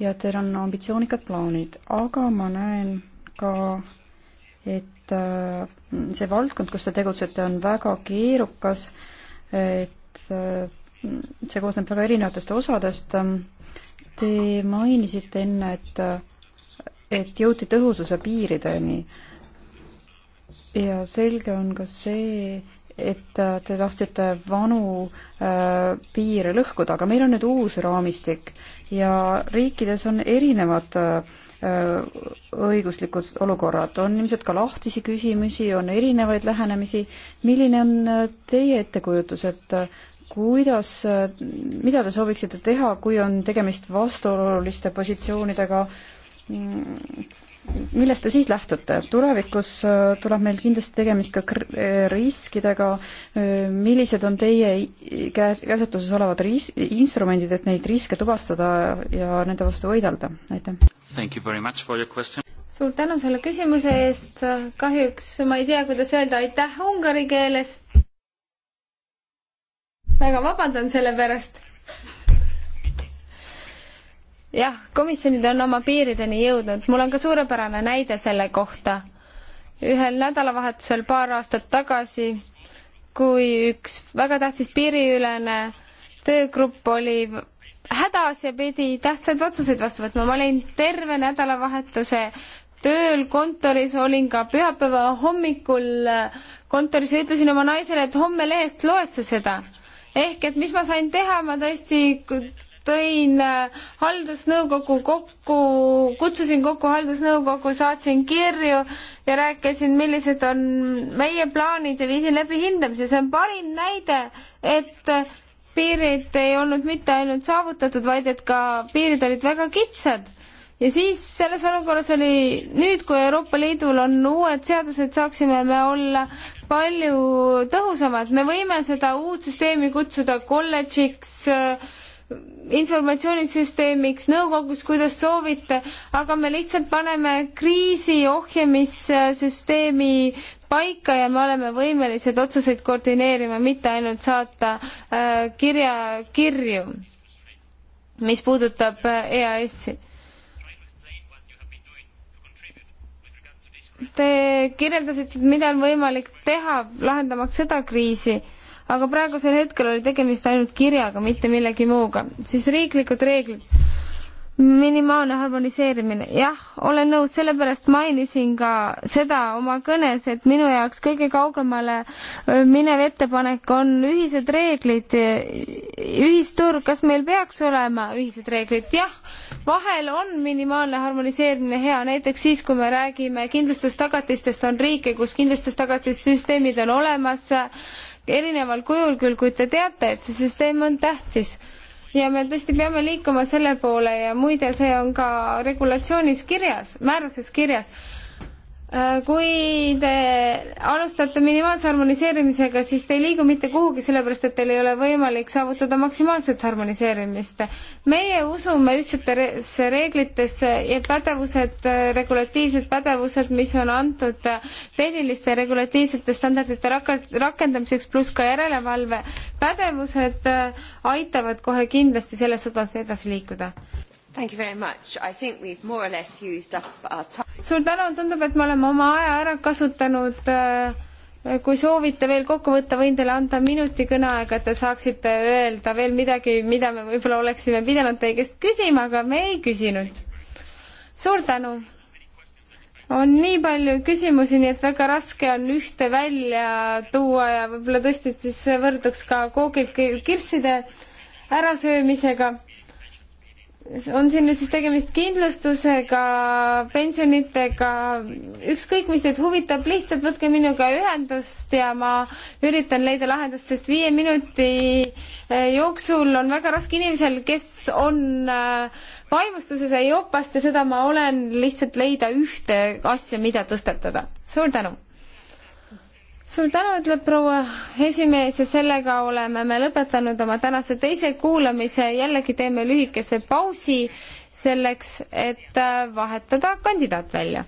ja teil on ambitsioonikad plaanid, aga ma näen ka, et äh, see valdkond, kus te tegutsete, on väga keerukas, et äh, see koosneb väga erinevatest osadest. Te mainisite enne, et, et jõuti tõhususe piirideni ja selge on ka see, et äh, te tahtsite vanu äh, piire lõhkuda, aga meil on nüüd uus raamistik ja riikides on erinevad äh, õiguslikud olukorrad, on ilmselt ka lahtisi küsimusi, on erinevaid lähenemisi. milline on äh, teie ettekujutus, et äh, kuidas, mida te sooviksite teha, kui on tegemist vastuoluliste positsioonidega mm, millest te siis lähtute? tulevikus äh, tuleb meil kindlasti tegemist ka äh, riskidega, äh, millised on teie käes, käsutuses olevad ris-, instrumendid, et neid riske tuvastada ja nende vastu võidelda, aitäh! suur tänu selle küsimuse eest, kahjuks ma ei tea, kuidas öelda aitäh ungari keeles. väga vabandan selle pärast jah, komisjonid on oma piirideni jõudnud, mul on ka suurepärane näide selle kohta. ühel nädalavahetusel paar aastat tagasi, kui üks väga tähtis piiriülene töögrupp oli hädas ja pidi tähtsaid otsuseid vastu võtma, ma olin terve nädalavahetuse tööl kontoris, olin ka pühapäeva hommikul kontoris ja ütlesin oma naisele, et homme lehest loed sa seda. ehk et mis ma sain teha, ma tõesti tõin äh, haldusnõukogu kokku, kutsusin kokku haldusnõukogu, saatsin kirju ja rääkisin, millised on meie plaanid ja viisin läbi hindamise. see on parim näide, et äh, piirid ei olnud mitte ainult saavutatud, vaid et ka piirid olid väga kitsad ja siis selles olukorras oli nüüd, kui Euroopa Liidul on uued seadused, saaksime me olla palju tõhusamad, me võime seda uut süsteemi kutsuda kolledžiks äh, informatsioonisüsteemiks nõukogus, kuidas soovite, aga me lihtsalt paneme kriisi ohjamissüsteemi paika ja me oleme võimelised otsuseid koordineerima, mitte ainult saata äh, kirja, kirju, mis puudutab äh, EAS-i. Te kirjeldasite, mida on võimalik teha, lahendamaks seda kriisi aga praegusel hetkel oli tegemist ainult kirjaga, mitte millegi muuga. siis riiklikud reeglid, minimaalne harmoniseerimine, jah, olen nõus, sellepärast mainisin ka seda oma kõnes, et minu jaoks kõige kaugemale minev ettepanek on ühised reeglid, ühisturg, kas meil peaks olema ühised reeglid, jah, vahel on minimaalne harmoniseerimine hea, näiteks siis, kui me räägime kindlustustagatistest, on riike, kus kindlustustagatissüsteemid on olemas, erineval kujul küll, kuid te teate, et see süsteem on tähtis ja me tõesti peame liikuma selle poole ja muide, see on ka regulatsioonis kirjas, määruses kirjas Äh, kui te alustate minimaalse harmoniseerimisega, siis te ei liigu mitte kuhugi, sellepärast et teil ei ole võimalik saavutada maksimaalset harmoniseerimist. meie usume ühtsetesse reeglitesse ja pädevused, regulatiivsed pädevused, mis on antud tehniliste regulatiivsete standardite rak-, rakendamiseks, pluss ka järelevalve pädevused, aitavad kohe kindlasti selles osas edasi liikuda. Thank you very much. I think we've more or less used up our time. suur tänu, tundub, et me oleme oma aja ära kasutanud. Äh, kui soovite veel kokku võtta, võin teile anda minuti kõneaega, et te saaksite öelda veel midagi, mida me võib-olla oleksime pidanud teie käest küsima, aga me ei küsinud. suur tänu. on nii palju küsimusi, nii et väga raske on ühte välja tuua ja võib-olla tõesti siis võrduks ka koogilt kirsside ärasöömisega on siin nüüd siis tegemist kindlustusega, pensionitega, ükskõik, mis teid huvitab, lihtsalt võtke minuga ühendust ja ma üritan leida lahendust, sest viie minuti eh, jooksul on väga raske inimesel, kes on eh, vaimustuses ja jopast ja seda ma olen, lihtsalt leida ühte asja, mida tõstatada. suur tänu! suur tänu, ütleb proua esimees ja sellega oleme me lõpetanud oma tänase teise kuulamise, jällegi teeme lühikese pausi selleks, et äh, vahetada kandidaat välja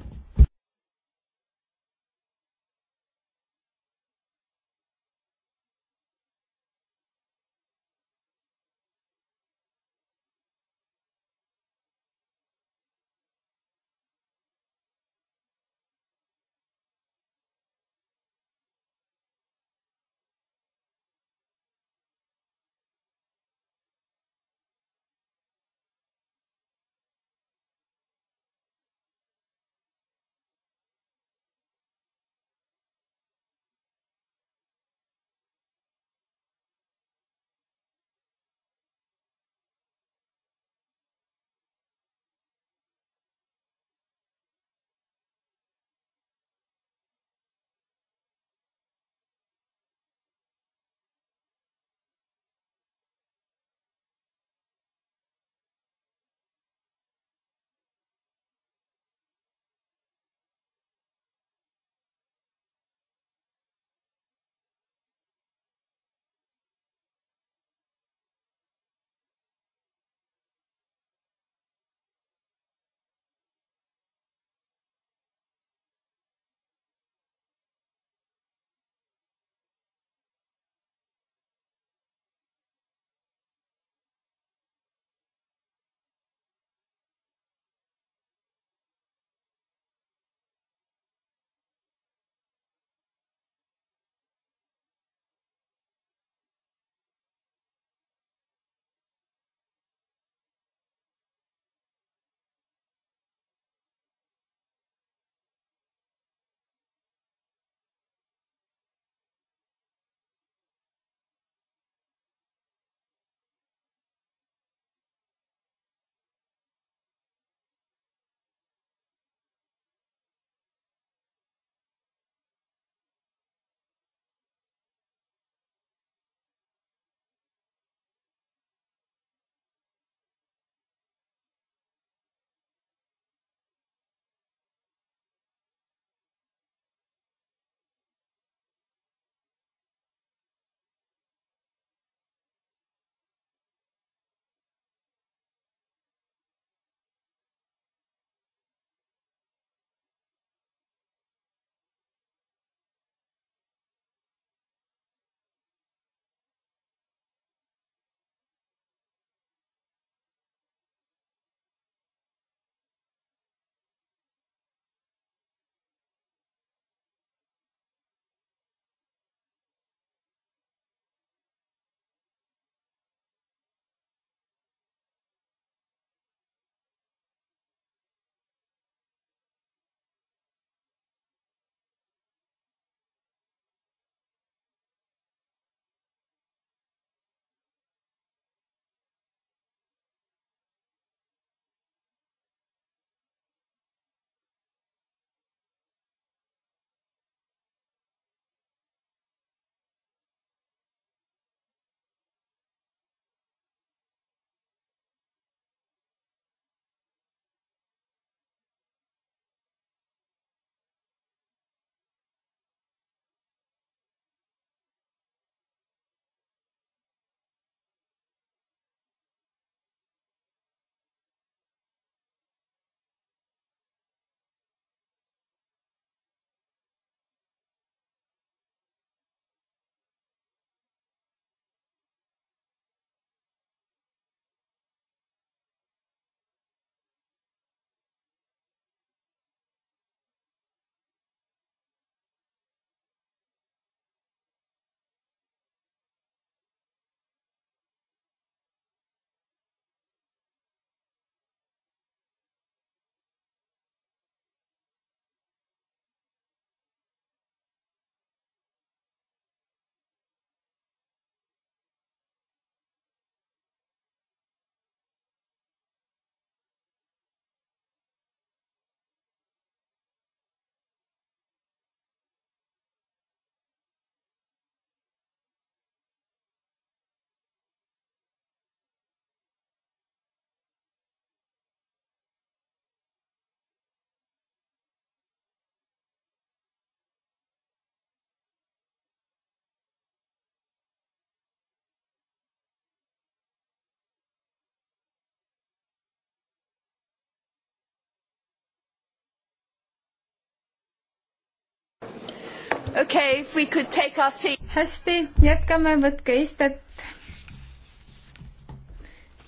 okay, if we could take our seat. hästi, jätkame, võtke istet.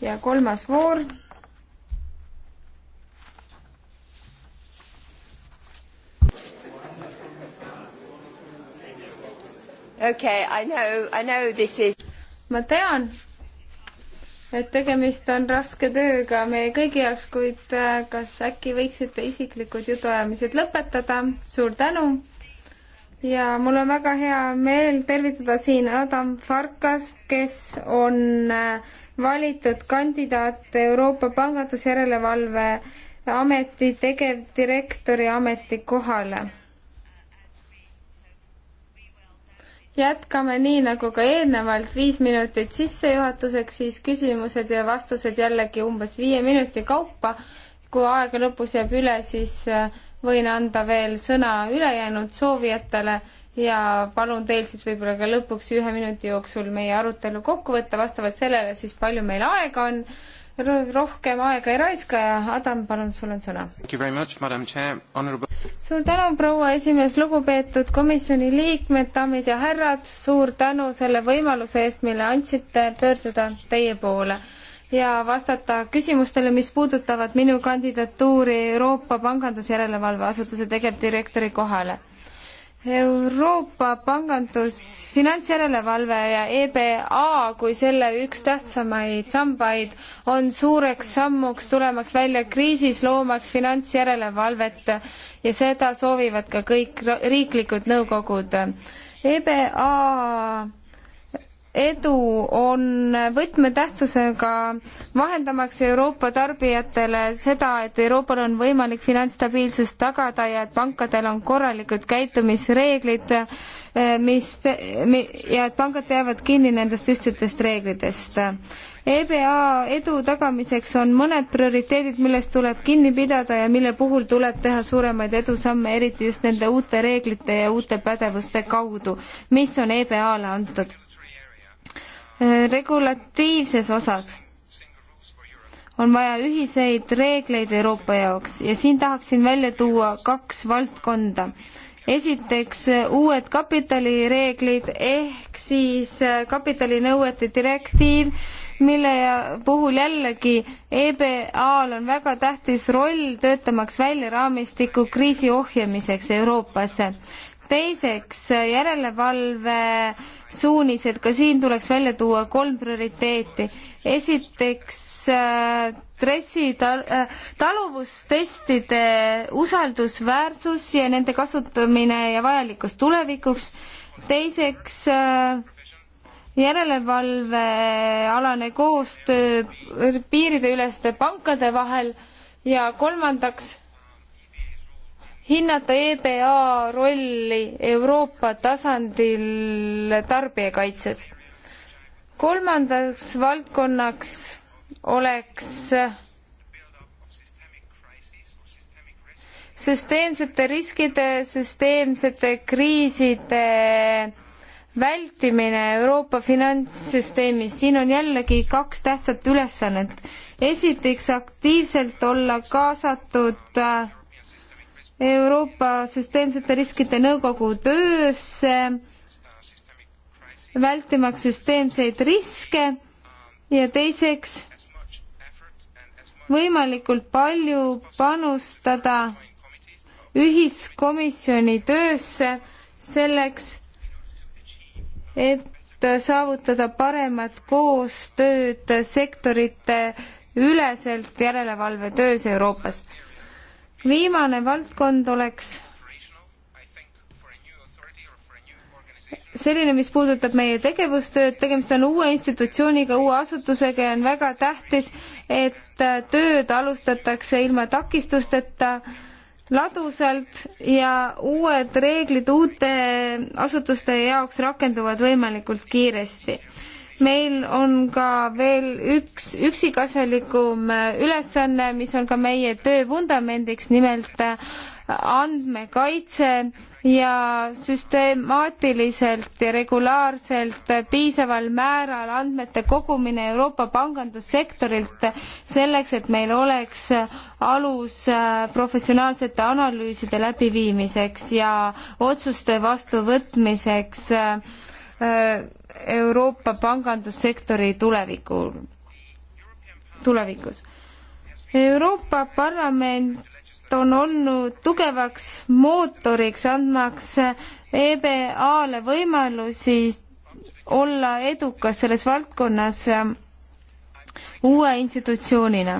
ja kolmas voor. Okay, I know, I know this is. ma tean, et tegemist on raske tööga meie kõigi jaoks, kuid äh, kas äkki võiksite isiklikud jutuajamised lõpetada? suur tänu ja mul on väga hea meel tervitada siin Adam Farkast, kes on äh, valitud kandidaat Euroopa Pangandusjärelevalve Ameti tegevdirektori ametikohale. jätkame nii nagu ka eelnevalt, viis minutit sissejuhatuseks, siis küsimused ja vastused jällegi umbes viie minuti kaupa. kui aega lõpus jääb üle, siis äh, võin anda veel sõna ülejäänud soovijatele ja palun teil siis võib-olla ka lõpuks ühe minuti jooksul meie arutelu kokku võtta, vastavalt sellele siis palju meil aega on Ro. rohkem aega ei raiska ja Adam, palun, sul on sõna. Honorable... suur tänu, proua esimees, lugupeetud komisjoni liikmed, daamid ja härrad, suur tänu selle võimaluse eest, mille andsite pöörduda teie poole ja vastata küsimustele, mis puudutavad minu kandidatuuri Euroopa Pangandusjärelevalve Asutuse tegevdirektori kohale. Euroopa Pangandus, finantsjärelevalve ja EBA kui selle üks tähtsamaid sambaid on suureks sammuks tulemaks välja kriisis, loomaks finantsjärelevalvet ja seda soovivad ka kõik riiklikud nõukogud. EBA edu on võtmetähtsusega vahendamaks Euroopa tarbijatele seda, et Euroopal on võimalik finantsstabiilsust tagada ja et pankadel on korralikud käitumisreeglid, eh, mis ja et pangad peavad kinni nendest ühtsetest reeglitest. EBA edu tagamiseks on mõned prioriteedid, millest tuleb kinni pidada ja mille puhul tuleb teha suuremaid edusamme, eriti just nende uute reeglite ja uute pädevuste kaudu, mis on EBA-le antud Äh, regulatiivses osas on vaja ühiseid reegleid Euroopa jaoks ja siin tahaksin välja tuua kaks valdkonda. esiteks äh, uued kapitalireeglid ehk siis äh, kapitalinõuete direktiiv, mille puhul jällegi EBA-l on väga tähtis roll töötamaks välja raamistiku kriisi ohjamiseks Euroopas teiseks, järelevalve suunised, ka siin tuleks välja tuua kolm prioriteeti. esiteks äh, stressi tal-, äh, taluvustestide usaldusväärsus ja nende kasutamine ja vajalikuks tulevikuks, teiseks äh, järelevalvealane koostöö piirideüleste pankade vahel ja kolmandaks hinnata EBA rolli Euroopa tasandil tarbijakaitses. kolmandaks valdkonnaks oleks süsteemsete riskide, süsteemsete kriiside vältimine Euroopa finantssüsteemis, siin on jällegi kaks tähtsat ülesannet. esiteks aktiivselt olla kaasatud äh, Euroopa Süsteemsete Riskide Nõukogu töösse, vältimaks süsteemseid riske ja teiseks võimalikult palju panustada ühiskomisjoni töösse selleks, et saavutada paremat koostööd sektorite üleselt järelevalvetöös Euroopas viimane valdkond oleks selline, mis puudutab meie tegevustööd, tegemist on uue institutsiooniga, uue asutusega ja on väga tähtis, et äh, tööd alustatakse ilma takistusteta, ladusalt ja uued reeglid uute asutuste jaoks rakenduvad võimalikult kiiresti meil on ka veel üks üksikasjalikum äh, ülesanne, mis on ka meie töö vundamendiks, nimelt äh, andmekaitse ja süstemaatiliselt ja regulaarselt äh, piisaval määral andmete kogumine Euroopa pangandussektorilt selleks, et meil oleks alus professionaalsete analüüside läbiviimiseks ja otsuste vastuvõtmiseks äh, Euroopa pangandussektori tulevikul, tulevikus. Euroopa Parlament on olnud tugevaks mootoriks, andmaks EBA-le võimalusi olla edukas selles valdkonnas uue institutsioonina.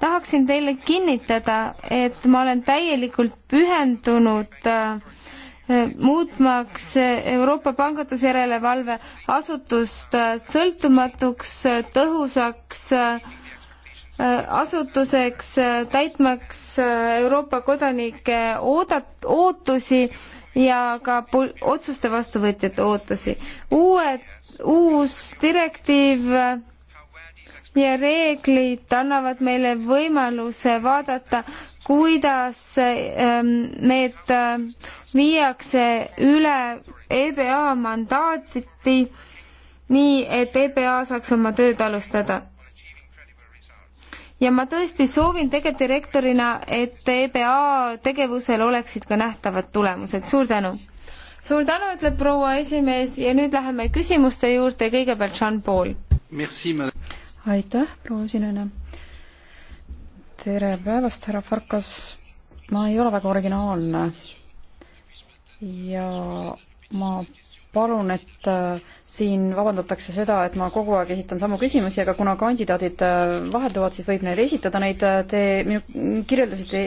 tahaksin teile kinnitada, et ma olen täielikult pühendunud äh, Eh, muutmaks Euroopa pangandusjärelevalve asutust eh, sõltumatuks, eh, tõhusaks asutuseks, täitmaks Euroopa kodanike oodat-, ootusi ja ka otsuste vastuvõtjate ootusi. uued, uus direktiiv ja reeglid annavad meile võimaluse vaadata, kuidas ähm, need ähm, viiakse üle EBA mandaati, nii et EBA saaks oma tööd alustada ja ma tõesti soovin tegevdirektorina, et EBA tegevusel oleksid ka nähtavad tulemused, suur tänu! suur tänu, ütleb proua esimees ja nüüd läheme küsimuste juurde, kõigepealt Jean-Paul aitäh, proua esinejana. tere päevast, härra Farkas. ma ei ole väga originaalne ja ma palun, et äh, siin vabandatakse seda, et ma kogu aeg esitan samu küsimusi, aga kuna kandidaadid äh, vahelduvad, siis võib neile esitada neid. Äh, te kirjeldasite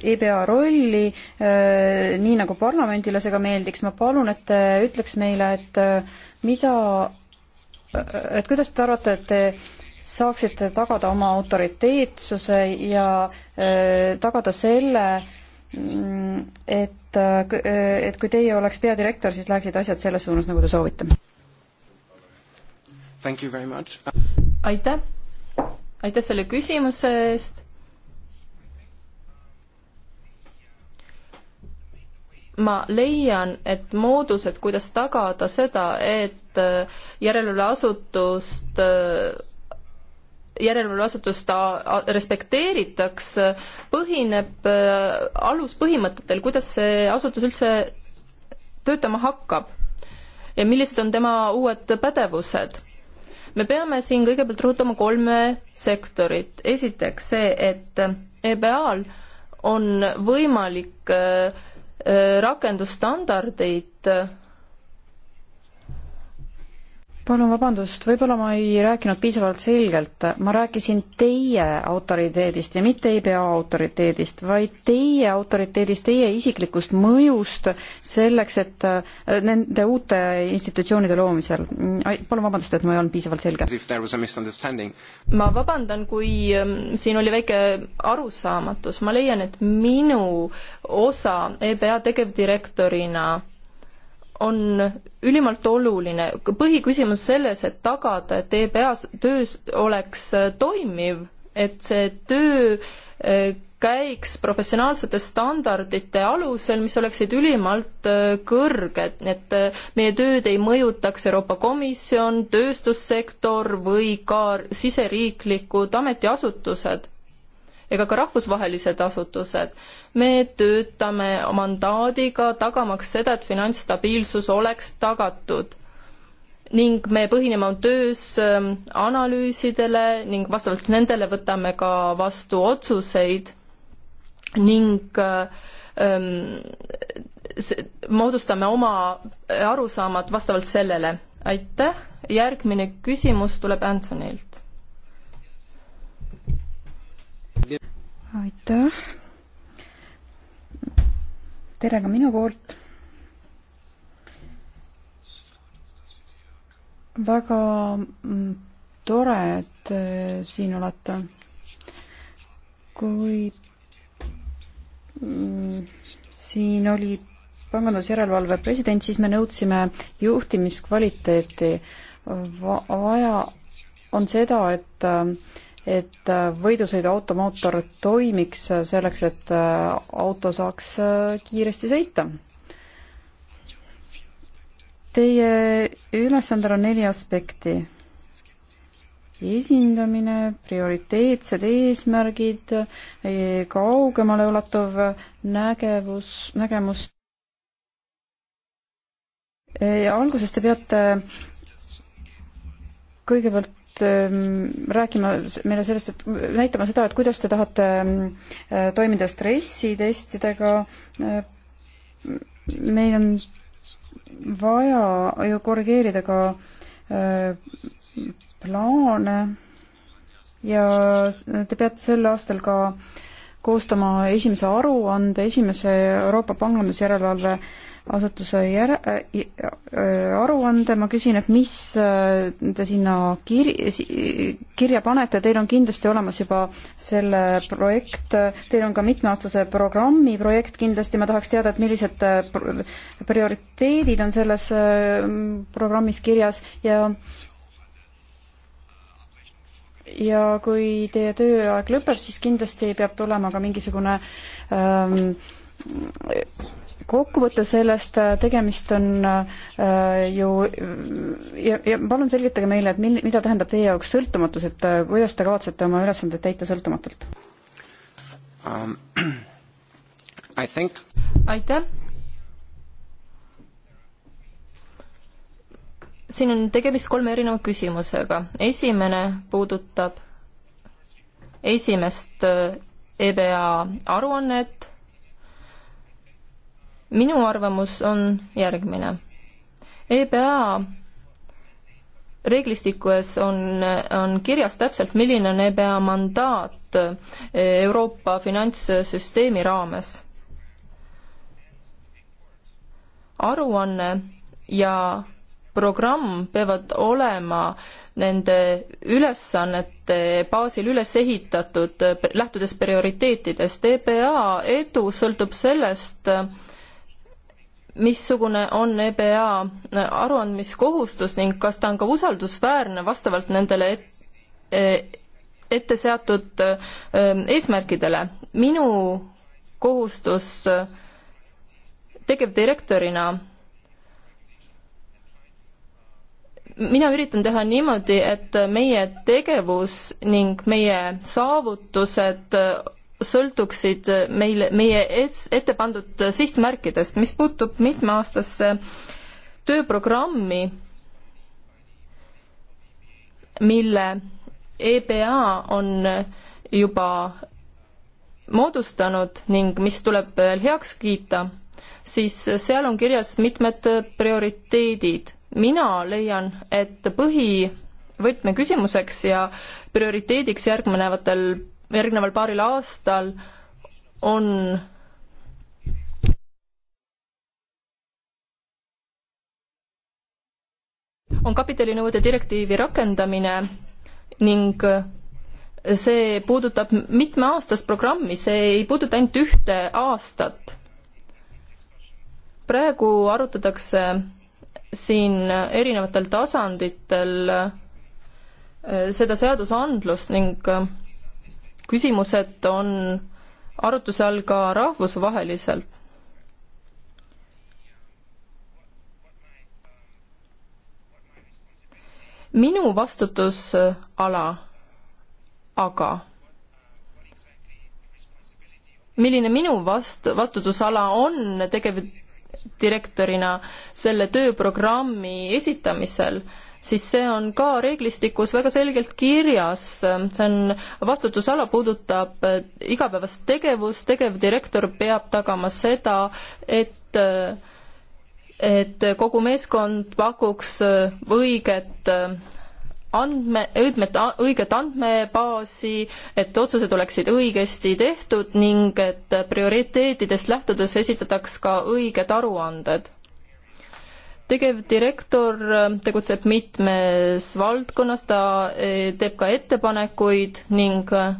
EBA e rolli nii, nagu parlamendile see ka meeldiks. ma palun, et te ütleks meile, et mida, et kuidas te arvate, et saaksite tagada oma autoriteetsuse ja äh, tagada selle, mm, et, äh, et kui teie oleks peadirektor, siis läheksid asjad selles suunas, nagu te soovite. aitäh, aitäh selle küsimuse eest. ma leian, et moodused, kuidas tagada seda, et äh, järelevalveasutust järelevalveasutust respekteeritaks, põhineb äh, aluspõhimõtetel, kuidas see asutus üldse töötama hakkab ja millised on tema uued pädevused. me peame siin kõigepealt rõhutama kolme sektorit. esiteks see, et EBA-l on võimalik äh, äh, rakendusstandardeid palun vabandust, võib-olla ma ei rääkinud piisavalt selgelt, ma rääkisin teie autoriteedist ja mitte EBA autoriteedist, vaid teie autoriteedist, teie isiklikust mõjust selleks, et äh, nende uute institutsioonide loomisel. palun vabandust, et ma ei olnud piisavalt selge. ma vabandan, kui ähm, siin oli väike arusaamatus, ma leian, et minu osa EBA tegevdirektorina on ülimalt oluline. põhiküsimus selles, et tagada, et EBA-s töös oleks äh, toimiv, et see töö äh, käiks professionaalsete standardite alusel, mis oleksid ülimalt äh, kõrged, et meie tööd ei mõjutaks Euroopa Komisjon, tööstussektor või ka siseriiklikud ametiasutused ega ka rahvusvahelised asutused. me töötame mandaadiga, tagamaks seda, et finantsstabiilsus oleks tagatud. ning me põhineme oma töös ähm, analüüsidele ning vastavalt nendele võtame ka vastu otsuseid ning äh, ähm, see, moodustame oma arusaamad vastavalt sellele. aitäh, järgmine küsimus tuleb Antonilt aitäh. tere ka minu poolt. väga mm, tore, et äh, siin olete. kui mm, siin oli pangandusjärelevalve president, siis me nõudsime juhtimiskvaliteeti. vaja on seda, et äh, et äh, võidusõiduautomootor toimiks äh, selleks, et äh, auto saaks kiiresti sõita. Teie ülesandel on neli aspekti. esindamine, prioriteetsed eesmärgid, kaugemale ulatuv nägevus, nägemus. alguses te peate kõigepealt Ähm, rääkima meile sellest, et näitama seda, et kuidas te tahate äh, toimida stressitestidega. Äh, meil on vaja ju korrigeerida ka äh, plaane ja te peate sel aastal ka koostama esimese aruande esimese Euroopa pangandusjärelevalve asutuse jär- äh, äh,, aruande, ma küsin, et mis äh, te sinna kir-, kirja panete, teil on kindlasti olemas juba selle projekt, teil on ka mitmeaastase programmi projekt kindlasti, ma tahaks teada, et millised äh, prioriteedid on selles programmis kirjas ja ja kui teie tööaeg lõpeb, siis kindlasti peab tulema ka mingisugune ähm, kokkuvõte sellest, äh, tegemist on äh, ju ja, ja palun selgitage meile, et mil-, mida tähendab teie jaoks sõltumatus, et äh, kuidas te kavatsete oma ülesandeid täita sõltumatult um,? Think... aitäh! siin on tegemist kolme erineva küsimusega. esimene puudutab esimest äh, EBA aruannet minu arvamus on järgmine. EBA reeglistikus on, on kirjas täpselt, milline on EBA mandaat eh, Euroopa finantssüsteemi raames. aruanne ja programm peavad olema nende ülesannete baasil üles ehitatud, lähtudes prioriteetidest. EBA edu sõltub sellest, missugune on EBA aruandmiskohustus ning kas ta on ka usaldusväärne vastavalt nendele et, e-, ette seatud e-, eesmärkidele. minu kohustus e, tegevdirektorina mina üritan teha niimoodi, et meie tegevus ning meie saavutused sõltuksid meil, meie ette pandud sihtmärkidest. mis puutub mitmeaastasse tööprogrammi, mille EBA on juba moodustanud ning mis tuleb veel heaks kiita, siis seal on kirjas mitmed prioriteedid. mina leian, et põhi võtmeküsimuseks ja prioriteediks järgnevatel järgneval paaril aastal on on kapitalinõude direktiivi rakendamine ning see puudutab mitmeaastast programmi, see ei puuduta ainult ühte aastat. praegu arutatakse siin erinevatel tasanditel äh, seda seadusandlust ning äh, küsimused on arutluse all ka rahvusvaheliselt. minu vastutusala aga, milline minu vast-, vastutusala on tegevdirektorina selle tööprogrammi esitamisel äh, siis see on ka reeglistikus väga selgelt kirjas, see on, vastutusala puudutab äh, igapäevast tegevust, tegevdirektor peab tagama seda, et äh, et kogu meeskond pakuks äh, õiget andme, õidmet, õiget andmebaasi, et otsused oleksid õigesti tehtud ning et prioriteetidest lähtudes esitataks ka õiged aruanded tegevdirektor ähm, tegutseb mitmes valdkonnas, ta äh, teeb ka ettepanekuid ning äh,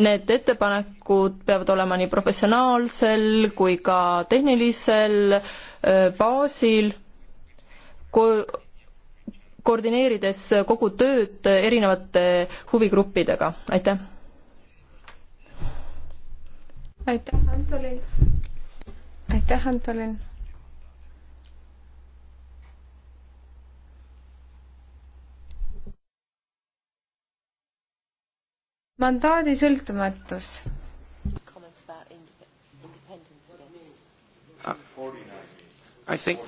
need ettepanekud peavad olema nii professionaalsel kui ka tehnilisel äh, baasil ko, koordineerides kogu tööd erinevate huvigruppidega, aitäh! aitäh, Antolin! aitäh, Antolin! mandaadi sõltumatus. I think,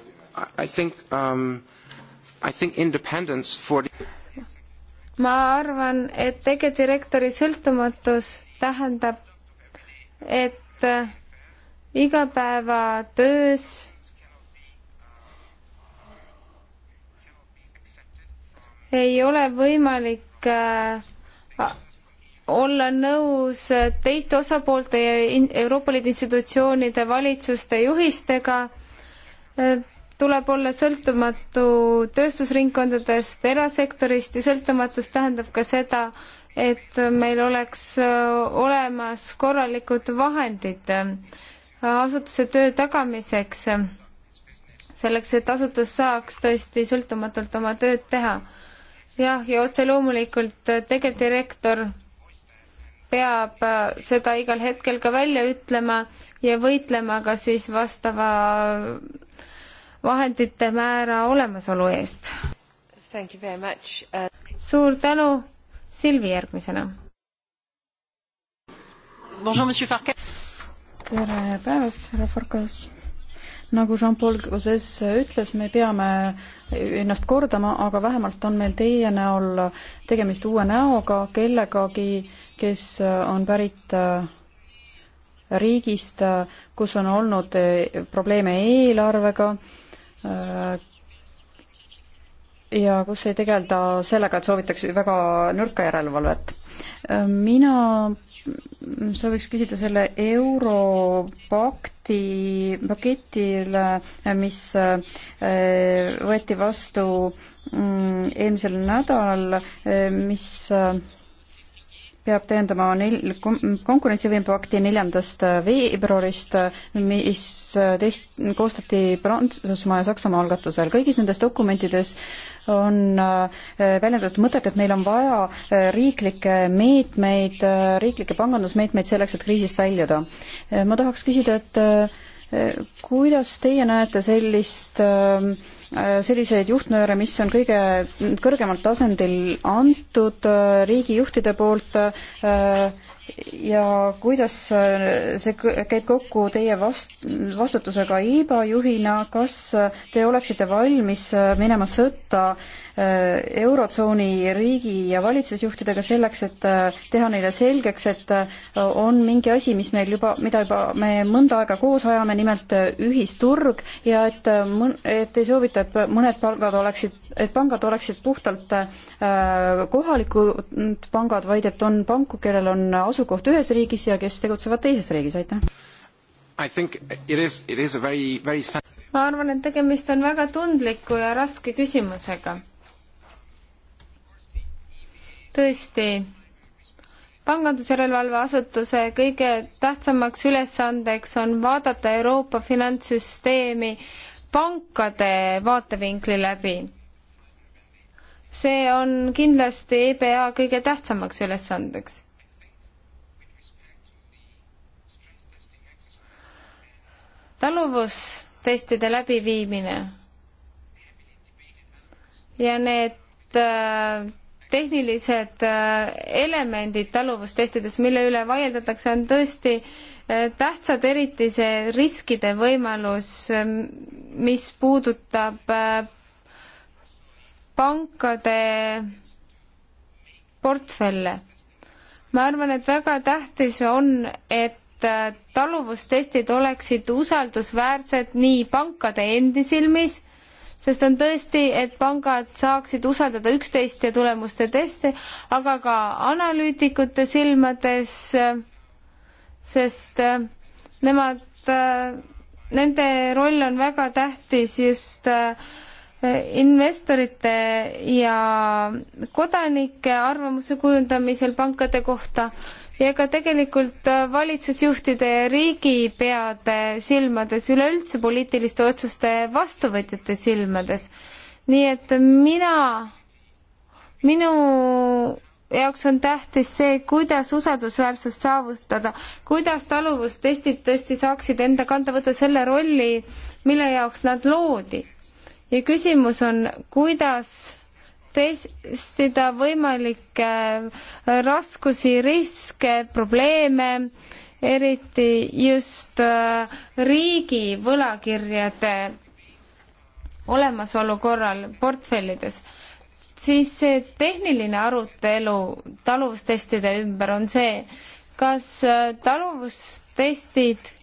I think um,, I think independence for ma arvan, et tegevdirektori sõltumatus tähendab, et äh, igapäevatöös ei ole võimalik äh, olla nõus teiste osapoolte ja Euroopa Liidu institutsioonide valitsuste juhistega, tuleb olla sõltumatu tööstusringkondadest, erasektorist ja sõltumatus tähendab ka seda, et meil oleks olemas korralikud vahendid asutuse töö tagamiseks, selleks, et asutus saaks tõesti sõltumatult oma tööd teha. jah, ja otse loomulikult tegevdirektor peab äh, seda igal hetkel ka välja ütlema ja võitlema ka siis vastava vahendite määra olemasolu eest. Uh... suur tänu, Silvi järgmisena. tere päevast, härra Farkas nagu Jean-Paul Gauzes ütles, me peame ennast kordama, aga vähemalt on meil teie näol tegemist uue näoga, kellegagi, kes on pärit äh, riigist, äh, kus on olnud äh, probleeme eelarvega, ja kus ei tegelda sellega, et soovitakse väga nõrka järelevalvet. mina sooviks küsida selle Europakti paketile, mis eh, võeti vastu mm, eelmisel nädalal, eh, mis peab täiendama nel-, konkurentsivõimepakti neljandast veebruarist, mis teht-, koostati Prantsusmaa ja Saksamaa algatusel. kõigis nendes dokumentides on äh, väljendatud mõtet, et meil on vaja äh, riiklikke meetmeid, äh, riiklikke pangandusmeetmeid selleks, et kriisist väljuda. ma tahaks küsida, et kuidas teie näete sellist äh, Äh, selliseid juhtnööre, mis on kõige kõrgemal tasandil antud äh, riigijuhtide poolt äh, ja kuidas äh, see käib kokku teie vast-, vastutusega EIBA juhina, kas äh, te oleksite valmis äh, minema sõtta Eurotsooni riigi ja valitsusjuhtidega selleks, et teha neile selgeks, et on mingi asi, mis meil juba, mida juba me mõnda aega koos ajame, nimelt ühisturg, ja et mõn-, et ei soovita, et mõned palgad oleksid et pangad oleksid puhtalt äh, kohalikud pangad, vaid et on panku, kellel on asukoht ühes riigis ja kes tegutsevad teises riigis, aitäh? ma arvan, et tegemist on väga tundliku ja raske küsimusega. tõesti, pangandusjärelevalveasutuse kõige tähtsamaks ülesandeks on vaadata Euroopa finantssüsteemi pankade vaatevinkli läbi see on kindlasti EBA kõige tähtsamaks ülesandeks. taluvustestide läbiviimine ja need äh, tehnilised äh, elemendid taluvustestides, mille üle vaieldatakse, on tõesti äh, tähtsad, eriti see riskide võimalus, mis puudutab pankade portfelle. ma arvan, et väga tähtis on, et taluvustestid oleksid usaldusväärsed nii pankade endi silmis, sest on tõesti, et pangad saaksid usaldada üksteist ja tulemuste teste, aga ka analüütikute silmades, sest nemad, nende roll on väga tähtis just äh, investorite ja kodanike arvamuse kujundamisel pankade kohta ja ka tegelikult valitsusjuhtide ja riigipeade silmades, üleüldse poliitiliste otsuste vastuvõtjate silmades. nii et mina, minu jaoks on tähtis see, kuidas usaldusväärsust saavutada, kuidas taluvustestid tõesti saaksid enda kanda võtta selle rolli, mille jaoks nad loodi ja küsimus on, kuidas testida võimalikke äh, raskusi, riske, probleeme, eriti just äh, riigi võlakirjade olemasolu korral portfellides, siis see tehniline arutelu taluvustestide ümber on see, kas äh, taluvustestid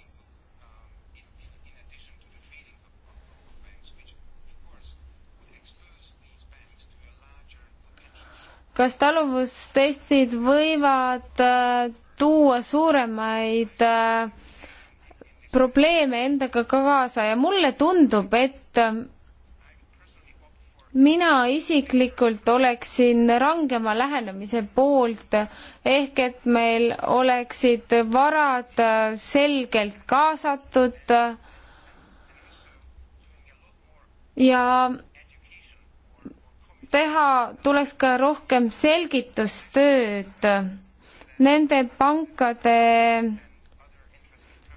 kas taluvustestid võivad äh, tuua suuremaid äh, probleeme endaga ka kaasa ja mulle tundub, et äh, mina isiklikult oleksin rangema lähenemise poolt, ehk et meil oleksid varad selgelt kaasatud ja teha, tuleks ka rohkem selgitustööd nende pankade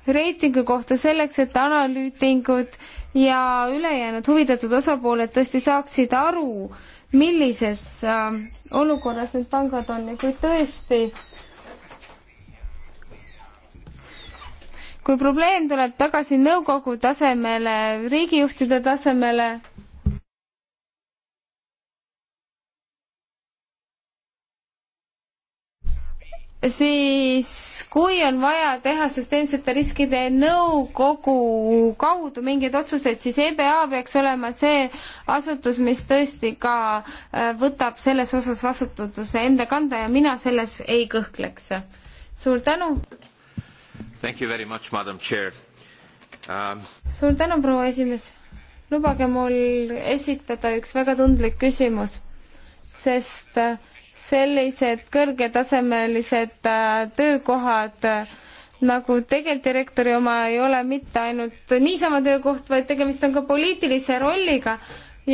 reitingu kohta selleks, et analüütingud ja ülejäänud huvitatud osapooled tõesti saaksid aru, millises äh, olukorras need pangad on ja kui tõesti kui probleem tuleb tagasi nõukogu tasemele, riigijuhtide tasemele, siis kui on vaja teha süsteemsete riskide nõukogu kaudu mingeid otsuseid, siis EBA peaks olema see asutus, mis tõesti ka äh, võtab selles osas vastutuse enda kanda ja mina selles ei kõhkleks. suur tänu! Much, um... suur tänu, proua esimees! lubage mul esitada üks väga tundlik küsimus, sest äh, sellised kõrgetasemelised äh, töökohad äh, nagu tegevdirektori oma ei ole mitte ainult niisama töökoht, vaid tegemist on ka poliitilise rolliga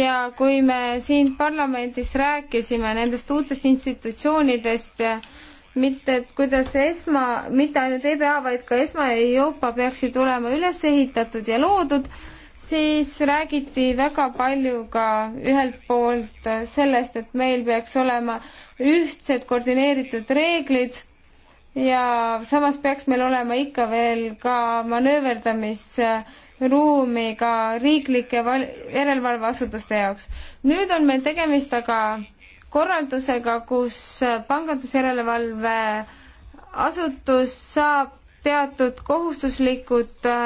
ja kui me siin parlamendis rääkisime nendest uutest institutsioonidest ja mitte, et kuidas ESMA, mitte ainult EBA, vaid ka ESMA ja EIOPA peaksid olema üles ehitatud ja loodud, siis räägiti väga palju ka ühelt poolt sellest, et meil peaks olema ühtsed koordineeritud reeglid ja samas peaks meil olema ikka veel ka manööverdamisruumi ka riiklike val-, järelevalveasutuste jaoks. nüüd on meil tegemist aga korraldusega, kus pangandusjärelevalve asutus saab teatud kohustuslikud äh,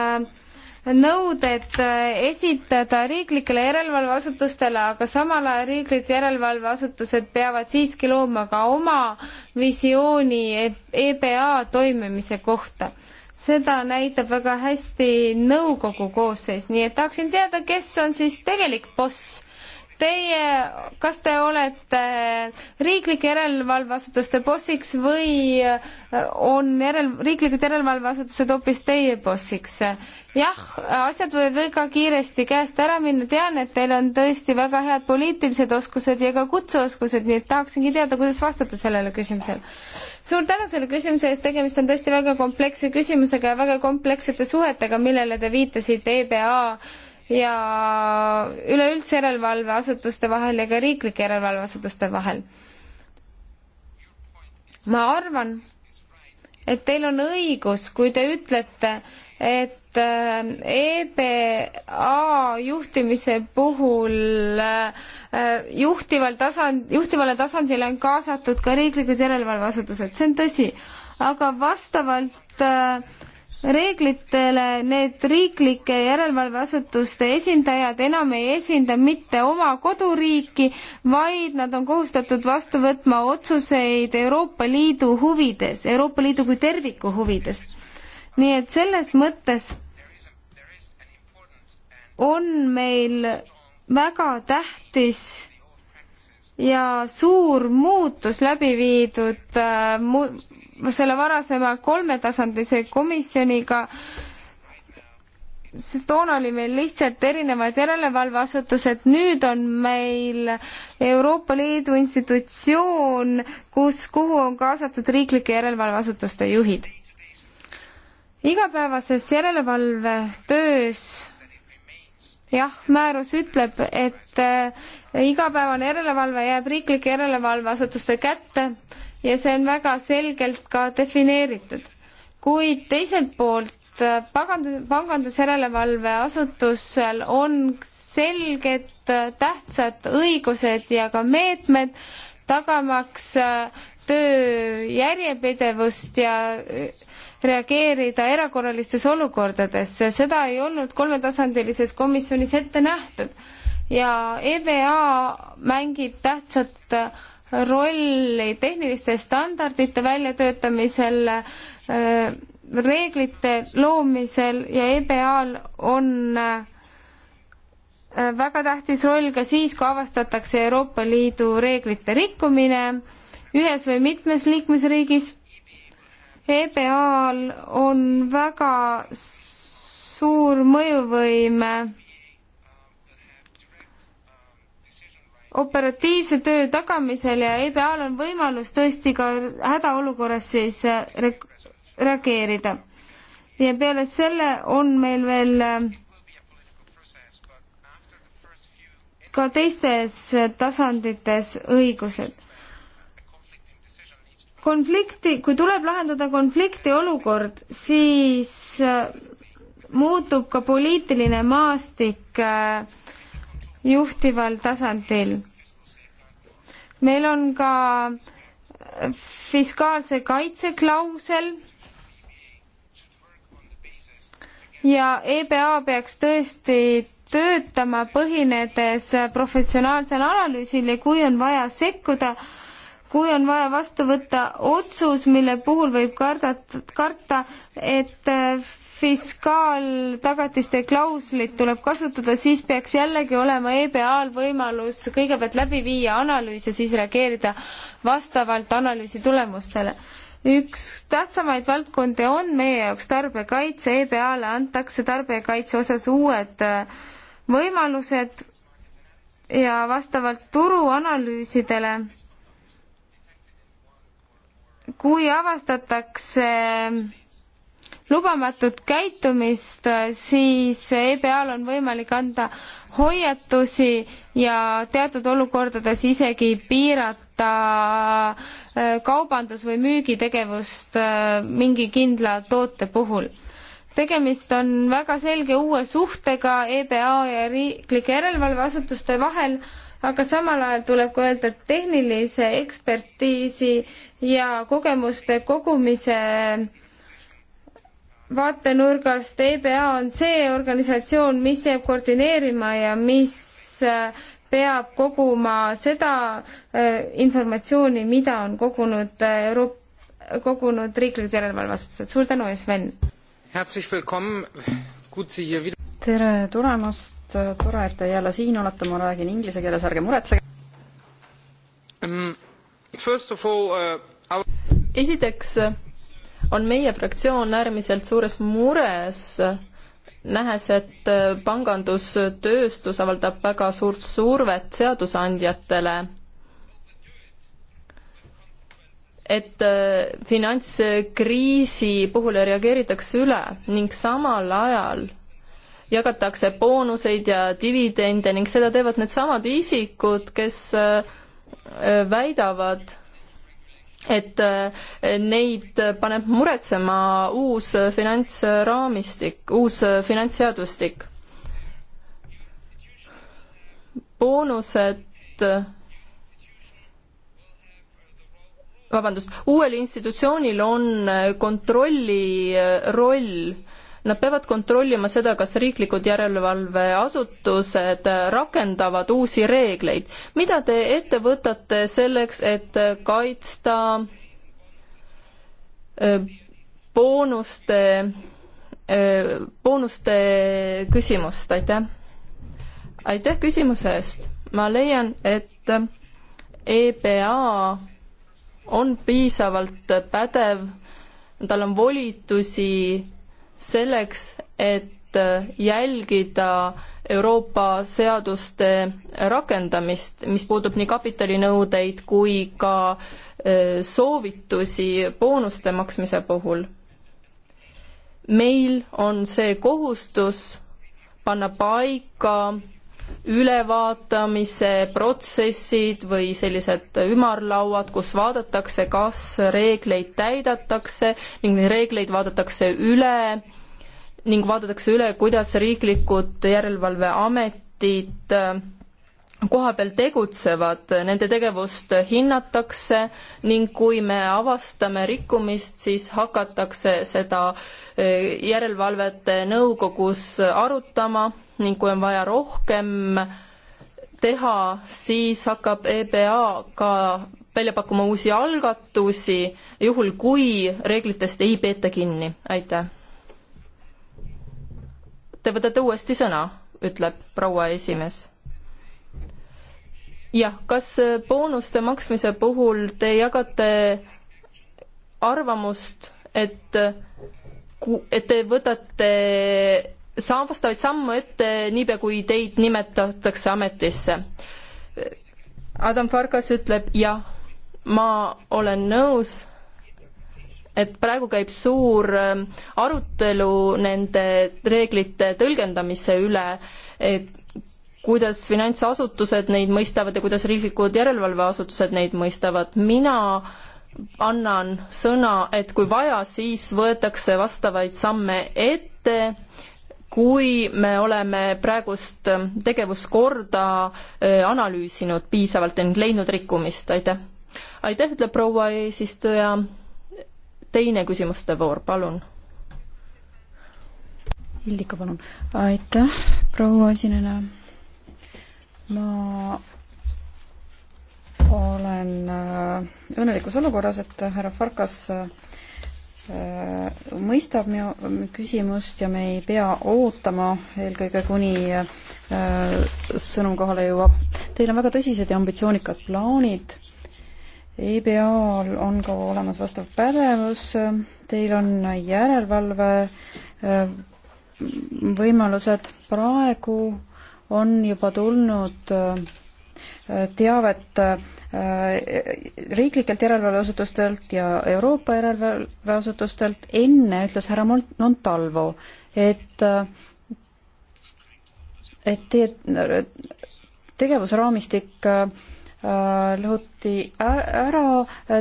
nõuded äh, esitada riiklikele järelevalveasutustele, aga samal ajal riiklikud järelevalveasutused peavad siiski looma ka oma visiooni EBA toimimise kohta. seda näitab väga hästi nõukogu koosseis, nii et tahaksin teada, kes on siis tegelik boss teie, kas te olete riiklike järelevalveasutuste bossiks või äh, on järel, riiklikud järelevalveasutused hoopis teie bossiks? jah, asjad võivad väga kiiresti käest ära minna, tean, et teil on tõesti väga head poliitilised oskused ja ka kutseoskused, nii et tahaksingi teada, kuidas vastata sellele küsimusele. suur tänu selle küsimuse eest, tegemist on tõesti väga kompleksse küsimusega ja väga komplekssete suhetega, millele te viitasite EBA ja üleüldse järelevalveasutuste vahel ja ka riiklike järelevalveasutuste vahel. ma arvan, et teil on õigus, kui te ütlete, et äh, EBA juhtimise puhul äh, juhtival tasand, juhtivale tasandile on kaasatud ka riiklikud järelevalveasutused, see on tõsi, aga vastavalt äh, reeglitele need riiklike järelevalveasutuste esindajad enam ei esinda mitte oma koduriiki, vaid nad on kohustatud vastu võtma otsuseid Euroopa Liidu huvides, Euroopa Liidu kui terviku huvides. nii et selles mõttes on meil väga tähtis ja suur muutus läbi viidud äh, mu selle varasema kolmetasandise komisjoniga sest toona oli meil lihtsalt erinevad järelevalveasutused, nüüd on meil Euroopa Liidu institutsioon, kus, kuhu on kaasatud riiklike järelevalveasutuste juhid. igapäevases järelevalvetöös jah, määrus ütleb, et äh, igapäevane järelevalve jääb riiklike järelevalveasutuste kätte ja see on väga selgelt ka defineeritud. kuid teiselt poolt pangandus, pangandusjärelevalveasutusel on selged tähtsad õigused ja ka meetmed, tagamaks äh, töö järjepidevust ja äh, reageerida erakorralistes olukordades. seda ei olnud kolmetasandilises komisjonis ette nähtud ja EVA mängib tähtsat äh, rolli tehniliste standardite väljatöötamisel, äh, reeglite loomisel ja EBA-l on äh, väga tähtis roll ka siis, kui avastatakse Euroopa Liidu reeglite rikkumine ühes või mitmes liikmesriigis. EBA-l on väga suur mõjuvõime operatiivse töö tagamisel ja EBA-l on võimalus tõesti ka hädaolukorras siis äh, reageerida. ja peale selle on meil veel äh, ka teistes tasandites õigused. konflikti, kui tuleb lahendada konfliktiolukord, siis äh, muutub ka poliitiline maastik äh, juhtival tasandil. meil on ka fiskaalse kaitse klausel ja EBA peaks tõesti töötama põhinedes professionaalsel analüüsil ja kui on vaja sekkuda, kui on vaja vastu võtta otsus, mille puhul võib kardata, karta, et fiskaaltagatiste klauslit tuleb kasutada, siis peaks jällegi olema EBA-l võimalus kõigepealt läbi viia analüüs ja siis reageerida vastavalt analüüsi tulemustele. üks tähtsamaid valdkondi on meie jaoks tarbijakaitse, EBA-le antakse tarbijakaitse osas uued äh, võimalused ja vastavalt turuanalüüsidele, kui avastatakse lubamatut käitumist, siis EBA-l on võimalik anda hoiatusi ja teatud olukordades isegi piirata äh, kaubandus- või müügitegevust äh, mingi kindla toote puhul tegemist on väga selge uue suhtega EBA ja riiklike järelevalveasutuste vahel, aga samal ajal tuleb ka öelda, et tehnilise ekspertiisi ja kogemuste kogumise vaatenurgast EBA on see organisatsioon, mis jääb koordineerima ja mis äh, peab koguma seda äh, informatsiooni, mida on kogunud äh, Euroop-, kogunud riiklikud järelevalveasutused. suur tänu ja Sven! tere tulemast, tore, et te jälle siin olete, ma räägin inglise keeles, ärge muretsege um,. All, uh, esiteks on meie fraktsioon äärmiselt suures mures, nähes, et pangandustööstus avaldab väga suurt survet seadusandjatele, et äh, finantskriisi puhul reageeritakse üle ning samal ajal jagatakse boonuseid ja dividende ning seda teevad needsamad isikud, kes äh, äh, väidavad, et eh, neid paneb muretsema uus finantsraamistik, uus finantsseadustik. boonused, vabandust, uuel institutsioonil on kontrolli roll Nad peavad kontrollima seda, kas riiklikud järelevalveasutused rakendavad uusi reegleid. mida te ette võtate selleks, et kaitsta boonuste, boonuste küsimust, aitäh! aitäh küsimuse eest! ma leian, et EBA on piisavalt pädev, tal on volitusi selleks, et äh, jälgida Euroopa seaduste rakendamist, mis puudub nii kapitalinõudeid kui ka äh, soovitusi boonuste maksmise puhul. meil on see kohustus panna paika ülevaatamise protsessid või sellised ümarlauad, kus vaadatakse, kas reegleid täidetakse ning neid reegleid vaadatakse üle ning vaadatakse üle, kuidas riiklikud järelevalveametid äh, kohapeal tegutsevad, nende tegevust hinnatakse ning kui me avastame rikkumist, siis hakatakse seda äh, järelevalvet nõukogus arutama ning kui on vaja rohkem teha, siis hakkab EBA ka välja pakkuma uusi algatusi, juhul kui reeglitest ei peeta kinni. aitäh. Te võtate uuesti sõna, ütleb proua esimees. jah, kas boonuste maksmise puhul te jagate arvamust, et, et te võtate samm, vastavaid samme ette niipea, kui teid nimetatakse ametisse. Adam Farkas ütleb jah, ma olen nõus, et praegu käib suur ähm, arutelu nende reeglite tõlgendamise üle, et kuidas finantsasutused neid mõistavad ja kuidas riiklikud järelevalveasutused neid mõistavad. mina annan sõna, et kui vaja, siis võetakse vastavaid samme ette kui me oleme praegust ähm, tegevuskorda äh, analüüsinud piisavalt ja leidnud rikkumist, aitäh. aitäh, ütleb proua eesistuja. teine küsimuste voor, palun. Hildika, palun. aitäh, proua esineja. ma olen äh, õnnelikus olukorras, et härra Farkas äh, Äh, mõistab minu äh, küsimust ja me ei pea ootama eelkõige, kuni äh, sõnum kohale jõuab. Teil on väga tõsised ja ambitsioonikad plaanid. EBA-l on ka olemas vastav pädevus, teil on järelevalve võimalused. praegu on juba tulnud teavet Äh, riiklikelt järelevalveasutustelt ja Euroopa järelevalveasutustelt, enne ütles härra Montalvo, et, äh, et teie tegevusraamistik äh, lõhuti ära,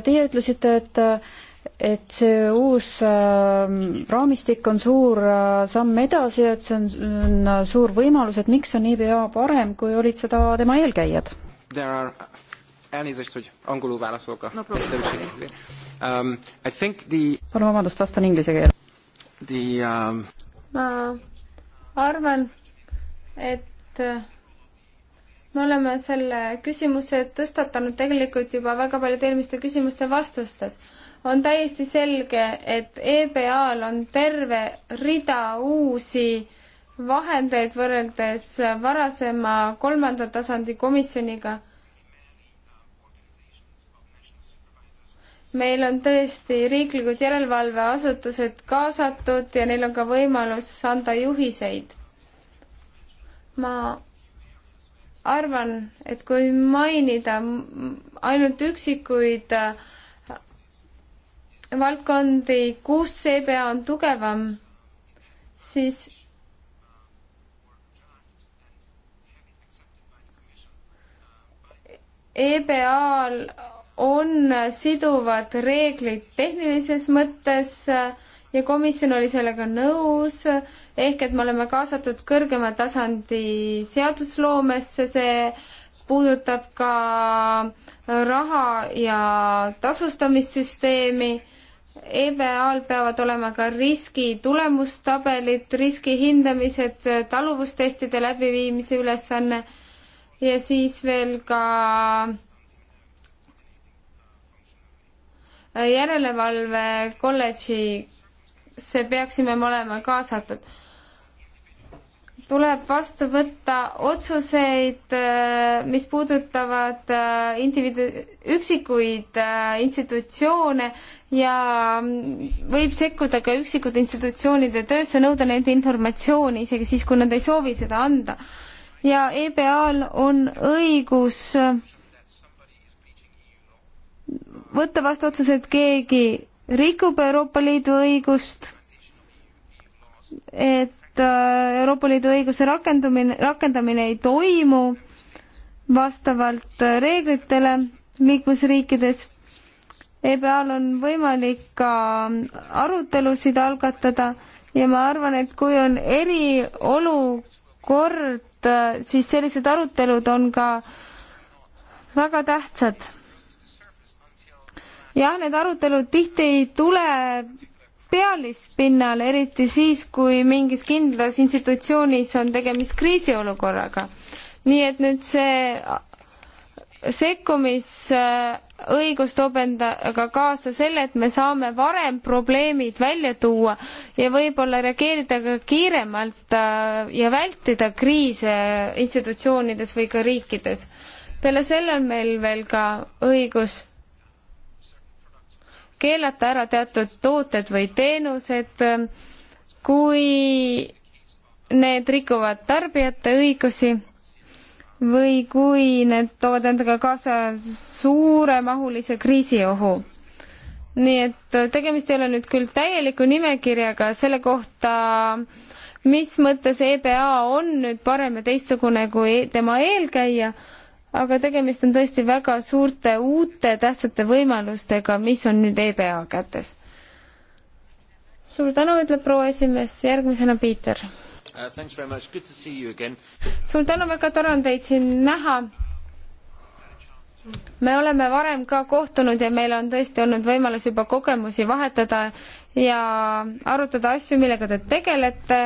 teie ütlesite, et et see uus äh, raamistik on suur äh, samm edasi, et see on, on suur võimalus, et miks on niipea parem, kui olid seda tema eelkäijad? There are elnézést, hogy angolul válaszolok a no egyszerűségért. Um, I think the... palun vabandust, vastan inglise keeles. The um... ma arvan, et äh, me oleme selle küsimuse tõstatanud tegelikult juba väga paljude eelmiste küsimuste vastustes. on täiesti selge, et EBA-l on terve rida uusi vahendeid võrreldes varasema kolmanda tasandi komisjoniga meil on tõesti riiklikud järelevalveasutused kaasatud ja neil on ka võimalus anda juhiseid. ma arvan, et kui mainida ainult üksikuid äh, valdkondi, kus CBA on tugevam, siis EBA-l on siduvad reeglid tehnilises mõttes ja komisjon oli sellega nõus, ehk et me oleme kaasatud kõrgema tasandi seadusloomesse, see puudutab ka raha ja tasustamissüsteemi. EBA-l peavad olema ka riski tulemustabelid, riski hindamised, taluvustestide läbiviimise ülesanne ja siis veel ka äh, järelevalve kolledžisse peaksime me olema kaasatud. tuleb vastu võtta otsuseid, äh, mis puudutavad äh, individu-, üksikuid äh, institutsioone ja mm, võib sekkuda ka üksikute institutsioonide töösse, nõuda neilt informatsiooni isegi siis, kui nad ei soovi seda anda. ja EBA-l on õigus äh, võtta vastu otsus, et keegi rikub Euroopa Liidu õigust, et äh, Euroopa Liidu õiguse rakendumine, rakendamine ei toimu vastavalt äh, reeglitele liikmesriikides. EBA-l on võimalik ka arutelusid algatada ja ma arvan, et kui on eriolukord, äh, siis sellised arutelud on ka väga tähtsad jah, need arutelud tihti ei tule pealispinnale, eriti siis, kui mingis kindlas institutsioonis on tegemist kriisiolukorraga. nii et nüüd see sekkumisõigus toob endaga kaasa selle, et me saame varem probleemid välja tuua ja võib-olla reageerida ka kiiremalt äh, ja vältida kriise institutsioonides või ka riikides. peale selle on meil veel ka õigus keelata ära teatud tooted või teenused, kui need rikuvad tarbijate õigusi või kui need toovad endaga kaasa suuremahulise kriisiohu. nii et tegemist ei ole nüüd küll täieliku nimekirjaga selle kohta, mis mõttes EBA on nüüd parem ja teistsugune kui tema eelkäija, aga tegemist on tõesti väga suurte uute tähtsate võimalustega, mis on nüüd EBA kätes. suur tänu, ütleb proua esimees, järgmisena Piiter uh,. suur tänu, väga tore on teid siin näha. me oleme varem ka kohtunud ja meil on tõesti olnud võimalus juba kogemusi vahetada ja arutada asju, millega te tegelete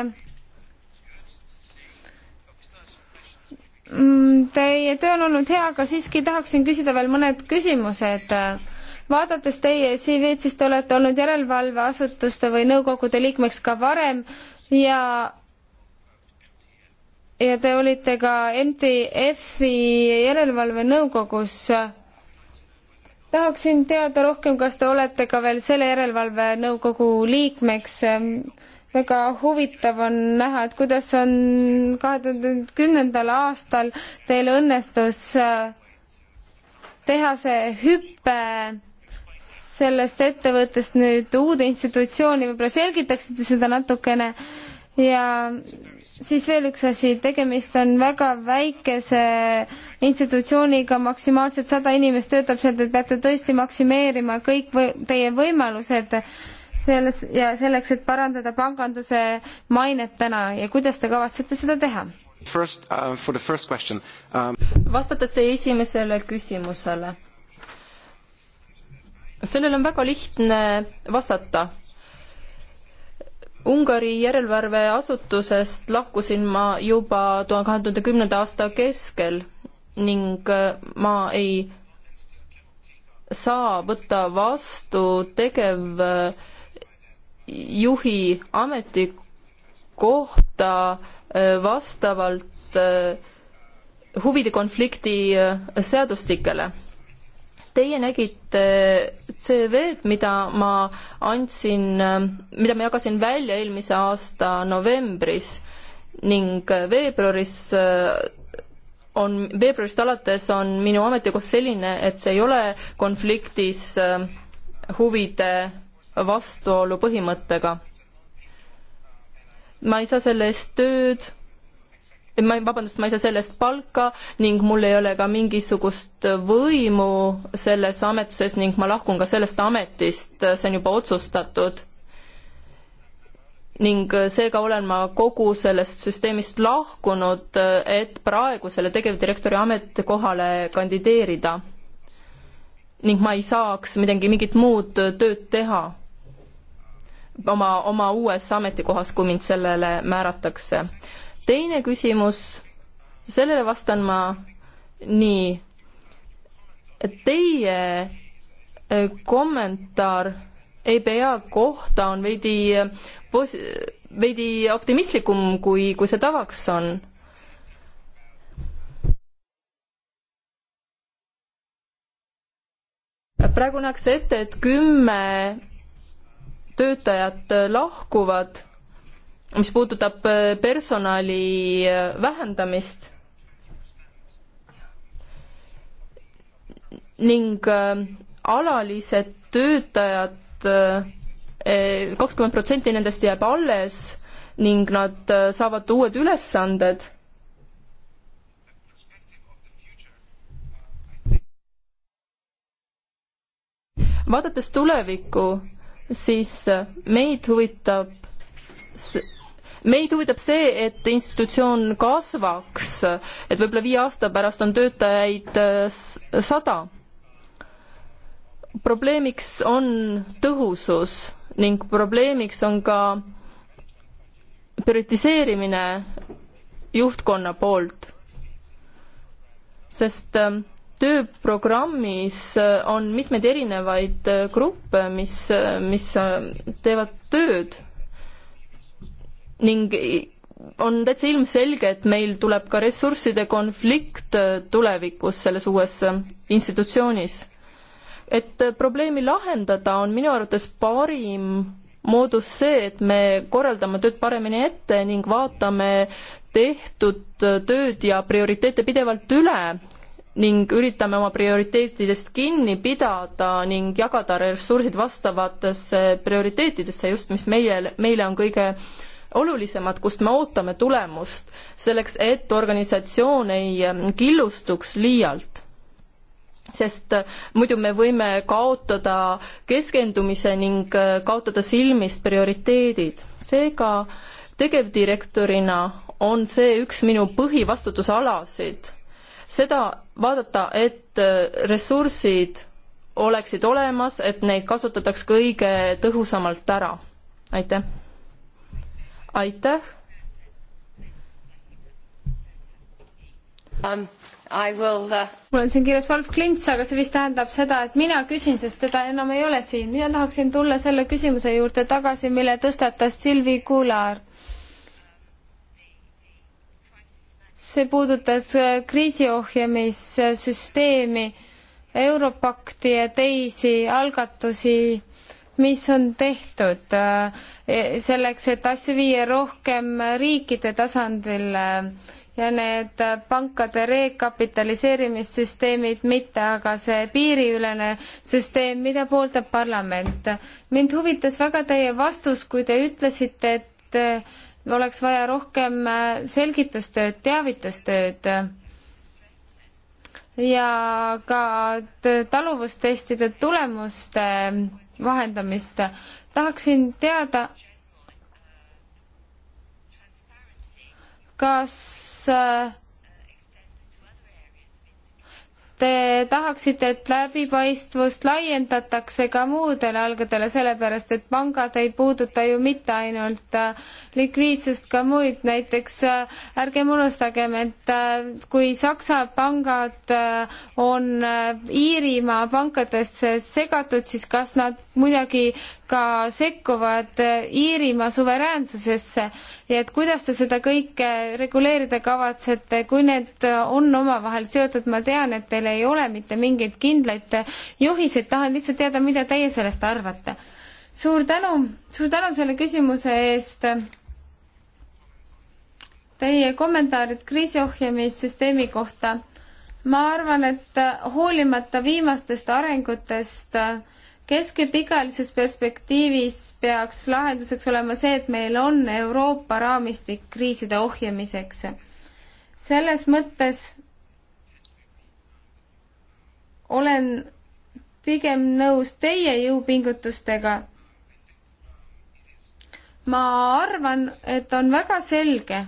Mm, teie töö on olnud hea, aga siiski tahaksin küsida veel mõned küsimused. vaadates teie CV-d, siis te olete olnud järelevalveasutuste või nõukogude liikmeks ka varem ja ja te olite ka MTF-i järelevalvenõukogus. tahaksin teada rohkem, kas te olete ka veel selle järelevalvenõukogu liikmeks väga huvitav on näha, et kuidas on kahe tuhande kümnendal aastal teil õnnestus äh, teha see hüpe sellest ettevõttest nüüd uude institutsiooni, võib-olla selgitaksite seda natukene ja siis veel üks asi, tegemist on väga väikese institutsiooniga, maksimaalselt sada inimest töötab seal, te peate tõesti maksimeerima kõik või, teie võimalused äh, selles ja selleks, et parandada panganduse mainet täna ja kuidas te kavatsete seda teha? First, uh, for the first question um.... vastates teie esimesele küsimusele. sellele on väga lihtne vastata. Ungari järelevalveasutusest lahkusin ma juba tuhande kahe tuhande kümnenda aasta keskel ning äh, ma ei saa võtta vastu tegev äh, juhi ametikohta äh, vastavalt äh, huvide konflikti äh, seadustikele. Teie nägite CV-d, mida ma andsin, mida ma jagasin välja eelmise aasta novembris ning veebruaris on, veebruarist alates on minu ametikoht selline, et see ei ole konfliktis huvide vastuolu põhimõttega. ma ei saa selle eest tööd, ma, vabandust, ma ei saa selle eest palka ning mul ei ole ka mingisugust võimu selles ametuses ning ma lahkun ka sellest ametist, see on juba otsustatud. ning seega olen ma kogu sellest süsteemist lahkunud, et praegusele tegevdirektori ametikohale kandideerida ning ma ei saaks midagi, mingit muud tööd teha oma, oma uues ametikohas, kui mind sellele määratakse. teine küsimus, sellele vastan ma nii, teie e, kommentaar EBA kohta on veidi pos-, veidi optimistlikum, kui, kui see tavaks on. praegu nähakse ette, et kümme töötajad äh, lahkuvad, mis puudutab äh, personali äh, vähendamist ning alalised töötajad, kakskümmend protsenti nendest jääb alles ning nad saavad uued ülesanded vaadates tulevikku, siis äh, meid huvitab meid huvitab see, et institutsioon kasvaks, et võib-olla viie aasta pärast on töötajaid äh, sada. probleemiks on tõhusus ning probleemiks on ka prioritiseerimine juhtkonna poolt, sest äh, tööprogrammis äh, on mitmeid erinevaid äh, gruppe, mis, äh, mis teevad tööd ning on täitsa ilmselge, et meil tuleb ka ressursside konflikt tulevikus selles uues institutsioonis. et probleemi lahendada, on minu arvates parim moodus see, et me korraldame tööd paremini ette ning vaatame tehtud tööd ja prioriteete pidevalt üle ning üritame oma prioriteetidest kinni pidada ning jagada ressursid vastavatesse prioriteetidesse just, mis meie, meile on kõige olulisemad, kust me ootame tulemust, selleks et organisatsioon ei ähm, killustuks liialt. sest äh, muidu me võime kaotada keskendumise ning äh, kaotada silmist prioriteedid. seega tegevdirektorina on see üks minu põhivastutuse alasid seda vaadata, et äh, ressursid oleksid olemas, et neid kasutataks kõige tõhusamalt ära. aitäh. aitäh um,. Will, uh... mul on siin kirjas Wolf Klints, aga see vist tähendab seda, et mina küsin, sest teda enam ei ole siin. mina tahaksin tulla selle küsimuse juurde tagasi, mille tõstatas Silvi Kular see puudutas äh, kriisiohjamissüsteemi, Europakti ja teisi algatusi, mis on tehtud äh, selleks, et asju viia rohkem riikide tasandile ja need pankade rekapitaliseerimissüsteemid mitte, aga see piiriülene süsteem, mida pooldab parlament. mind huvitas väga teie vastus, kui te ütlesite, et äh, oleks vaja rohkem äh, selgitustööd, teavitustööd ja ka taluvustestide tulemuste vahendamist. tahaksin teada, kas äh, Te tahaksite, et läbipaistvust laiendatakse ka muudele algadele, sellepärast et pangad ei puuduta ju mitte ainult äh, likviidsust, ka muid, näiteks äh, ärgem unustagem, et äh, kui Saksa pangad on Iirimaa pankadesse segatud, siis kas nad muidugi ka sekkuvad eh, Iirimaa suveräänsusesse ja et kuidas te seda kõike reguleerida kavatsete, kui need eh, on omavahel seotud, ma tean, et teil ei ole mitte mingeid kindlaid eh, juhiseid, tahan lihtsalt teada, mida teie sellest arvate. suur tänu, suur tänu selle küsimuse eest. Teie kommentaarid kriisiohjamissüsteemi kohta. ma arvan, et hoolimata viimastest arengutest äh, kesk- ja pikaajalises perspektiivis peaks lahenduseks olema see, et meil on Euroopa raamistik kriiside ohjamiseks. selles mõttes olen pigem nõus teie jõupingutustega. ma arvan, et on väga selge,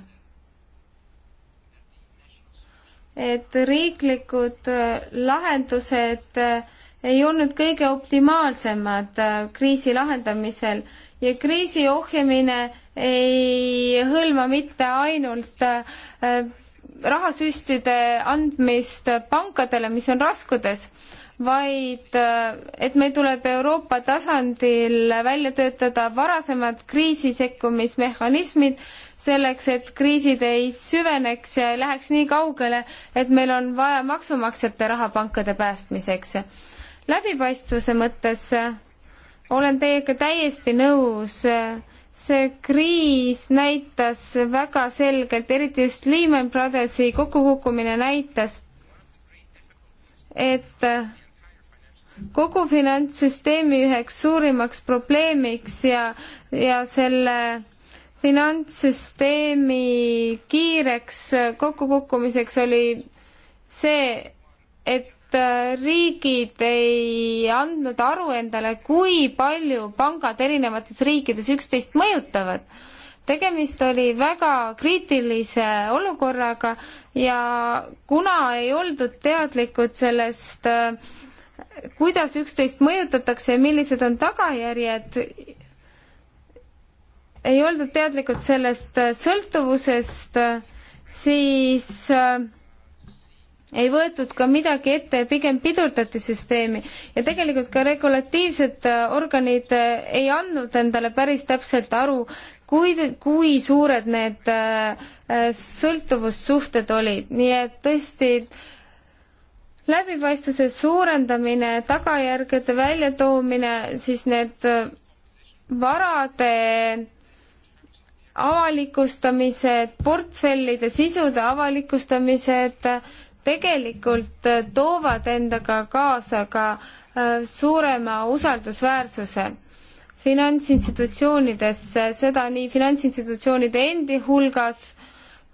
et riiklikud lahendused äh, ei olnud kõige optimaalsemad äh, kriisi lahendamisel ja kriisi ohjamine ei hõlma mitte ainult äh, rahasüstide andmist pankadele, mis on raskudes, vaid äh, et meil tuleb Euroopa tasandil välja töötada varasemad kriisi sekkumismehhanismid selleks, et kriisid ei süveneks ja ei läheks nii kaugele, et meil on vaja maksumaksjate raha pankade päästmiseks läbipaistvuse mõttes olen teiega täiesti nõus. see kriis näitas väga selgelt, eriti just Lehman Brothersi kokkukukkumine näitas, et kogu finantssüsteemi üheks suurimaks probleemiks ja, ja selle finantssüsteemi kiireks kokkukukkumiseks oli see, et Äh, riigid ei andnud aru endale, kui palju pangad erinevates riikides üksteist mõjutavad. tegemist oli väga kriitilise olukorraga ja kuna ei oldud teadlikud sellest, äh, kuidas üksteist mõjutatakse ja millised on tagajärjed, ei oldud teadlikud sellest äh, sõltuvusest, siis äh, ei võetud ka midagi ette ja pigem pidurdati süsteemi. ja tegelikult ka regulatiivsed äh, organid äh, ei andnud endale päris täpselt aru, kui, kui suured need äh, sõltuvussuhted olid, nii et tõesti läbipaistvuse suurendamine, tagajärgede väljatoomine, siis need varade avalikustamised, portfellide sisude avalikustamised, tegelikult äh, toovad endaga kaasa ka äh, suurema usaldusväärsuse finantsinstitutsioonidesse, seda nii finantsinstitutsioonide endi hulgas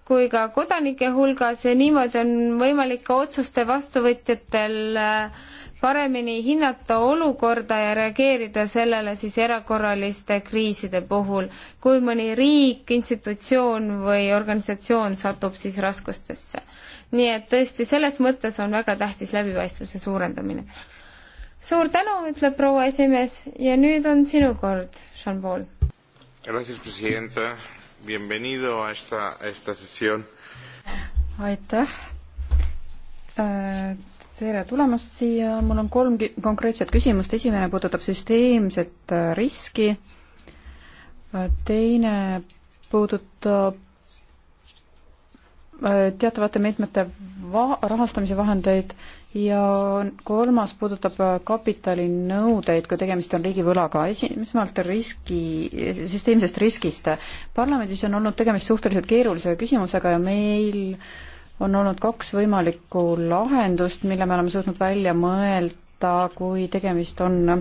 kui ka kodanike hulgas ja niimoodi on võimalik ka otsuste vastuvõtjatel äh, paremini hinnata olukorda ja reageerida sellele siis erakorraliste kriiside puhul, kui mõni riik, institutsioon või organisatsioon satub siis raskustesse. nii et tõesti, selles mõttes on väga tähtis läbipaistvuse suurendamine. suur tänu, ütleb proua esimees ja nüüd on sinu kord, Jean-Paul. Gracias, presidenta. Bienvenido a esta, a esta sesión. aitäh äh tere tulemast siia, mul on kolm konkreetset küsimust, esimene puudutab süsteemset äh, riski, äh, teine puudutab äh, teatavate meetmete va-, rahastamise vahendeid ja kolmas puudutab kapitalinõudeid, kui tegemist on riigivõlaga. esimesmalt riski, süsteemsest riskist. parlamendis on olnud tegemist suhteliselt keerulise küsimusega ja meil äh, on olnud kaks võimalikku lahendust, mille me oleme suutnud välja mõelda, kui tegemist on äh,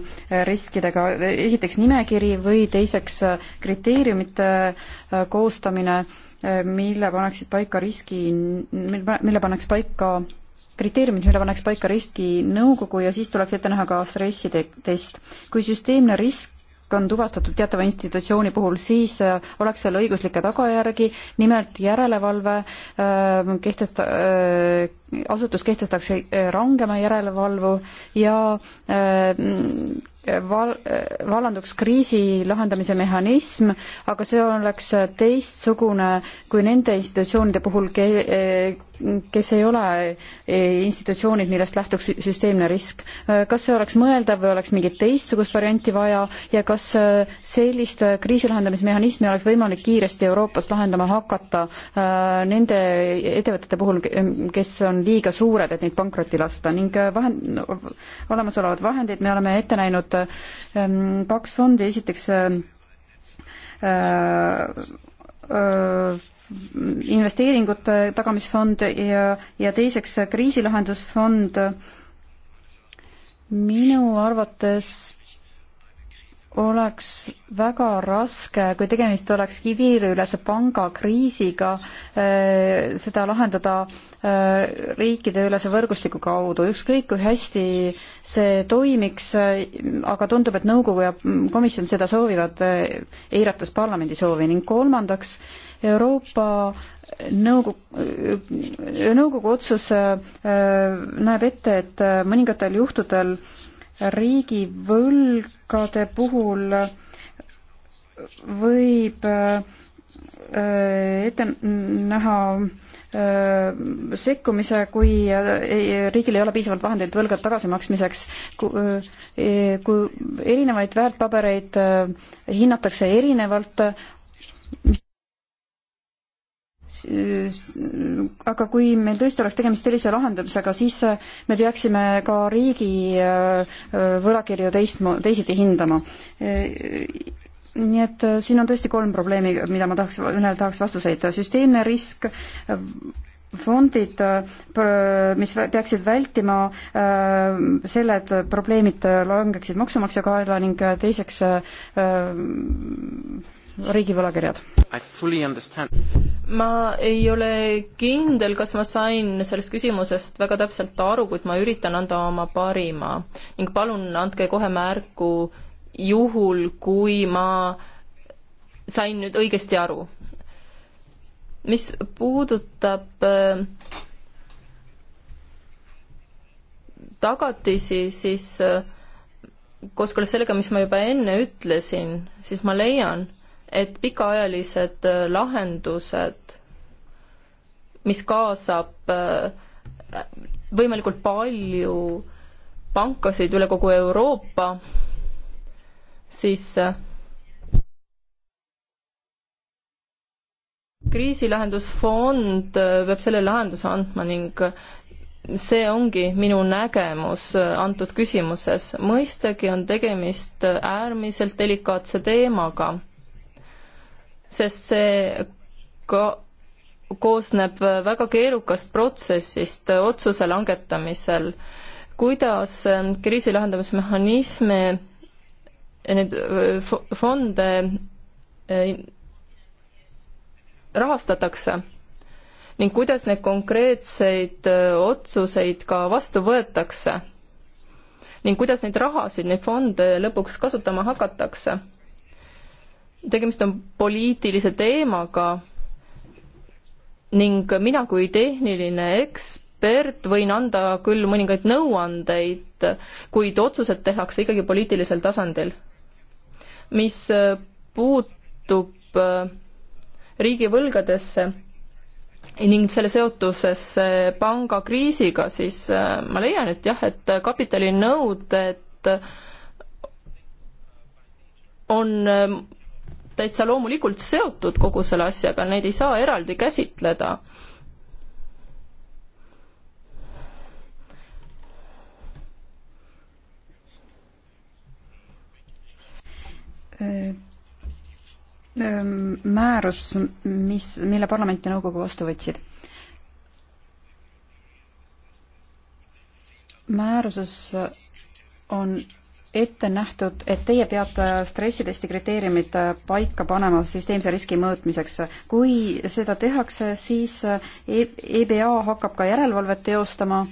riskidega, esiteks nimekiri või teiseks äh, kriteeriumite äh, koostamine, mille paneksid paika riski, mille paneks paika kriteeriumid, mille paneks paika riskinõukogu ja siis tuleks ette näha ka stressitest. kui süsteemne risk on tuvastatud teatava institutsiooni puhul, siis äh, oleks seal õiguslikke tagajärgi, nimelt järelevalve äh, kehtesta-, äh, asutus kehtestaks eh, rangema järelevalvu ja eh, val-, eh, vallanduks kriisi lahendamise mehhanism, aga see oleks teistsugune kui nende institutsioonide puhul, ke-, kes ei ole institutsioonid, millest lähtuks süsteemne risk. kas see oleks mõeldav või oleks mingit teistsugust varianti vaja ja kas sellist kriisi lahendamismehhanismi oleks võimalik kiiresti Euroopas lahendama hakata nende ettevõtete puhul, kes on on liiga suured, et neid pankrotti lasta ning äh, vahend, olemasolevad vahendid me oleme ette näinud ähm, kaks fondi, esiteks äh, äh, investeeringute tagamisfond ja, ja teiseks kriisilahendusfond. minu arvates oleks väga raske, kui tegemist oleks piiriülese pangakriisiga, eh, seda lahendada eh, riikideülese võrgustiku kaudu, ükskõik kui hästi see toimiks, eh, aga tundub, et nõukogu ja komisjon seda soovivad, eirates parlamendi soovi ning kolmandaks, Euroopa nõukogu, nõukogu otsus näeb ette, et mõningatel juhtudel äh, riigivõlgade puhul võib äh, ette näha äh, sekkumise, kui äh, riigil ei ole piisavalt vahendeid võlgade tagasimaksmiseks. kui erinevaid väärtpabereid hinnatakse erinevalt, aga kui meil tõesti oleks tegemist sellise lahendamisega, siis äh, me peaksime ka riigi äh, äh, võlakirju teistmo-, teisiti hindama. E, nii et siin on tõesti kolm probleemi, mida ma tahaks, millele tahaks vastuseid. süsteemne risk, fondid, mis peaksid vältima selle, et probleemid langeksid maksumaksja kaela ning teiseks riigi võlakirjad. ma ei ole kindel, kas ma sain sellest küsimusest väga täpselt aru, kuid ma üritan anda oma parima ning palun andke kohe märku juhul, kui ma sain nüüd õigesti aru. mis puudutab äh, tagatisi, siis äh, kooskõlas sellega, mis ma juba enne ütlesin, siis ma leian, et pikaajalised äh, lahendused, mis kaasab äh, võimalikult palju pankasid üle kogu Euroopa, siis äh, kriisilahendusfond peab selle lahenduse andma ning see ongi minu nägemus antud küsimuses. mõistagi on tegemist äärmiselt delikaatse teemaga sest see ko-, koosneb väga keerukast protsessist otsuse langetamisel, kuidas ähm, kriisi lahendamismehhanisme ja neid äh, fonde äh, rahastatakse ning kuidas neid konkreetseid äh, otsuseid ka vastu võetakse ning kuidas neid rahasid, neid fonde lõpuks kasutama hakatakse tegemist on poliitilise teemaga ning mina kui tehniline ekspert võin anda küll mõningaid nõuandeid, kuid otsused tehakse ikkagi poliitilisel tasandil. mis puutub äh, riigivõlgadesse ning selle seotusesse pangakriisiga, siis äh, ma leian, et jah, et kapitalinõuded on äh, täitsa loomulikult seotud kogu selle asjaga, neid ei saa eraldi käsitleda. määrus, mis, mille parlament ja nõukogu vastu võtsid. määruses on ette nähtud, et teie peate stressitesti kriteeriumid paika panema süsteemse riski mõõtmiseks. kui seda tehakse, siis EBA e hakkab ka järelevalvet teostama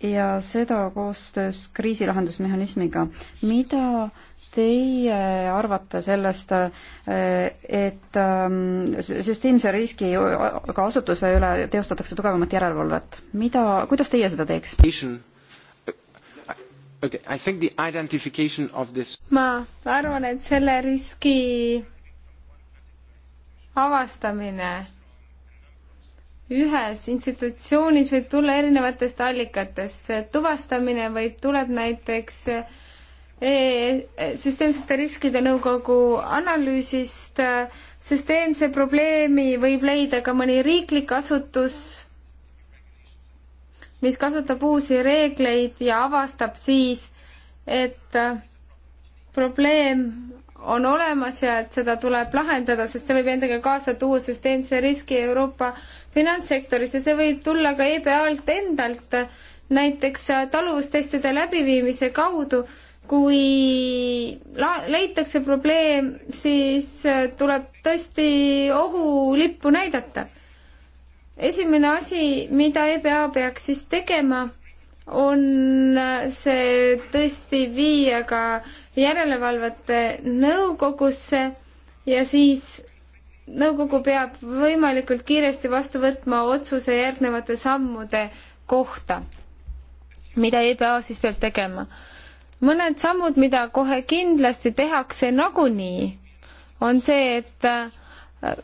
ja seda koostöös kriisilahendusmehhanismiga. mida teie arvate sellest, et ähm, süsteemse riskiga asutuse üle teostatakse tugevamat järelevalvet? mida, kuidas teie seda teeks? okay,. I think the identification of this ma arvan, et selle riski avastamine ühes institutsioonis võib tulla erinevatest allikatest. tuvastamine võib, tuleb näiteks e, e, süsteemsete riskide nõukogu analüüsist. süsteemse probleemi võib leida ka mõni riiklik asutus mis kasutab uusi reegleid ja avastab siis, et äh, probleem on olemas ja et seda tuleb lahendada, sest see võib endaga kaasa tuua süsteemse riski Euroopa finantssektoris ja see võib tulla ka EBA-lt endalt, näiteks äh, taluvustestide läbiviimise kaudu. kui la-, leitakse probleem, siis äh, tuleb tõesti ohulippu näidata esimene asi, mida EBA peaks siis tegema, on see tõesti viia ka järelevalvete nõukogusse ja siis nõukogu peab võimalikult kiiresti vastu võtma otsuse järgnevate sammude kohta, mida EBA siis peab tegema. mõned sammud, mida kohe kindlasti tehakse nagunii, on see, et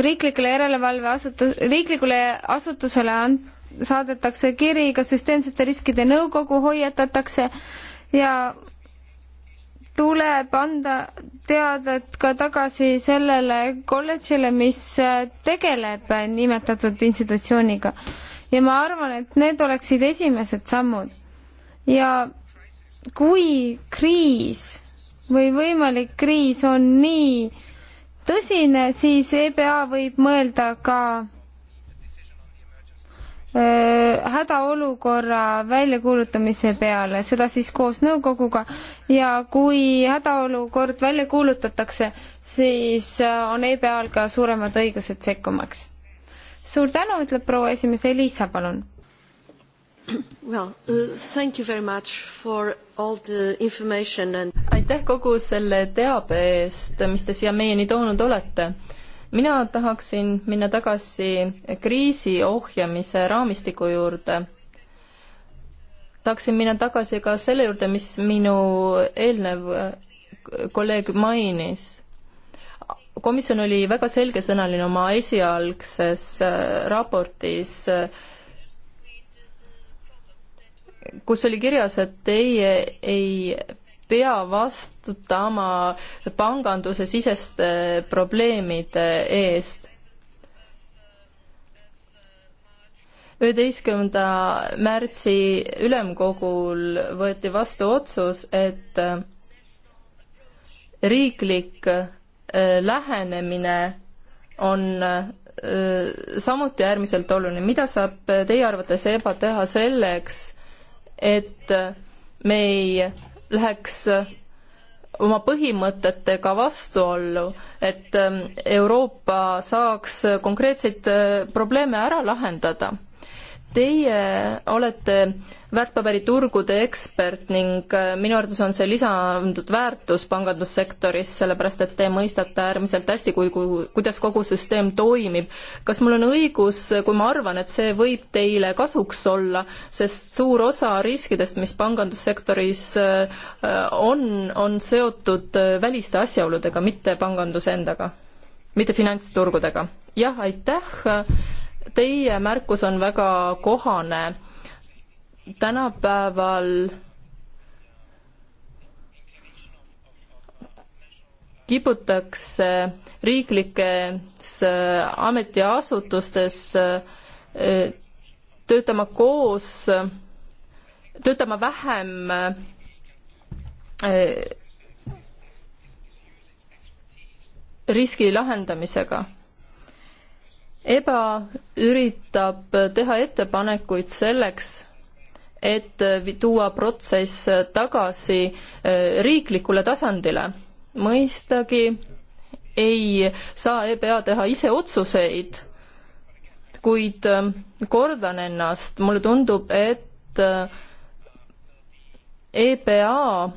riiklikele järelevalveasutus, riiklikule asutusele an-, saadetakse kiri, ka süsteemsete riskide nõukogu hoiatatakse ja tuleb anda teadet ka tagasi sellele kolledžile, mis tegeleb nimetatud institutsiooniga. ja ma arvan, et need oleksid esimesed sammud. ja kui kriis või võimalik kriis on nii tõsine, siis EBA võib mõelda ka hädaolukorra väljakuulutamise peale, seda siis koos nõukoguga ja kui hädaolukord välja kuulutatakse, siis on EBA-l ka suuremad õigused sekkumaks. suur tänu, ütleb proua esimees, Elisa, palun Well, uh, and... aitäh kogu selle teabe eest, mis te siia meieni toonud olete. mina tahaksin minna tagasi kriisi ohjamise raamistiku juurde. tahaksin minna tagasi ka selle juurde, mis minu eelnev äh, kolleeg mainis komisjon oli väga selgesõnaline oma esialgses äh, raportis äh, kus oli kirjas, et teie ei pea vastutama panganduse siseste probleemide eest. üheteistkümnenda märtsi ülemkogul võeti vastu otsus, et äh, riiklik äh, lähenemine on äh, samuti äärmiselt oluline. mida saab teie arvates EBA teha selleks, et me ei läheks oma põhimõtetega vastuollu, et ähm, Euroopa saaks konkreetseid äh, probleeme ära lahendada Teie olete väärtpaberiturgude ekspert ning äh, minu arvates on see lisandud väärtus pangandussektoris, sellepärast et te mõistate äärmiselt hästi, kui, kui, kuidas kogu süsteem toimib. kas mul on õigus, kui ma arvan, et see võib teile kasuks olla, sest suur osa riskidest, mis pangandussektoris äh, on, on seotud äh, väliste asjaoludega, mitte panganduse endaga, mitte finantsturgudega? jah, aitäh Teie märkus on väga kohane. tänapäeval kiputakse riiklikes äh, ametiasutustes äh, töötama koos, töötama vähem äh, riski lahendamisega EBA üritab teha ettepanekuid selleks, et tuua protsess tagasi eh, riiklikule tasandile. mõistagi ei saa EBA teha ise otsuseid, kuid eh, kordan ennast, mulle tundub, et EBA eh, e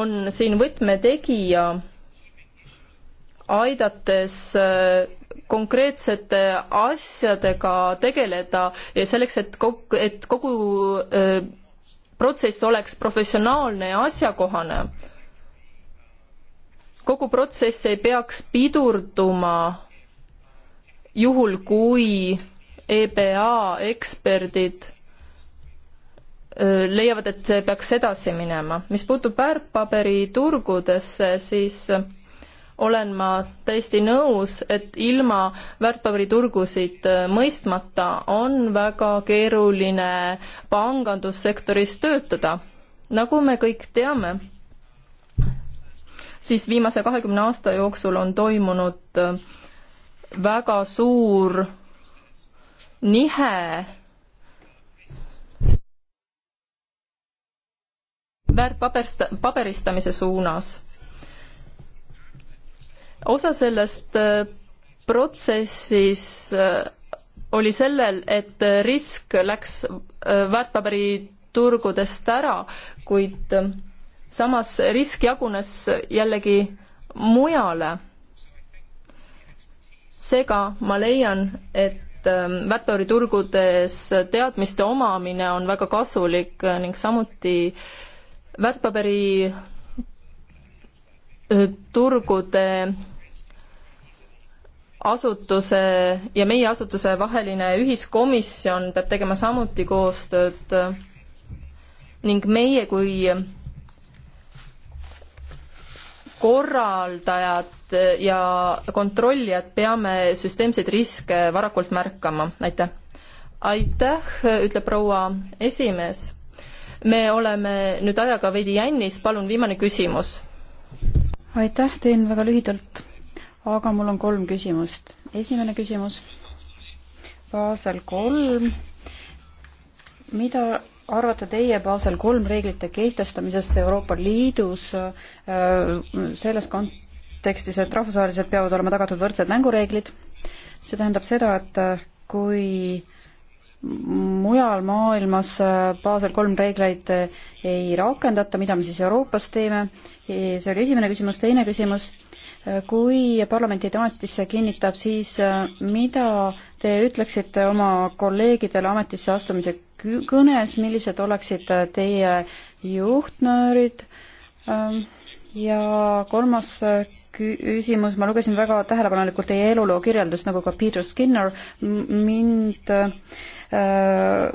on siin võtmetegija, aidates konkreetsete asjadega tegeleda ja selleks, et kogu, et kogu öö, protsess oleks professionaalne ja asjakohane. kogu protsess ei peaks pidurduma juhul, kui EBA eksperdid leiavad, et see peaks edasi minema. mis puutub väärtpaberiturgudesse, siis olen ma täiesti nõus, et ilma väärtpaberiturgusid äh, mõistmata on väga keeruline pangandussektoris töötada. nagu me kõik teame, siis viimase kahekümne aasta jooksul on toimunud äh, väga suur nihe väärtpaberst-, paberistamise suunas osa sellest äh, protsessis äh, oli sellel, et äh, risk läks väärtpaberiturgudest ära, kuid samas risk jagunes jällegi mujale. seega ma leian, et väärtpaberiturgudes teadmiste omamine on väga kasulik ning samuti väärtpaberi turgude asutuse ja meie asutuse vaheline ühiskomisjon peab tegema samuti koostööd ning meie kui korraldajad ja kontrollijad peame süsteemseid riske varakult märkama, aitäh. aitäh, ütleb proua esimees. me oleme nüüd ajaga veidi jännis, palun viimane küsimus. aitäh, teen väga lühidalt aga mul on kolm küsimust. esimene küsimus. Basel kolm. mida arvate teie Basel kolm reeglite kehtestamisest Euroopa Liidus äh, selles kontekstis, et rahvusvaheliselt peavad olema tagatud võrdsed mängureeglid? see tähendab seda, et äh, kui mujal maailmas äh, Basel kolm reegleid ei rakendata, mida me siis Euroopas teeme? see oli esimene küsimus, teine küsimus kui parlamendi ametisse kinnitab, siis äh, mida te ütleksite oma kolleegidele ametisse astumise kõnes, millised oleksid äh, teie juhtnöörid ähm, ja kolmas äh, küsimus, ma lugesin väga tähelepanelikult teie eluloo kirjeldust, nagu ka Peter Skinner, mind äh,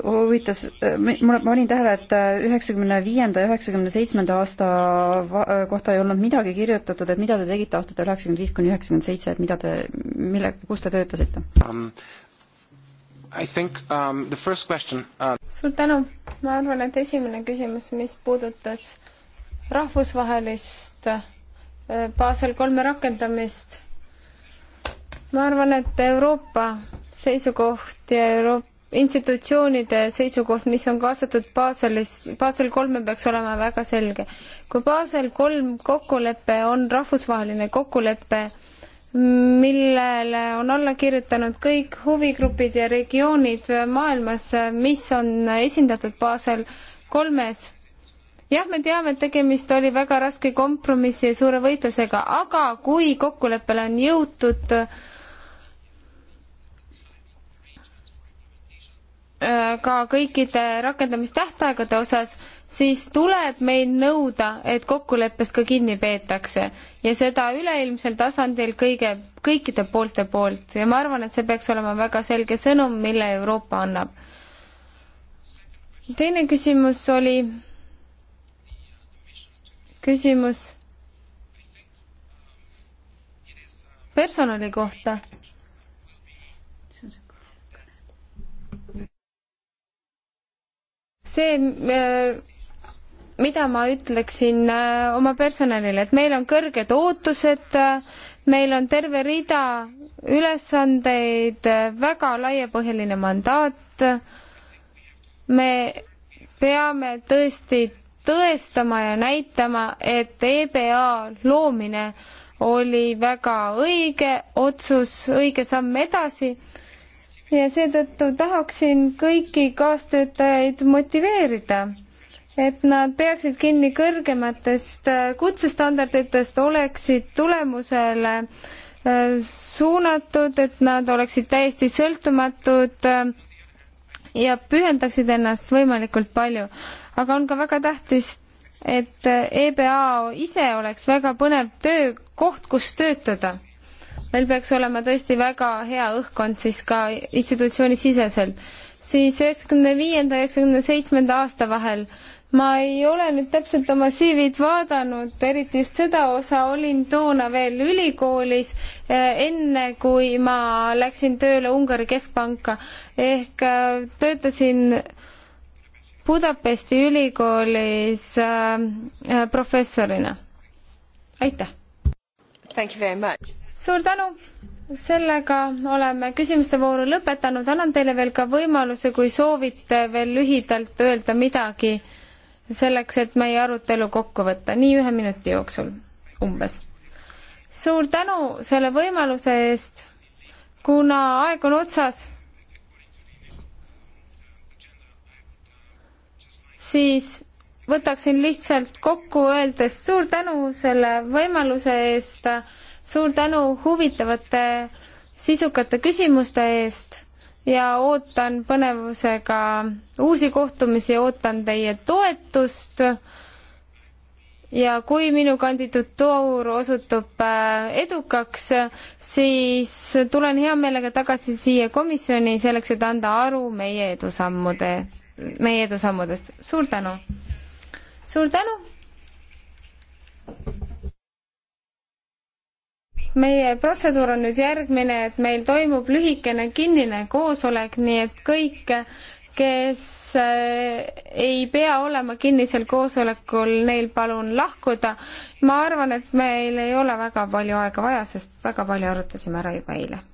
huvitas, äh, ma panin tähele, et äh, üheksakümne viienda ja üheksakümne seitsmenda aasta äh, kohta ei olnud midagi kirjutatud, et mida te tegite aastatel üheksakümmend viis kuni üheksakümmend seitse, et mida te, mille, kus te töötasite um,? I think um, the first question uh... suur tänu, ma arvan, et esimene küsimus, mis puudutas rahvusvahelist Basel kolme rakendamist. ma arvan, et Euroopa seisukoht ja Euroopa institutsioonide seisukoht, mis on kaasatud Baselis, Basel kolme peaks olema väga selge. kui Basel kolm kokkulepe on rahvusvaheline kokkulepe, millele on alla kirjutanud kõik huvigrupid ja regioonid maailmas, mis on esindatud Basel kolmes, jah, me teame, et tegemist oli väga raske kompromissi ja suure võitlusega, aga kui kokkuleppele on jõutud, äh, ka kõikide rakendamistähtaegade osas, siis tuleb meil nõuda, et kokkuleppest ka kinni peetakse ja seda üleilmsel tasandil kõige, kõikide poolte poolt ja ma arvan, et see peaks olema väga selge sõnum, mille Euroopa annab. teine küsimus oli küsimus personali kohta. see, äh, mida ma ütleksin äh, oma personalile, et meil on kõrged ootused, äh, meil on terve rida ülesandeid, väga laiapõhjaline mandaat, me peame tõesti tõestama ja näitama, et EBA loomine oli väga õige otsus, õige samm edasi ja seetõttu tahaksin kõiki kaastöötajaid motiveerida, et nad peaksid kinni kõrgematest äh, kutsestandarditest, oleksid tulemusele äh, suunatud, et nad oleksid täiesti sõltumatud äh, ja pühendaksid ennast võimalikult palju. aga on ka väga tähtis, et EBA ise oleks väga põnev töökoht, kus töötada. meil peaks olema tõesti väga hea õhkkond siis ka institutsiooni siseselt. siis üheksakümne viienda ja üheksakümne seitsmenda aasta vahel ma ei ole nüüd täpselt oma CV-d vaadanud, eriti just seda osa, olin toona veel ülikoolis, eh, enne kui ma läksin tööle Ungari keskpanka ehk eh, töötasin Budapesti ülikoolis eh, professorina. aitäh! suur tänu! sellega oleme küsimuste vooru lõpetanud, annan teile veel ka võimaluse, kui soovite veel lühidalt öelda midagi selleks, et meie arutelu kokku võtta, nii ühe minuti jooksul umbes. suur tänu selle võimaluse eest, kuna aeg on otsas, siis võtaksin lihtsalt kokku öeldes suur tänu selle võimaluse eest, suur tänu huvitavate sisukate küsimuste eest ja ootan põnevusega uusi kohtumisi, ootan teie toetust. ja kui minu kandidatuur osutub äh, edukaks, siis tulen hea meelega tagasi siia komisjoni selleks, et anda aru meie edusammude, meie edusammudest. suur tänu! suur tänu! meie protseduur on nüüd järgmine, et meil toimub lühikene kinnine koosolek, nii et kõik, kes eh, ei pea olema kinnisel koosolekul, neil palun lahkuda. ma arvan, et meil ei ole väga palju aega vaja, sest väga palju arutasime ära juba eile